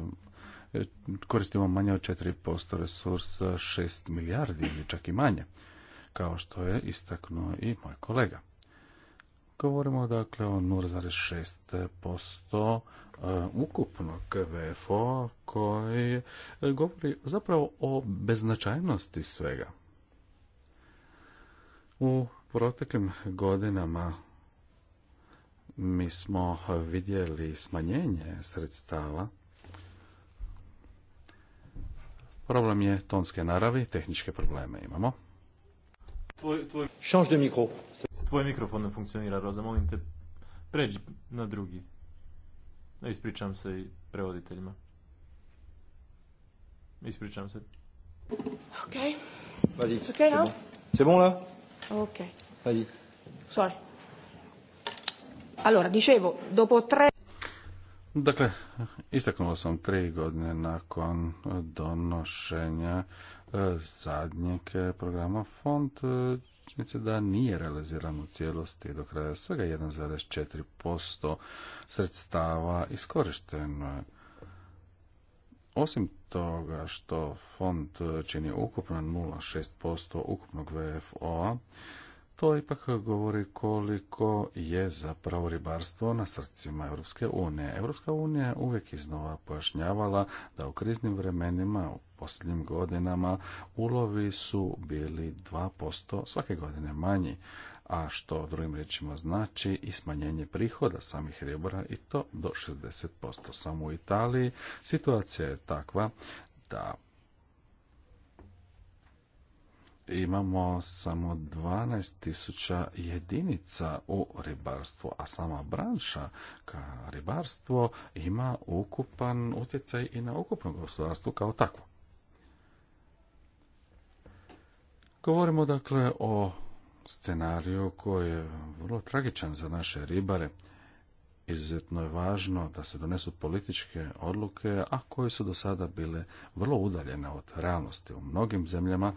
e, koristimo manje od 4% resursa, 6 milijardi ili čak i manje, kao što je istaknuo i moj kolega. Govorimo dakle o 0,6% ukupnog VFO koji govori zapravo o beznačajnosti svega. U proteklim godinama mi smo vidjeli smanjenje sredstava. Problem je tonske naravi, tehničke probleme imamo. Tvoj, tvoj... Change de micro. Tvoj mikrofon ne funkcionira, Roza, molim te, pređi na drugi. ispričam se i prevoditeljima. Ispričam se. Ok. vas Ok, C'est bon, là Ok. Sorry. Allora, dicevo, dopo tre... Dakle, istaknuo sam tri godine nakon donošenja e, zadnjeg programa fond e, se da nije realiziran u cijelosti do kraja svega 1,4% sredstava iskorišteno osim toga što fond čini ukupno 0,6% ukupnog VFO-a, to ipak govori koliko je zapravo ribarstvo na srcima Europske unije. Europska unija uvijek iznova pojašnjavala da u kriznim vremenima, u posljednjim godinama, ulovi su bili 2% svake godine manji a što drugim riječima znači i smanjenje prihoda samih ribora i to do 60%. Samo u Italiji situacija je takva da imamo samo 12.000 jedinica u ribarstvu, a sama branša ka ribarstvo ima ukupan utjecaj i na ukupno gospodarstvo kao takvo. Govorimo dakle o scenariju koji je vrlo tragičan za naše ribare. Izuzetno je važno da se donesu političke odluke, a koje su do sada bile vrlo udaljene od realnosti u mnogim zemljama,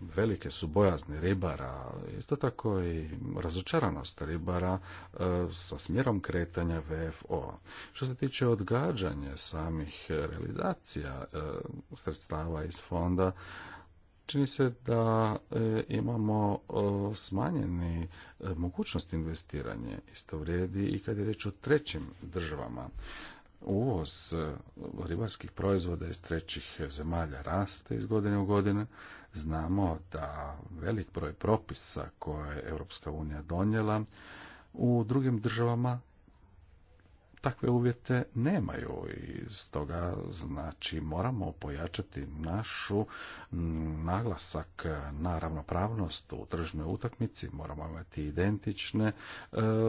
velike su bojazni ribara, isto tako i razočaranost ribara e, sa smjerom kretanja VFO. Što se tiče odgađanja samih realizacija e, sredstava iz fonda, čini se da e, imamo smanjeni mogućnost investiranja. Isto vrijedi i kad je riječ o trećim državama uvoz e, ribarskih proizvoda iz trećih zemalja raste iz godine u godine. Znamo da velik broj propisa koje je Europska unija donijela u drugim državama takve uvjete nemaju i stoga znači moramo pojačati našu naglasak na ravnopravnost u tržnoj utakmici, moramo imati identične e,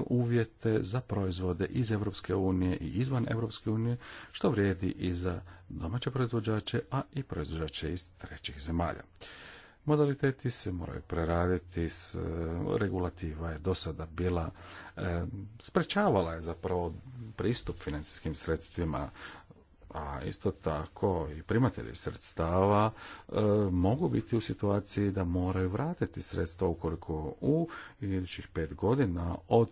uvjete za proizvode iz Europske unije i izvan Europske unije, što vrijedi i za domaće proizvođače, a i proizvođače iz trećih zemalja modaliteti se moraju preraditi, e, regulativa je do sada bila, e, sprečavala je zapravo pristup financijskim sredstvima a isto tako i primatelji sredstava e, mogu biti u situaciji da moraju vratiti sredstva ukoliko u idućih pet godina od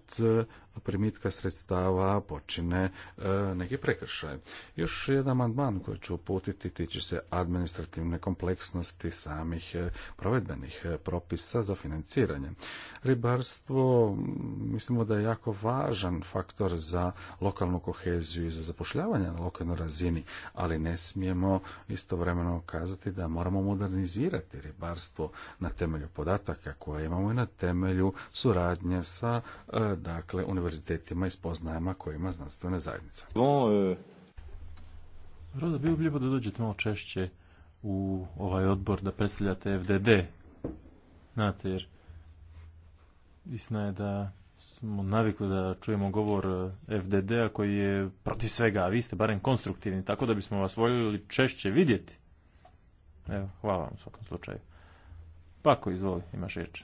primitka sredstava počine e, neki prekršaj. Još jedan amandman koji ću uputiti tiče se administrativne kompleksnosti samih e, provedbenih e, propisa za financiranje. Ribarstvo mislimo da je jako važan faktor za lokalnu koheziju i za zapošljavanje na lokalnoj razini, ali ne smijemo istovremeno kazati da moramo modernizirati ribarstvo na temelju podataka koje imamo i na temelju suradnje sa e, dakle, univerzitetima i spoznajama koje ima znanstvena zajednica. Roza, bilo bi lijepo da dođete malo češće u ovaj odbor da predstavljate FDD. Znate, jer istina je da smo navikli da čujemo govor eh, FDD-a koji je protiv svega, a vi ste barem konstruktivni, tako da bismo vas voljeli češće vidjeti. Evo, hvala vam u svakom slučaju. Pako, izvoli, imaš riječ.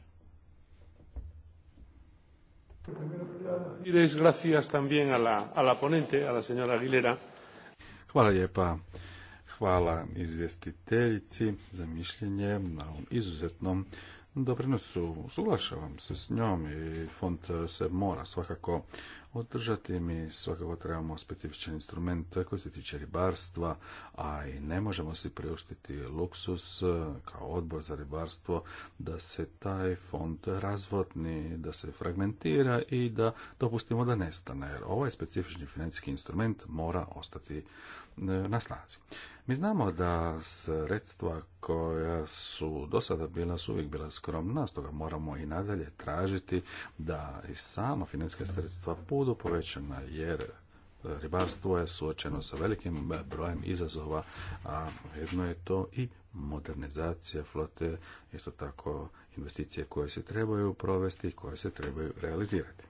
Hvala lijepa. Hvala izvjestiteljici za mišljenje na ovom izuzetnom doprinosu. Suglašavam se s njom i fond se mora svakako održati. Mi svakako trebamo specifičan instrument koji se tiče ribarstva, a i ne možemo si priuštiti luksus e, kao odbor za ribarstvo da se taj fond razvodni, da se fragmentira i da dopustimo da nestane. Jer ovaj specifični financijski instrument mora ostati E, na snazi. Mi znamo da sredstva koja su do sada bila su uvijek bila skromna, stoga moramo i nadalje tražiti da i sama financijska sredstva budu povećana jer ribarstvo je suočeno sa velikim brojem izazova, a jedno je to i modernizacija flote, isto tako investicije koje se trebaju provesti i koje se trebaju realizirati.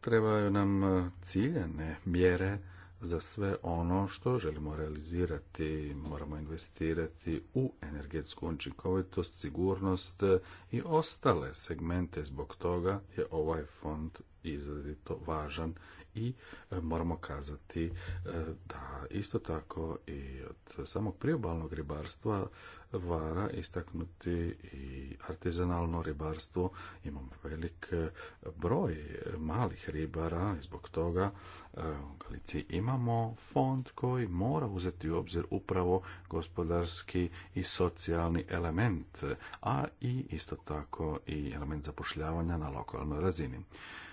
trebaju nam e, ciljene mjere za sve ono što želimo realizirati. Moramo investirati u energetsku učinkovitost, sigurnost e, i ostale segmente. Zbog toga je ovaj fond izrazito važan i e, moramo kazati da isto tako i od samog priobalnog ribarstva vara istaknuti i artizanalno ribarstvo. Imamo velik eh, broj malih ribara i zbog toga eh, u Galiciji imamo fond koji mora uzeti u obzir upravo gospodarski i socijalni element, a i isto tako i element zapošljavanja na lokalnoj razini.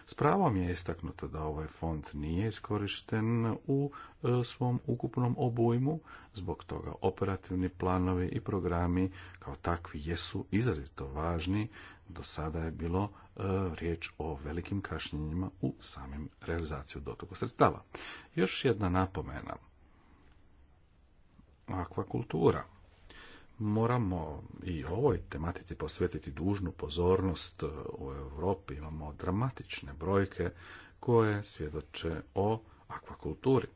S pravom je istaknuto da ovaj fond nije iskorišten u e, svom ukupnom obujmu, zbog toga operativni planovi i programi kao takvi jesu izrazito važni. Do sada je bilo e, riječ o velikim kašnjenjima u samim realizaciju dotoku sredstava. Još jedna napomena. Akvakultura moramo i ovoj tematici posvetiti dužnu pozornost. E, u Europi imamo dramatične brojke koje svjedoče o akvakulturi.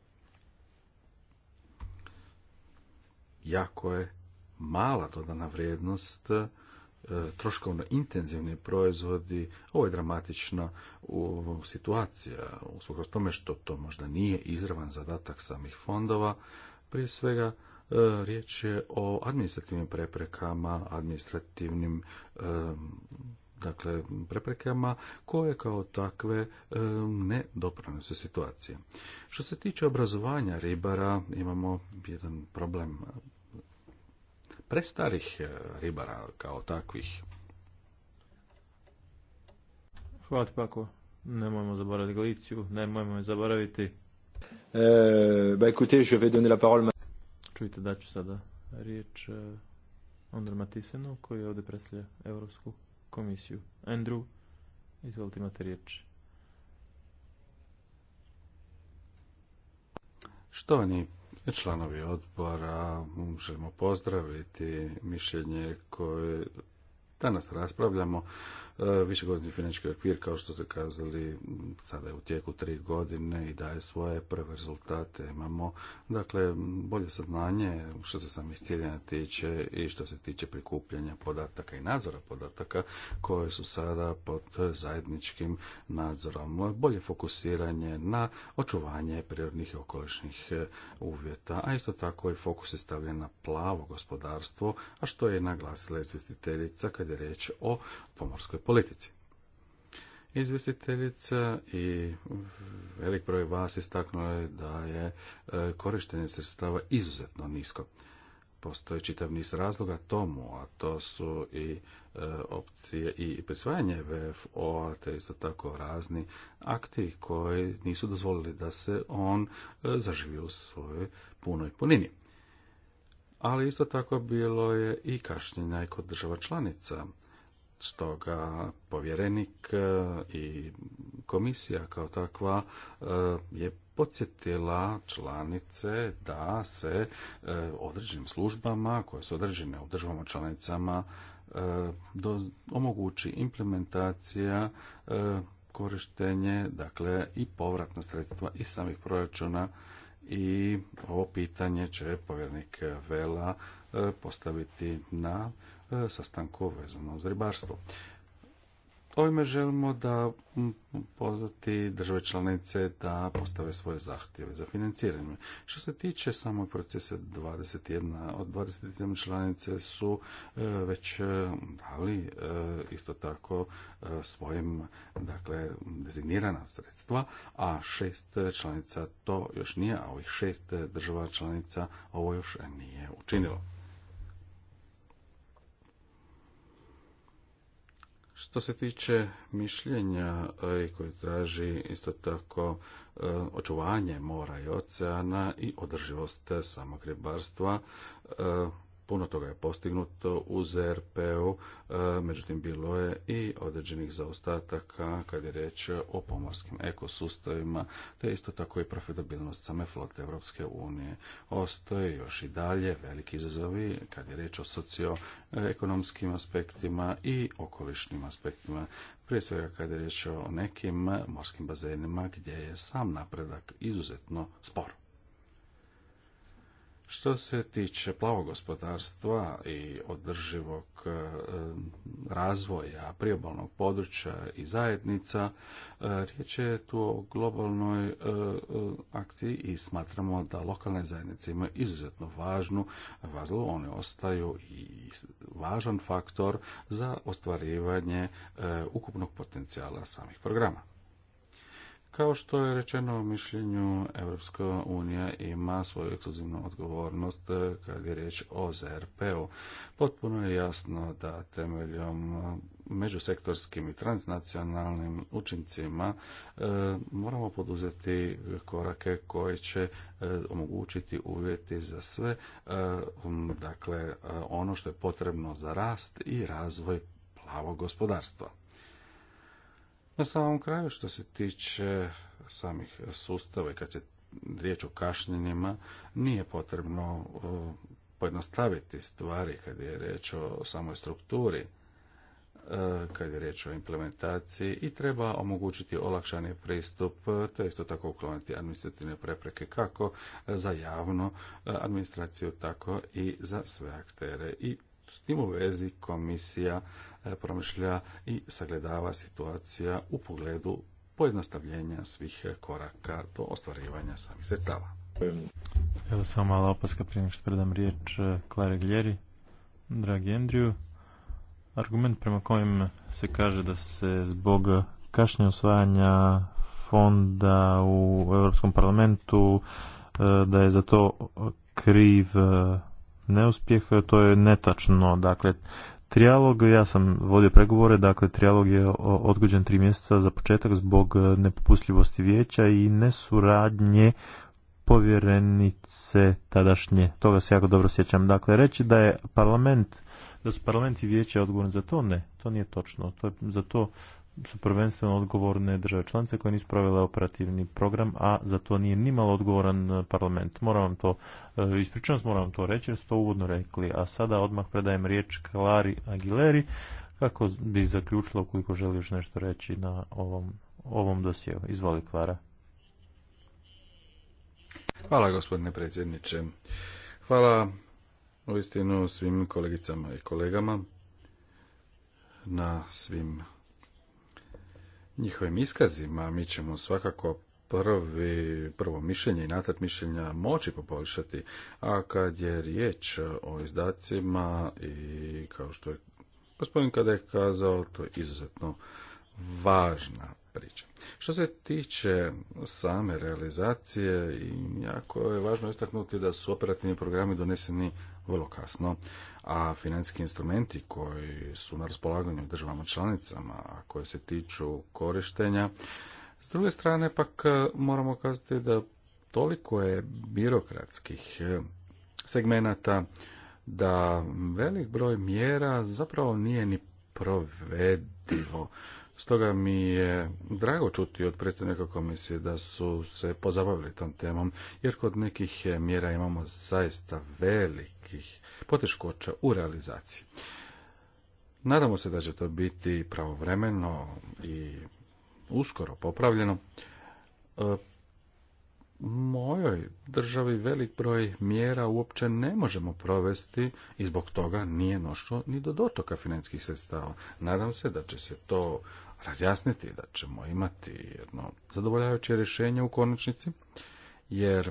Jako je mala dodana vrijednost, e, troškovno intenzivni proizvodi, ovo je dramatična situacija, usprkos tome što to možda nije izravan zadatak samih fondova, prije svega E, riječ je o administrativnim preprekama, administrativnim e, dakle preprekama koje kao takve e, ne doprinose situacije. Što se tiče obrazovanja ribara, imamo jedan problem prestarih ribara kao takvih. Hvala Pako. Nemojmo zaboraviti Galiciju, nemojmo je zaboraviti. ba écoutez, je vais donner la parole Čujte da ću sada riječ Ondra e, Matisenu koji ovdje predstavlja Europsku komisiju. Andrew, izvolite imate riječ. Štovani članovi odbora, želimo pozdraviti mišljenje koje danas raspravljamo E, višegodišnji financijski okvir, kao što ste kazali, sada je u tijeku tri godine i daje svoje prve rezultate. Imamo, dakle, bolje saznanje što se samih ciljena tiče i što se tiče prikupljanja podataka i nadzora podataka koje su sada pod zajedničkim nadzorom. Bolje fokusiranje na očuvanje prirodnih i okolišnih e, uvjeta, a isto tako i fokus je stavljen na plavo gospodarstvo, a što je naglasila izvjestiteljica kad je riječ o pomorskoj politici. Izvestiteljica i velik broj vas istaknuo je da je e, korištenje sredstava izuzetno nisko. Postoji čitav niz razloga tomu, a to su i e, opcije i prisvajanje VFO, te isto tako razni akti koji nisu dozvolili da se on e, zaživi u svojoj punoj punini ali isto tako bilo je i kašnjenja i kod država članica Stoga povjerenik e, i komisija kao takva e, je podsjetila članice da se e, određenim službama koje su određene u državama članicama omogući implementacija korištenje dakle i povratna sredstva i samih proračuna i ovo pitanje će povjernik Vela postaviti na E, sastanku vezano uz ribarstvo. Ovime želimo da pozvati države članice da postave svoje zahtjeve za financiranje. Što se tiče samog procesa 21, od 21 članice su e, već e, dali isto tako svojim dakle dezignirana sredstva, a šest članica to još nije, a ovih šest država članica ovo još nije učinilo. Što se tiče mišljenja e, koji traži isto tako e, očuvanje mora i oceana i održivost samog ribarstva, e, puno toga je postignuto u ZRP-u, e, međutim bilo je i određenih zaostataka kad je reč o pomorskim ekosustavima, te isto tako i profitabilnost same flote Europske unije. Ostoje još i dalje veliki izazovi kad je reč o socioekonomskim aspektima i okolišnim aspektima prije svega kad je reč o nekim morskim bazenima gdje je sam napredak izuzetno spor. Što se tiče plavog gospodarstva i održivog e, razvoja priobalnog područja i zajednica, e, riječ je tu o globalnoj e, akciji i smatramo da lokalne zajednice imaju izuzetno važnu vazlu, one ostaju i važan faktor za ostvarivanje ukupnog potencijala samih programa. Kao što je rečeno u mišljenju, EU unija ima svoju ekskluzivnu odgovornost eh, kad je riječ o ZRP-u. Potpuno je jasno da temeljom eh, međusektorskim i transnacionalnim učincima eh, moramo poduzeti korake koje će omogućiti uvjeti za sve, um, dakle ono što je potrebno za rast i razvoj plavog gospodarstva. Na samom kraju što se tiče samih sustava i kad se riječ o kašnjenjima, nije potrebno e, pojednostaviti stvari kad je riječ o samoj strukturi, e, kad je riječ o implementaciji i treba omogućiti olakšani pristup, to isto tako ukloniti administrativne prepreke kako za javnu e, administraciju, tako i za sve aktere. I s tim u vezi komisija promišlja i sagledava situacija u pogledu pojednostavljenja svih koraka do ostvarivanja samih sredstava. Evo samo mala opaska prije što predam riječ e, Klare Gljeri, dragi Andriju. Argument prema kojem se kaže da se zbog kašnje osvajanja fonda u Europskom parlamentu e, da je za to kriv e, neuspjeh, to je netačno. Dakle, Trijalog, ja sam vodio pregovore, dakle trijalog je odgođen tri mjeseca za početak zbog e, nepopustljivosti vijeća i nesuradnje povjerenice tadašnje. Toga se jako dobro sjećam. Dakle, reći da je parlament, da su parlament i vijeće odgovorni za to, ne, to nije točno. To je, za to su prvenstveno odgovorne države članice koje nisu pravile operativni program, a za to nije nimalo odgovoran e, parlament. Moram vam to, e, ispričavam moram vam to reći jer ste to uvodno rekli, a sada odmah predajem riječ Klari Aguileri kako bi zaključila ukoliko želi još nešto reći na ovom, ovom dosjeu. Izvoli Klara. Hvala gospodine predsjedniče. Hvala uistinu svim kolegicama i kolegama na svim njihovim iskazima, mi ćemo svakako prvi, prvo mišljenje i nacrt mišljenja moći poboljšati, a kad je riječ o izdacima i kao što je gospodin kada je kazao, to je izuzetno važna priča. Što se tiče same realizacije, jako je važno istaknuti da su operativni programi doneseni vrlo kasno, a financijski instrumenti koji su na raspolaganju državama članicama, a koje se tiču korištenja, s druge strane pak e, moramo kazati da toliko je birokratskih e, segmenata da velik broj mjera zapravo nije ni provedivo Stoga mi je drago čuti od predstavnika komisije da su se pozabavili tom temom, jer kod nekih mjera imamo zaista velikih poteškoća u realizaciji. Nadamo se da će to biti pravovremeno i uskoro popravljeno. E, mojoj državi velik broj mjera uopće ne možemo provesti i zbog toga nije nošlo ni do dotoka financijskih sredstava. Nadam se da će se to razjasniti, da ćemo imati jedno zadovoljavajuće rješenje u konačnici, jer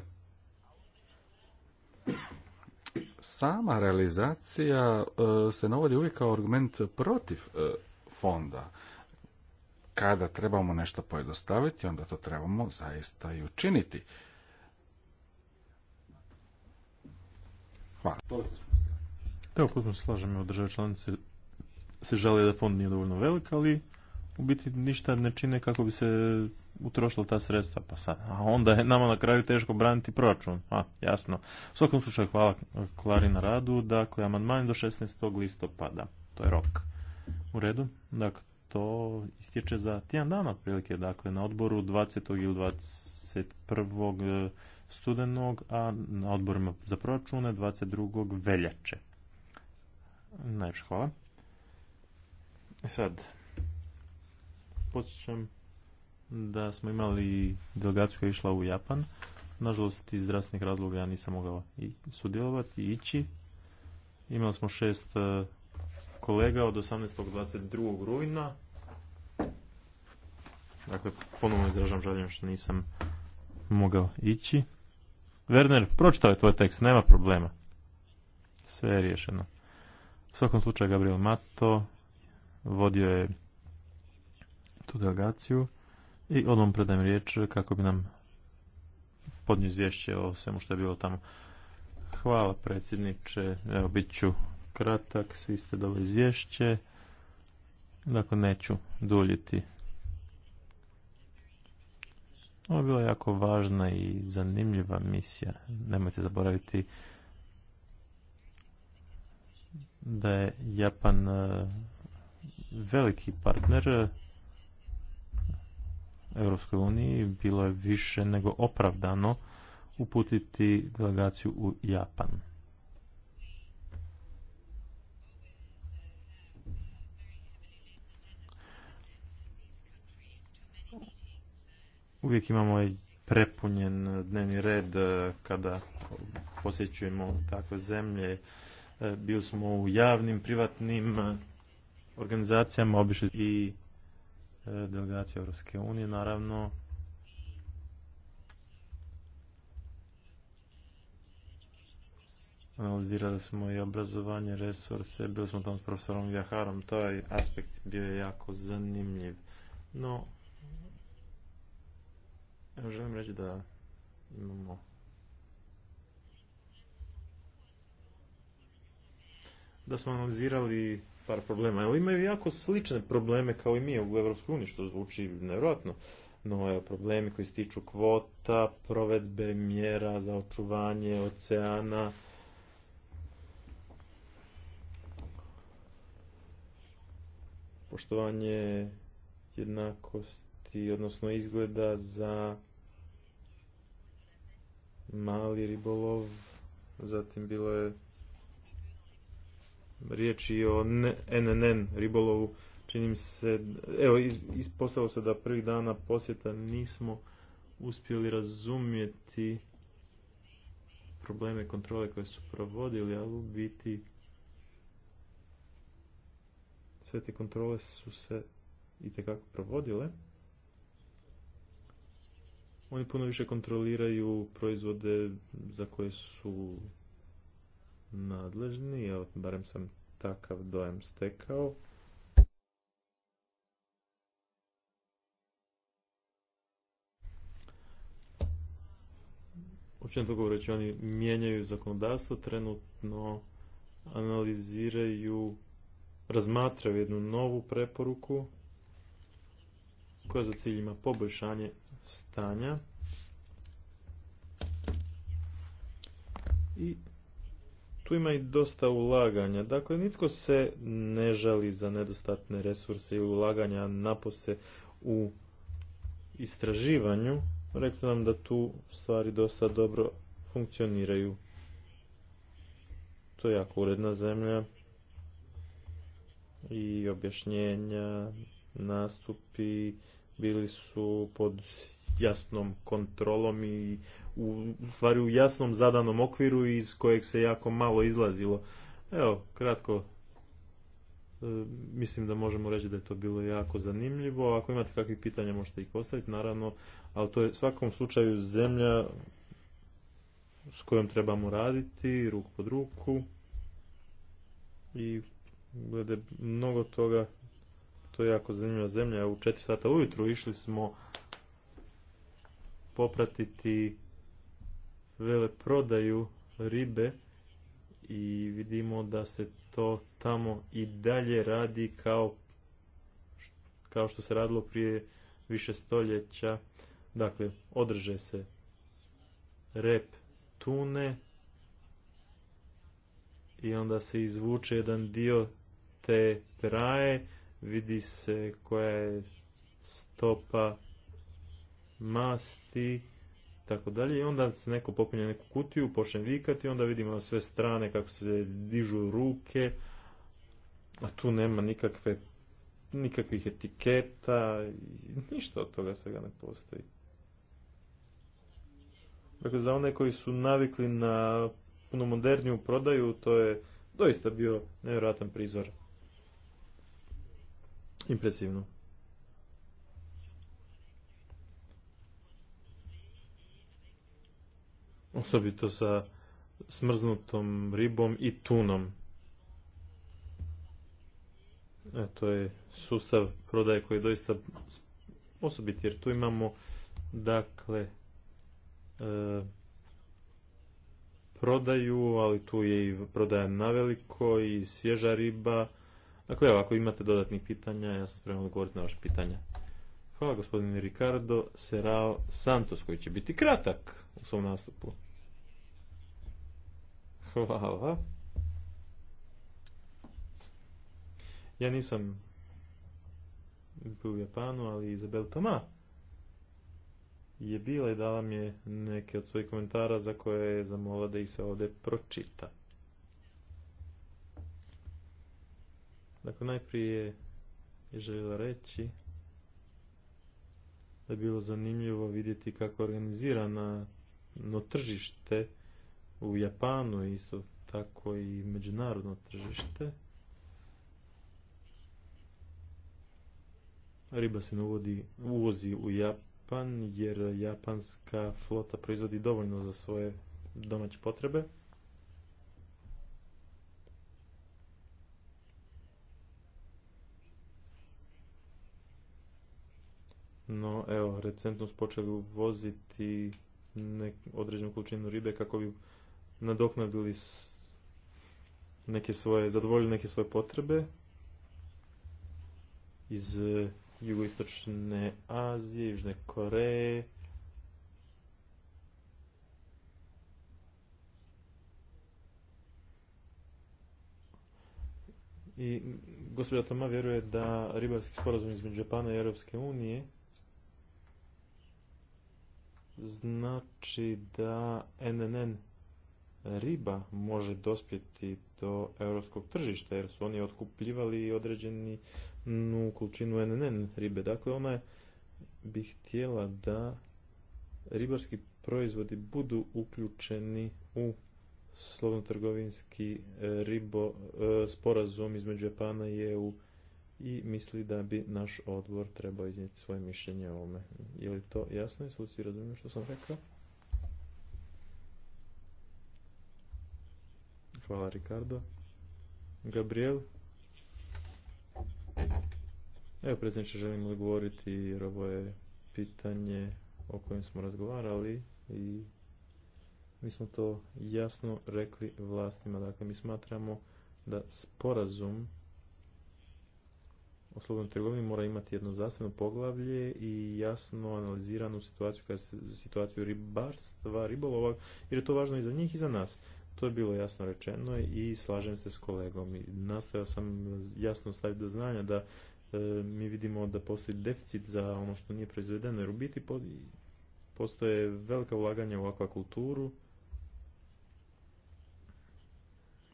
sama realizacija e, se navodi uvijek kao argument protiv e, fonda. Kada trebamo nešto pojednostaviti, onda to trebamo zaista i učiniti. Hvala. Evo, potpuno se slažem, evo članice se žali da fond nije dovoljno velik, ali u biti ništa ne čine kako bi se utrošila ta sredstva. Pa sad, a onda je nama na kraju teško braniti proračun. A, jasno. U svakom slučaju hvala Klari na radu. Dakle, amandman do 16. listopada. To je rok. U redu. Dakle, to istječe za tjedan dana otprilike. Dakle, na odboru 20. ili 21. E, studenog, a na odborima za proračune 22. veljače. Najviše hvala. E sad, podsjećam da smo imali delegaciju koja je išla u Japan. Nažalost, iz zdravstvenih razloga ja nisam mogao i sudjelovati i ići. Imali smo šest e, kolega od 18. rujna. Dakle, ponovno izražam žaljenje što nisam mogao ići. Werner, pročitao je tvoj tekst, nema problema. Sve je riješeno. U svakom slučaju, Gabriel Mato vodio je tu delegaciju i odmah predajem riječ kako bi nam podnio izvješće o svemu što je bilo tamo. Hvala predsjedniče, evo bit ću kratak, svi ste dali izvješće, dakle neću duljiti. Ovo je bila jako važna i zanimljiva misija, nemojte zaboraviti da je Japan eh, veliki partner Europskoj uniji bilo je više nego opravdano uputiti delegaciju u Japan. Uvijek imamo prepunjen dnevni red e, kada posjećujemo takve zemlje. E, bili smo u javnim, privatnim e, organizacijama, obišli i E, delegacije Evropske unije, naravno analizirali smo i obrazovanje, resurse, bili smo tamo s profesorom Vjaharom, taj aspekt bio je jako zanimljiv. No, želim reći da imamo da smo analizirali par problema. Evo, imaju jako slične probleme kao i mi u EU, što zvuči nevjerojatno. No, evo, problemi koji se tiču kvota, provedbe mjera za očuvanje oceana, poštovanje jednakosti, odnosno izgleda za mali ribolov, zatim bilo je riječ i o NNN ribolovu. Čini mi se, evo, ispostavilo se da prvih dana posjeta nismo uspjeli razumjeti probleme kontrole koje su provodili, ali u biti sve te kontrole su se itekako provodile. Oni puno više kontroliraju proizvode za koje su nadležni, evo, barem sam takav dojem stekao. općenito govoreći oni mijenjaju zakonodavstvo, trenutno analiziraju, razmatraju jednu novu preporuku koja za cilj ima poboljšanje stanja i tu ima i dosta ulaganja. Dakle, nitko se ne žali za nedostatne resurse i ulaganja napose u istraživanju. Rekli nam da tu stvari dosta dobro funkcioniraju. To je jako uredna zemlja i objašnjenja, nastupi bili su pod jasnom kontrolom i u stvari u jasnom zadanom okviru iz kojeg se jako malo izlazilo. Evo, kratko e, mislim da možemo reći da je to bilo jako zanimljivo. Ako imate kakvih pitanja možete ih postaviti, naravno, ali to je svakom slučaju zemlja s kojom trebamo raditi, ruku pod ruku i glede mnogo toga to je jako zanimljiva zemlja. U četiri sata ujutru išli smo popratiti prodaju ribe i vidimo da se to tamo i dalje radi kao, kao što se radilo prije više stoljeća. Dakle, održe se rep tune i onda se izvuče jedan dio te praje, vidi se koja je stopa masti tako dalje. I onda se neko popinje neku kutiju, počne vikati, onda vidimo na sve strane kako se dižu ruke, a tu nema nikakve, nikakvih etiketa, ništa od toga svega ne postoji. Dakle, za one koji su navikli na puno moderniju prodaju, to je doista bio nevjerojatan prizor. Impresivno. osobito sa smrznutom ribom i tunom. E, to je sustav prodaje koji je doista osobit, jer tu imamo dakle e, prodaju, ali tu je i prodaja na veliko i svježa riba. Dakle, evo, ako imate dodatnih pitanja, ja sam spreman odgovoriti na vaše pitanja. Hvala gospodine Ricardo Serao Santos koji će biti kratak u svom nastupu. Hvala. Ja nisam bio u Japanu, ali Izabel Toma je bila i dala mi je neke od svojih komentara za koje je zamola da ih se ovdje pročita. Dakle, najprije je željela reći da bi bilo zanimljivo vidjeti kako organizirana organizirano tržište u Japanu, isto tako i međunarodno tržište. Riba se ne uvozi u Japan jer japanska flota proizvodi dovoljno za svoje domaće potrebe. no evo, recentno su počeli uvoziti nek, određenu količinu ribe kako bi nadoknadili neke svoje, zadovoljili neke svoje potrebe iz e, jugoistočne Azije, Južne Koreje. I gospođa Toma vjeruje da ribarski sporazum između Japana i Europske unije znači da NNN riba može dospjeti do europskog tržišta jer su oni otkupljivali određenu količinu NNN ribe. Dakle, ona bi htjela da ribarski proizvodi budu uključeni u slovno-trgovinski ribo, e, sporazum između Japana i EU i misli da bi naš odbor trebao iznijeti svoje mišljenje o ovome. Je li to jasno i suci razumiju što sam rekao? Hvala Ricardo. Gabriel? Evo predsjedniče, želim odgovoriti jer ovo je pitanje o kojem smo razgovarali i mi smo to jasno rekli vlastima. Dakle, mi smatramo da sporazum o slobodnoj trgovini mora imati jedno zasebno poglavlje i jasno analiziranu situaciju, kada se, situaciju ribarstva, ribolova, jer je to važno i za njih i za nas. To je bilo jasno rečeno i slažem se s kolegom. Nastavio sam jasno staviti do znanja da e, mi vidimo da postoji deficit za ono što nije proizvedeno, jer u biti postoje velika ulaganja u akvakulturu,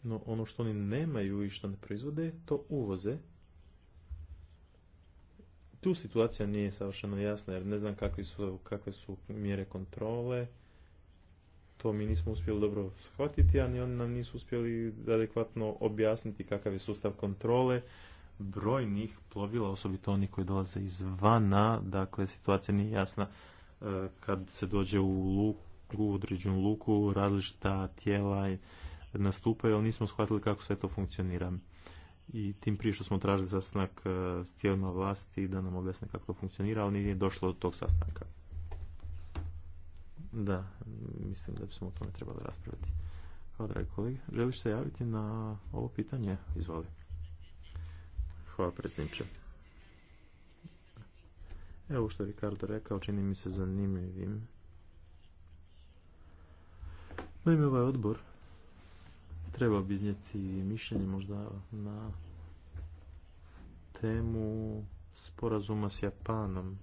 no ono što oni nemaju i što ne proizvode, to uvoze tu situacija nije savršeno jasna jer ne znam su, kakve su mjere kontrole. To mi nismo uspjeli dobro shvatiti, a oni nam nisu uspjeli adekvatno objasniti kakav je sustav kontrole brojnih plovila, osobito oni koji dolaze izvana, dakle situacija nije jasna e, kad se dođe u luku, u određenu luku, različita tijela nastupaju, ali nismo shvatili kako sve to funkcionira i tim prije što smo tražili sastanak e, s tijelima vlasti da nam objasne kako to funkcionira, ali nije došlo do tog sastanka. Da, mislim da bismo o tome trebali raspraviti. Hvala, dragi kolega. Želiš se javiti na ovo pitanje? Izvoli. Hvala, predsjedniče. Evo što je Ricardo rekao, čini mi se zanimljivim. Naime, ovaj odbor trebao bi iznijeti mišljenje možda na temu sporazuma s Japanom.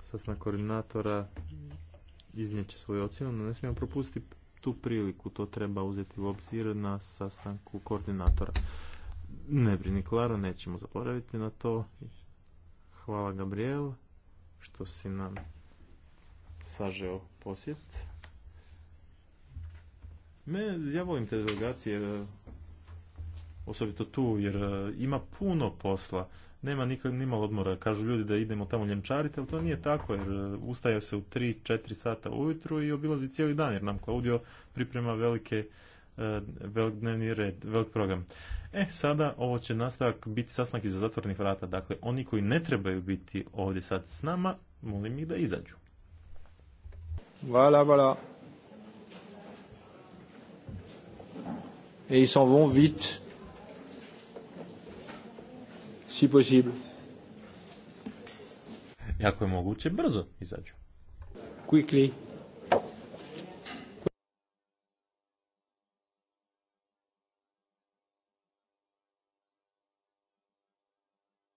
Sasna koordinatora iznijeće svoju ocjenu, no ne smijemo propustiti tu priliku, to treba uzeti u obzir na sastanku koordinatora. Ne brini, Klaro, nećemo zaboraviti na to. Hvala, Gabriel, što si nam sažeo posjet. Me, ja volim te delegacije, e, osobito tu, jer e, ima puno posla. Nema nikak, nima odmora. Kažu ljudi da idemo tamo ljenčariti, ali to nije tako, jer e, ustaje se u 3-4 sata ujutru i obilazi cijeli dan, jer nam Claudio priprema velike velik dnevni red, velik program. E, sada ovo će nastavak biti sastanak iza zatvornih vrata. Dakle, oni koji ne trebaju biti ovdje sad s nama, molim ih da izađu. Voilà, et ils s'en vont vite, si possible. Jako je moguće, brzo izađu. Quickly.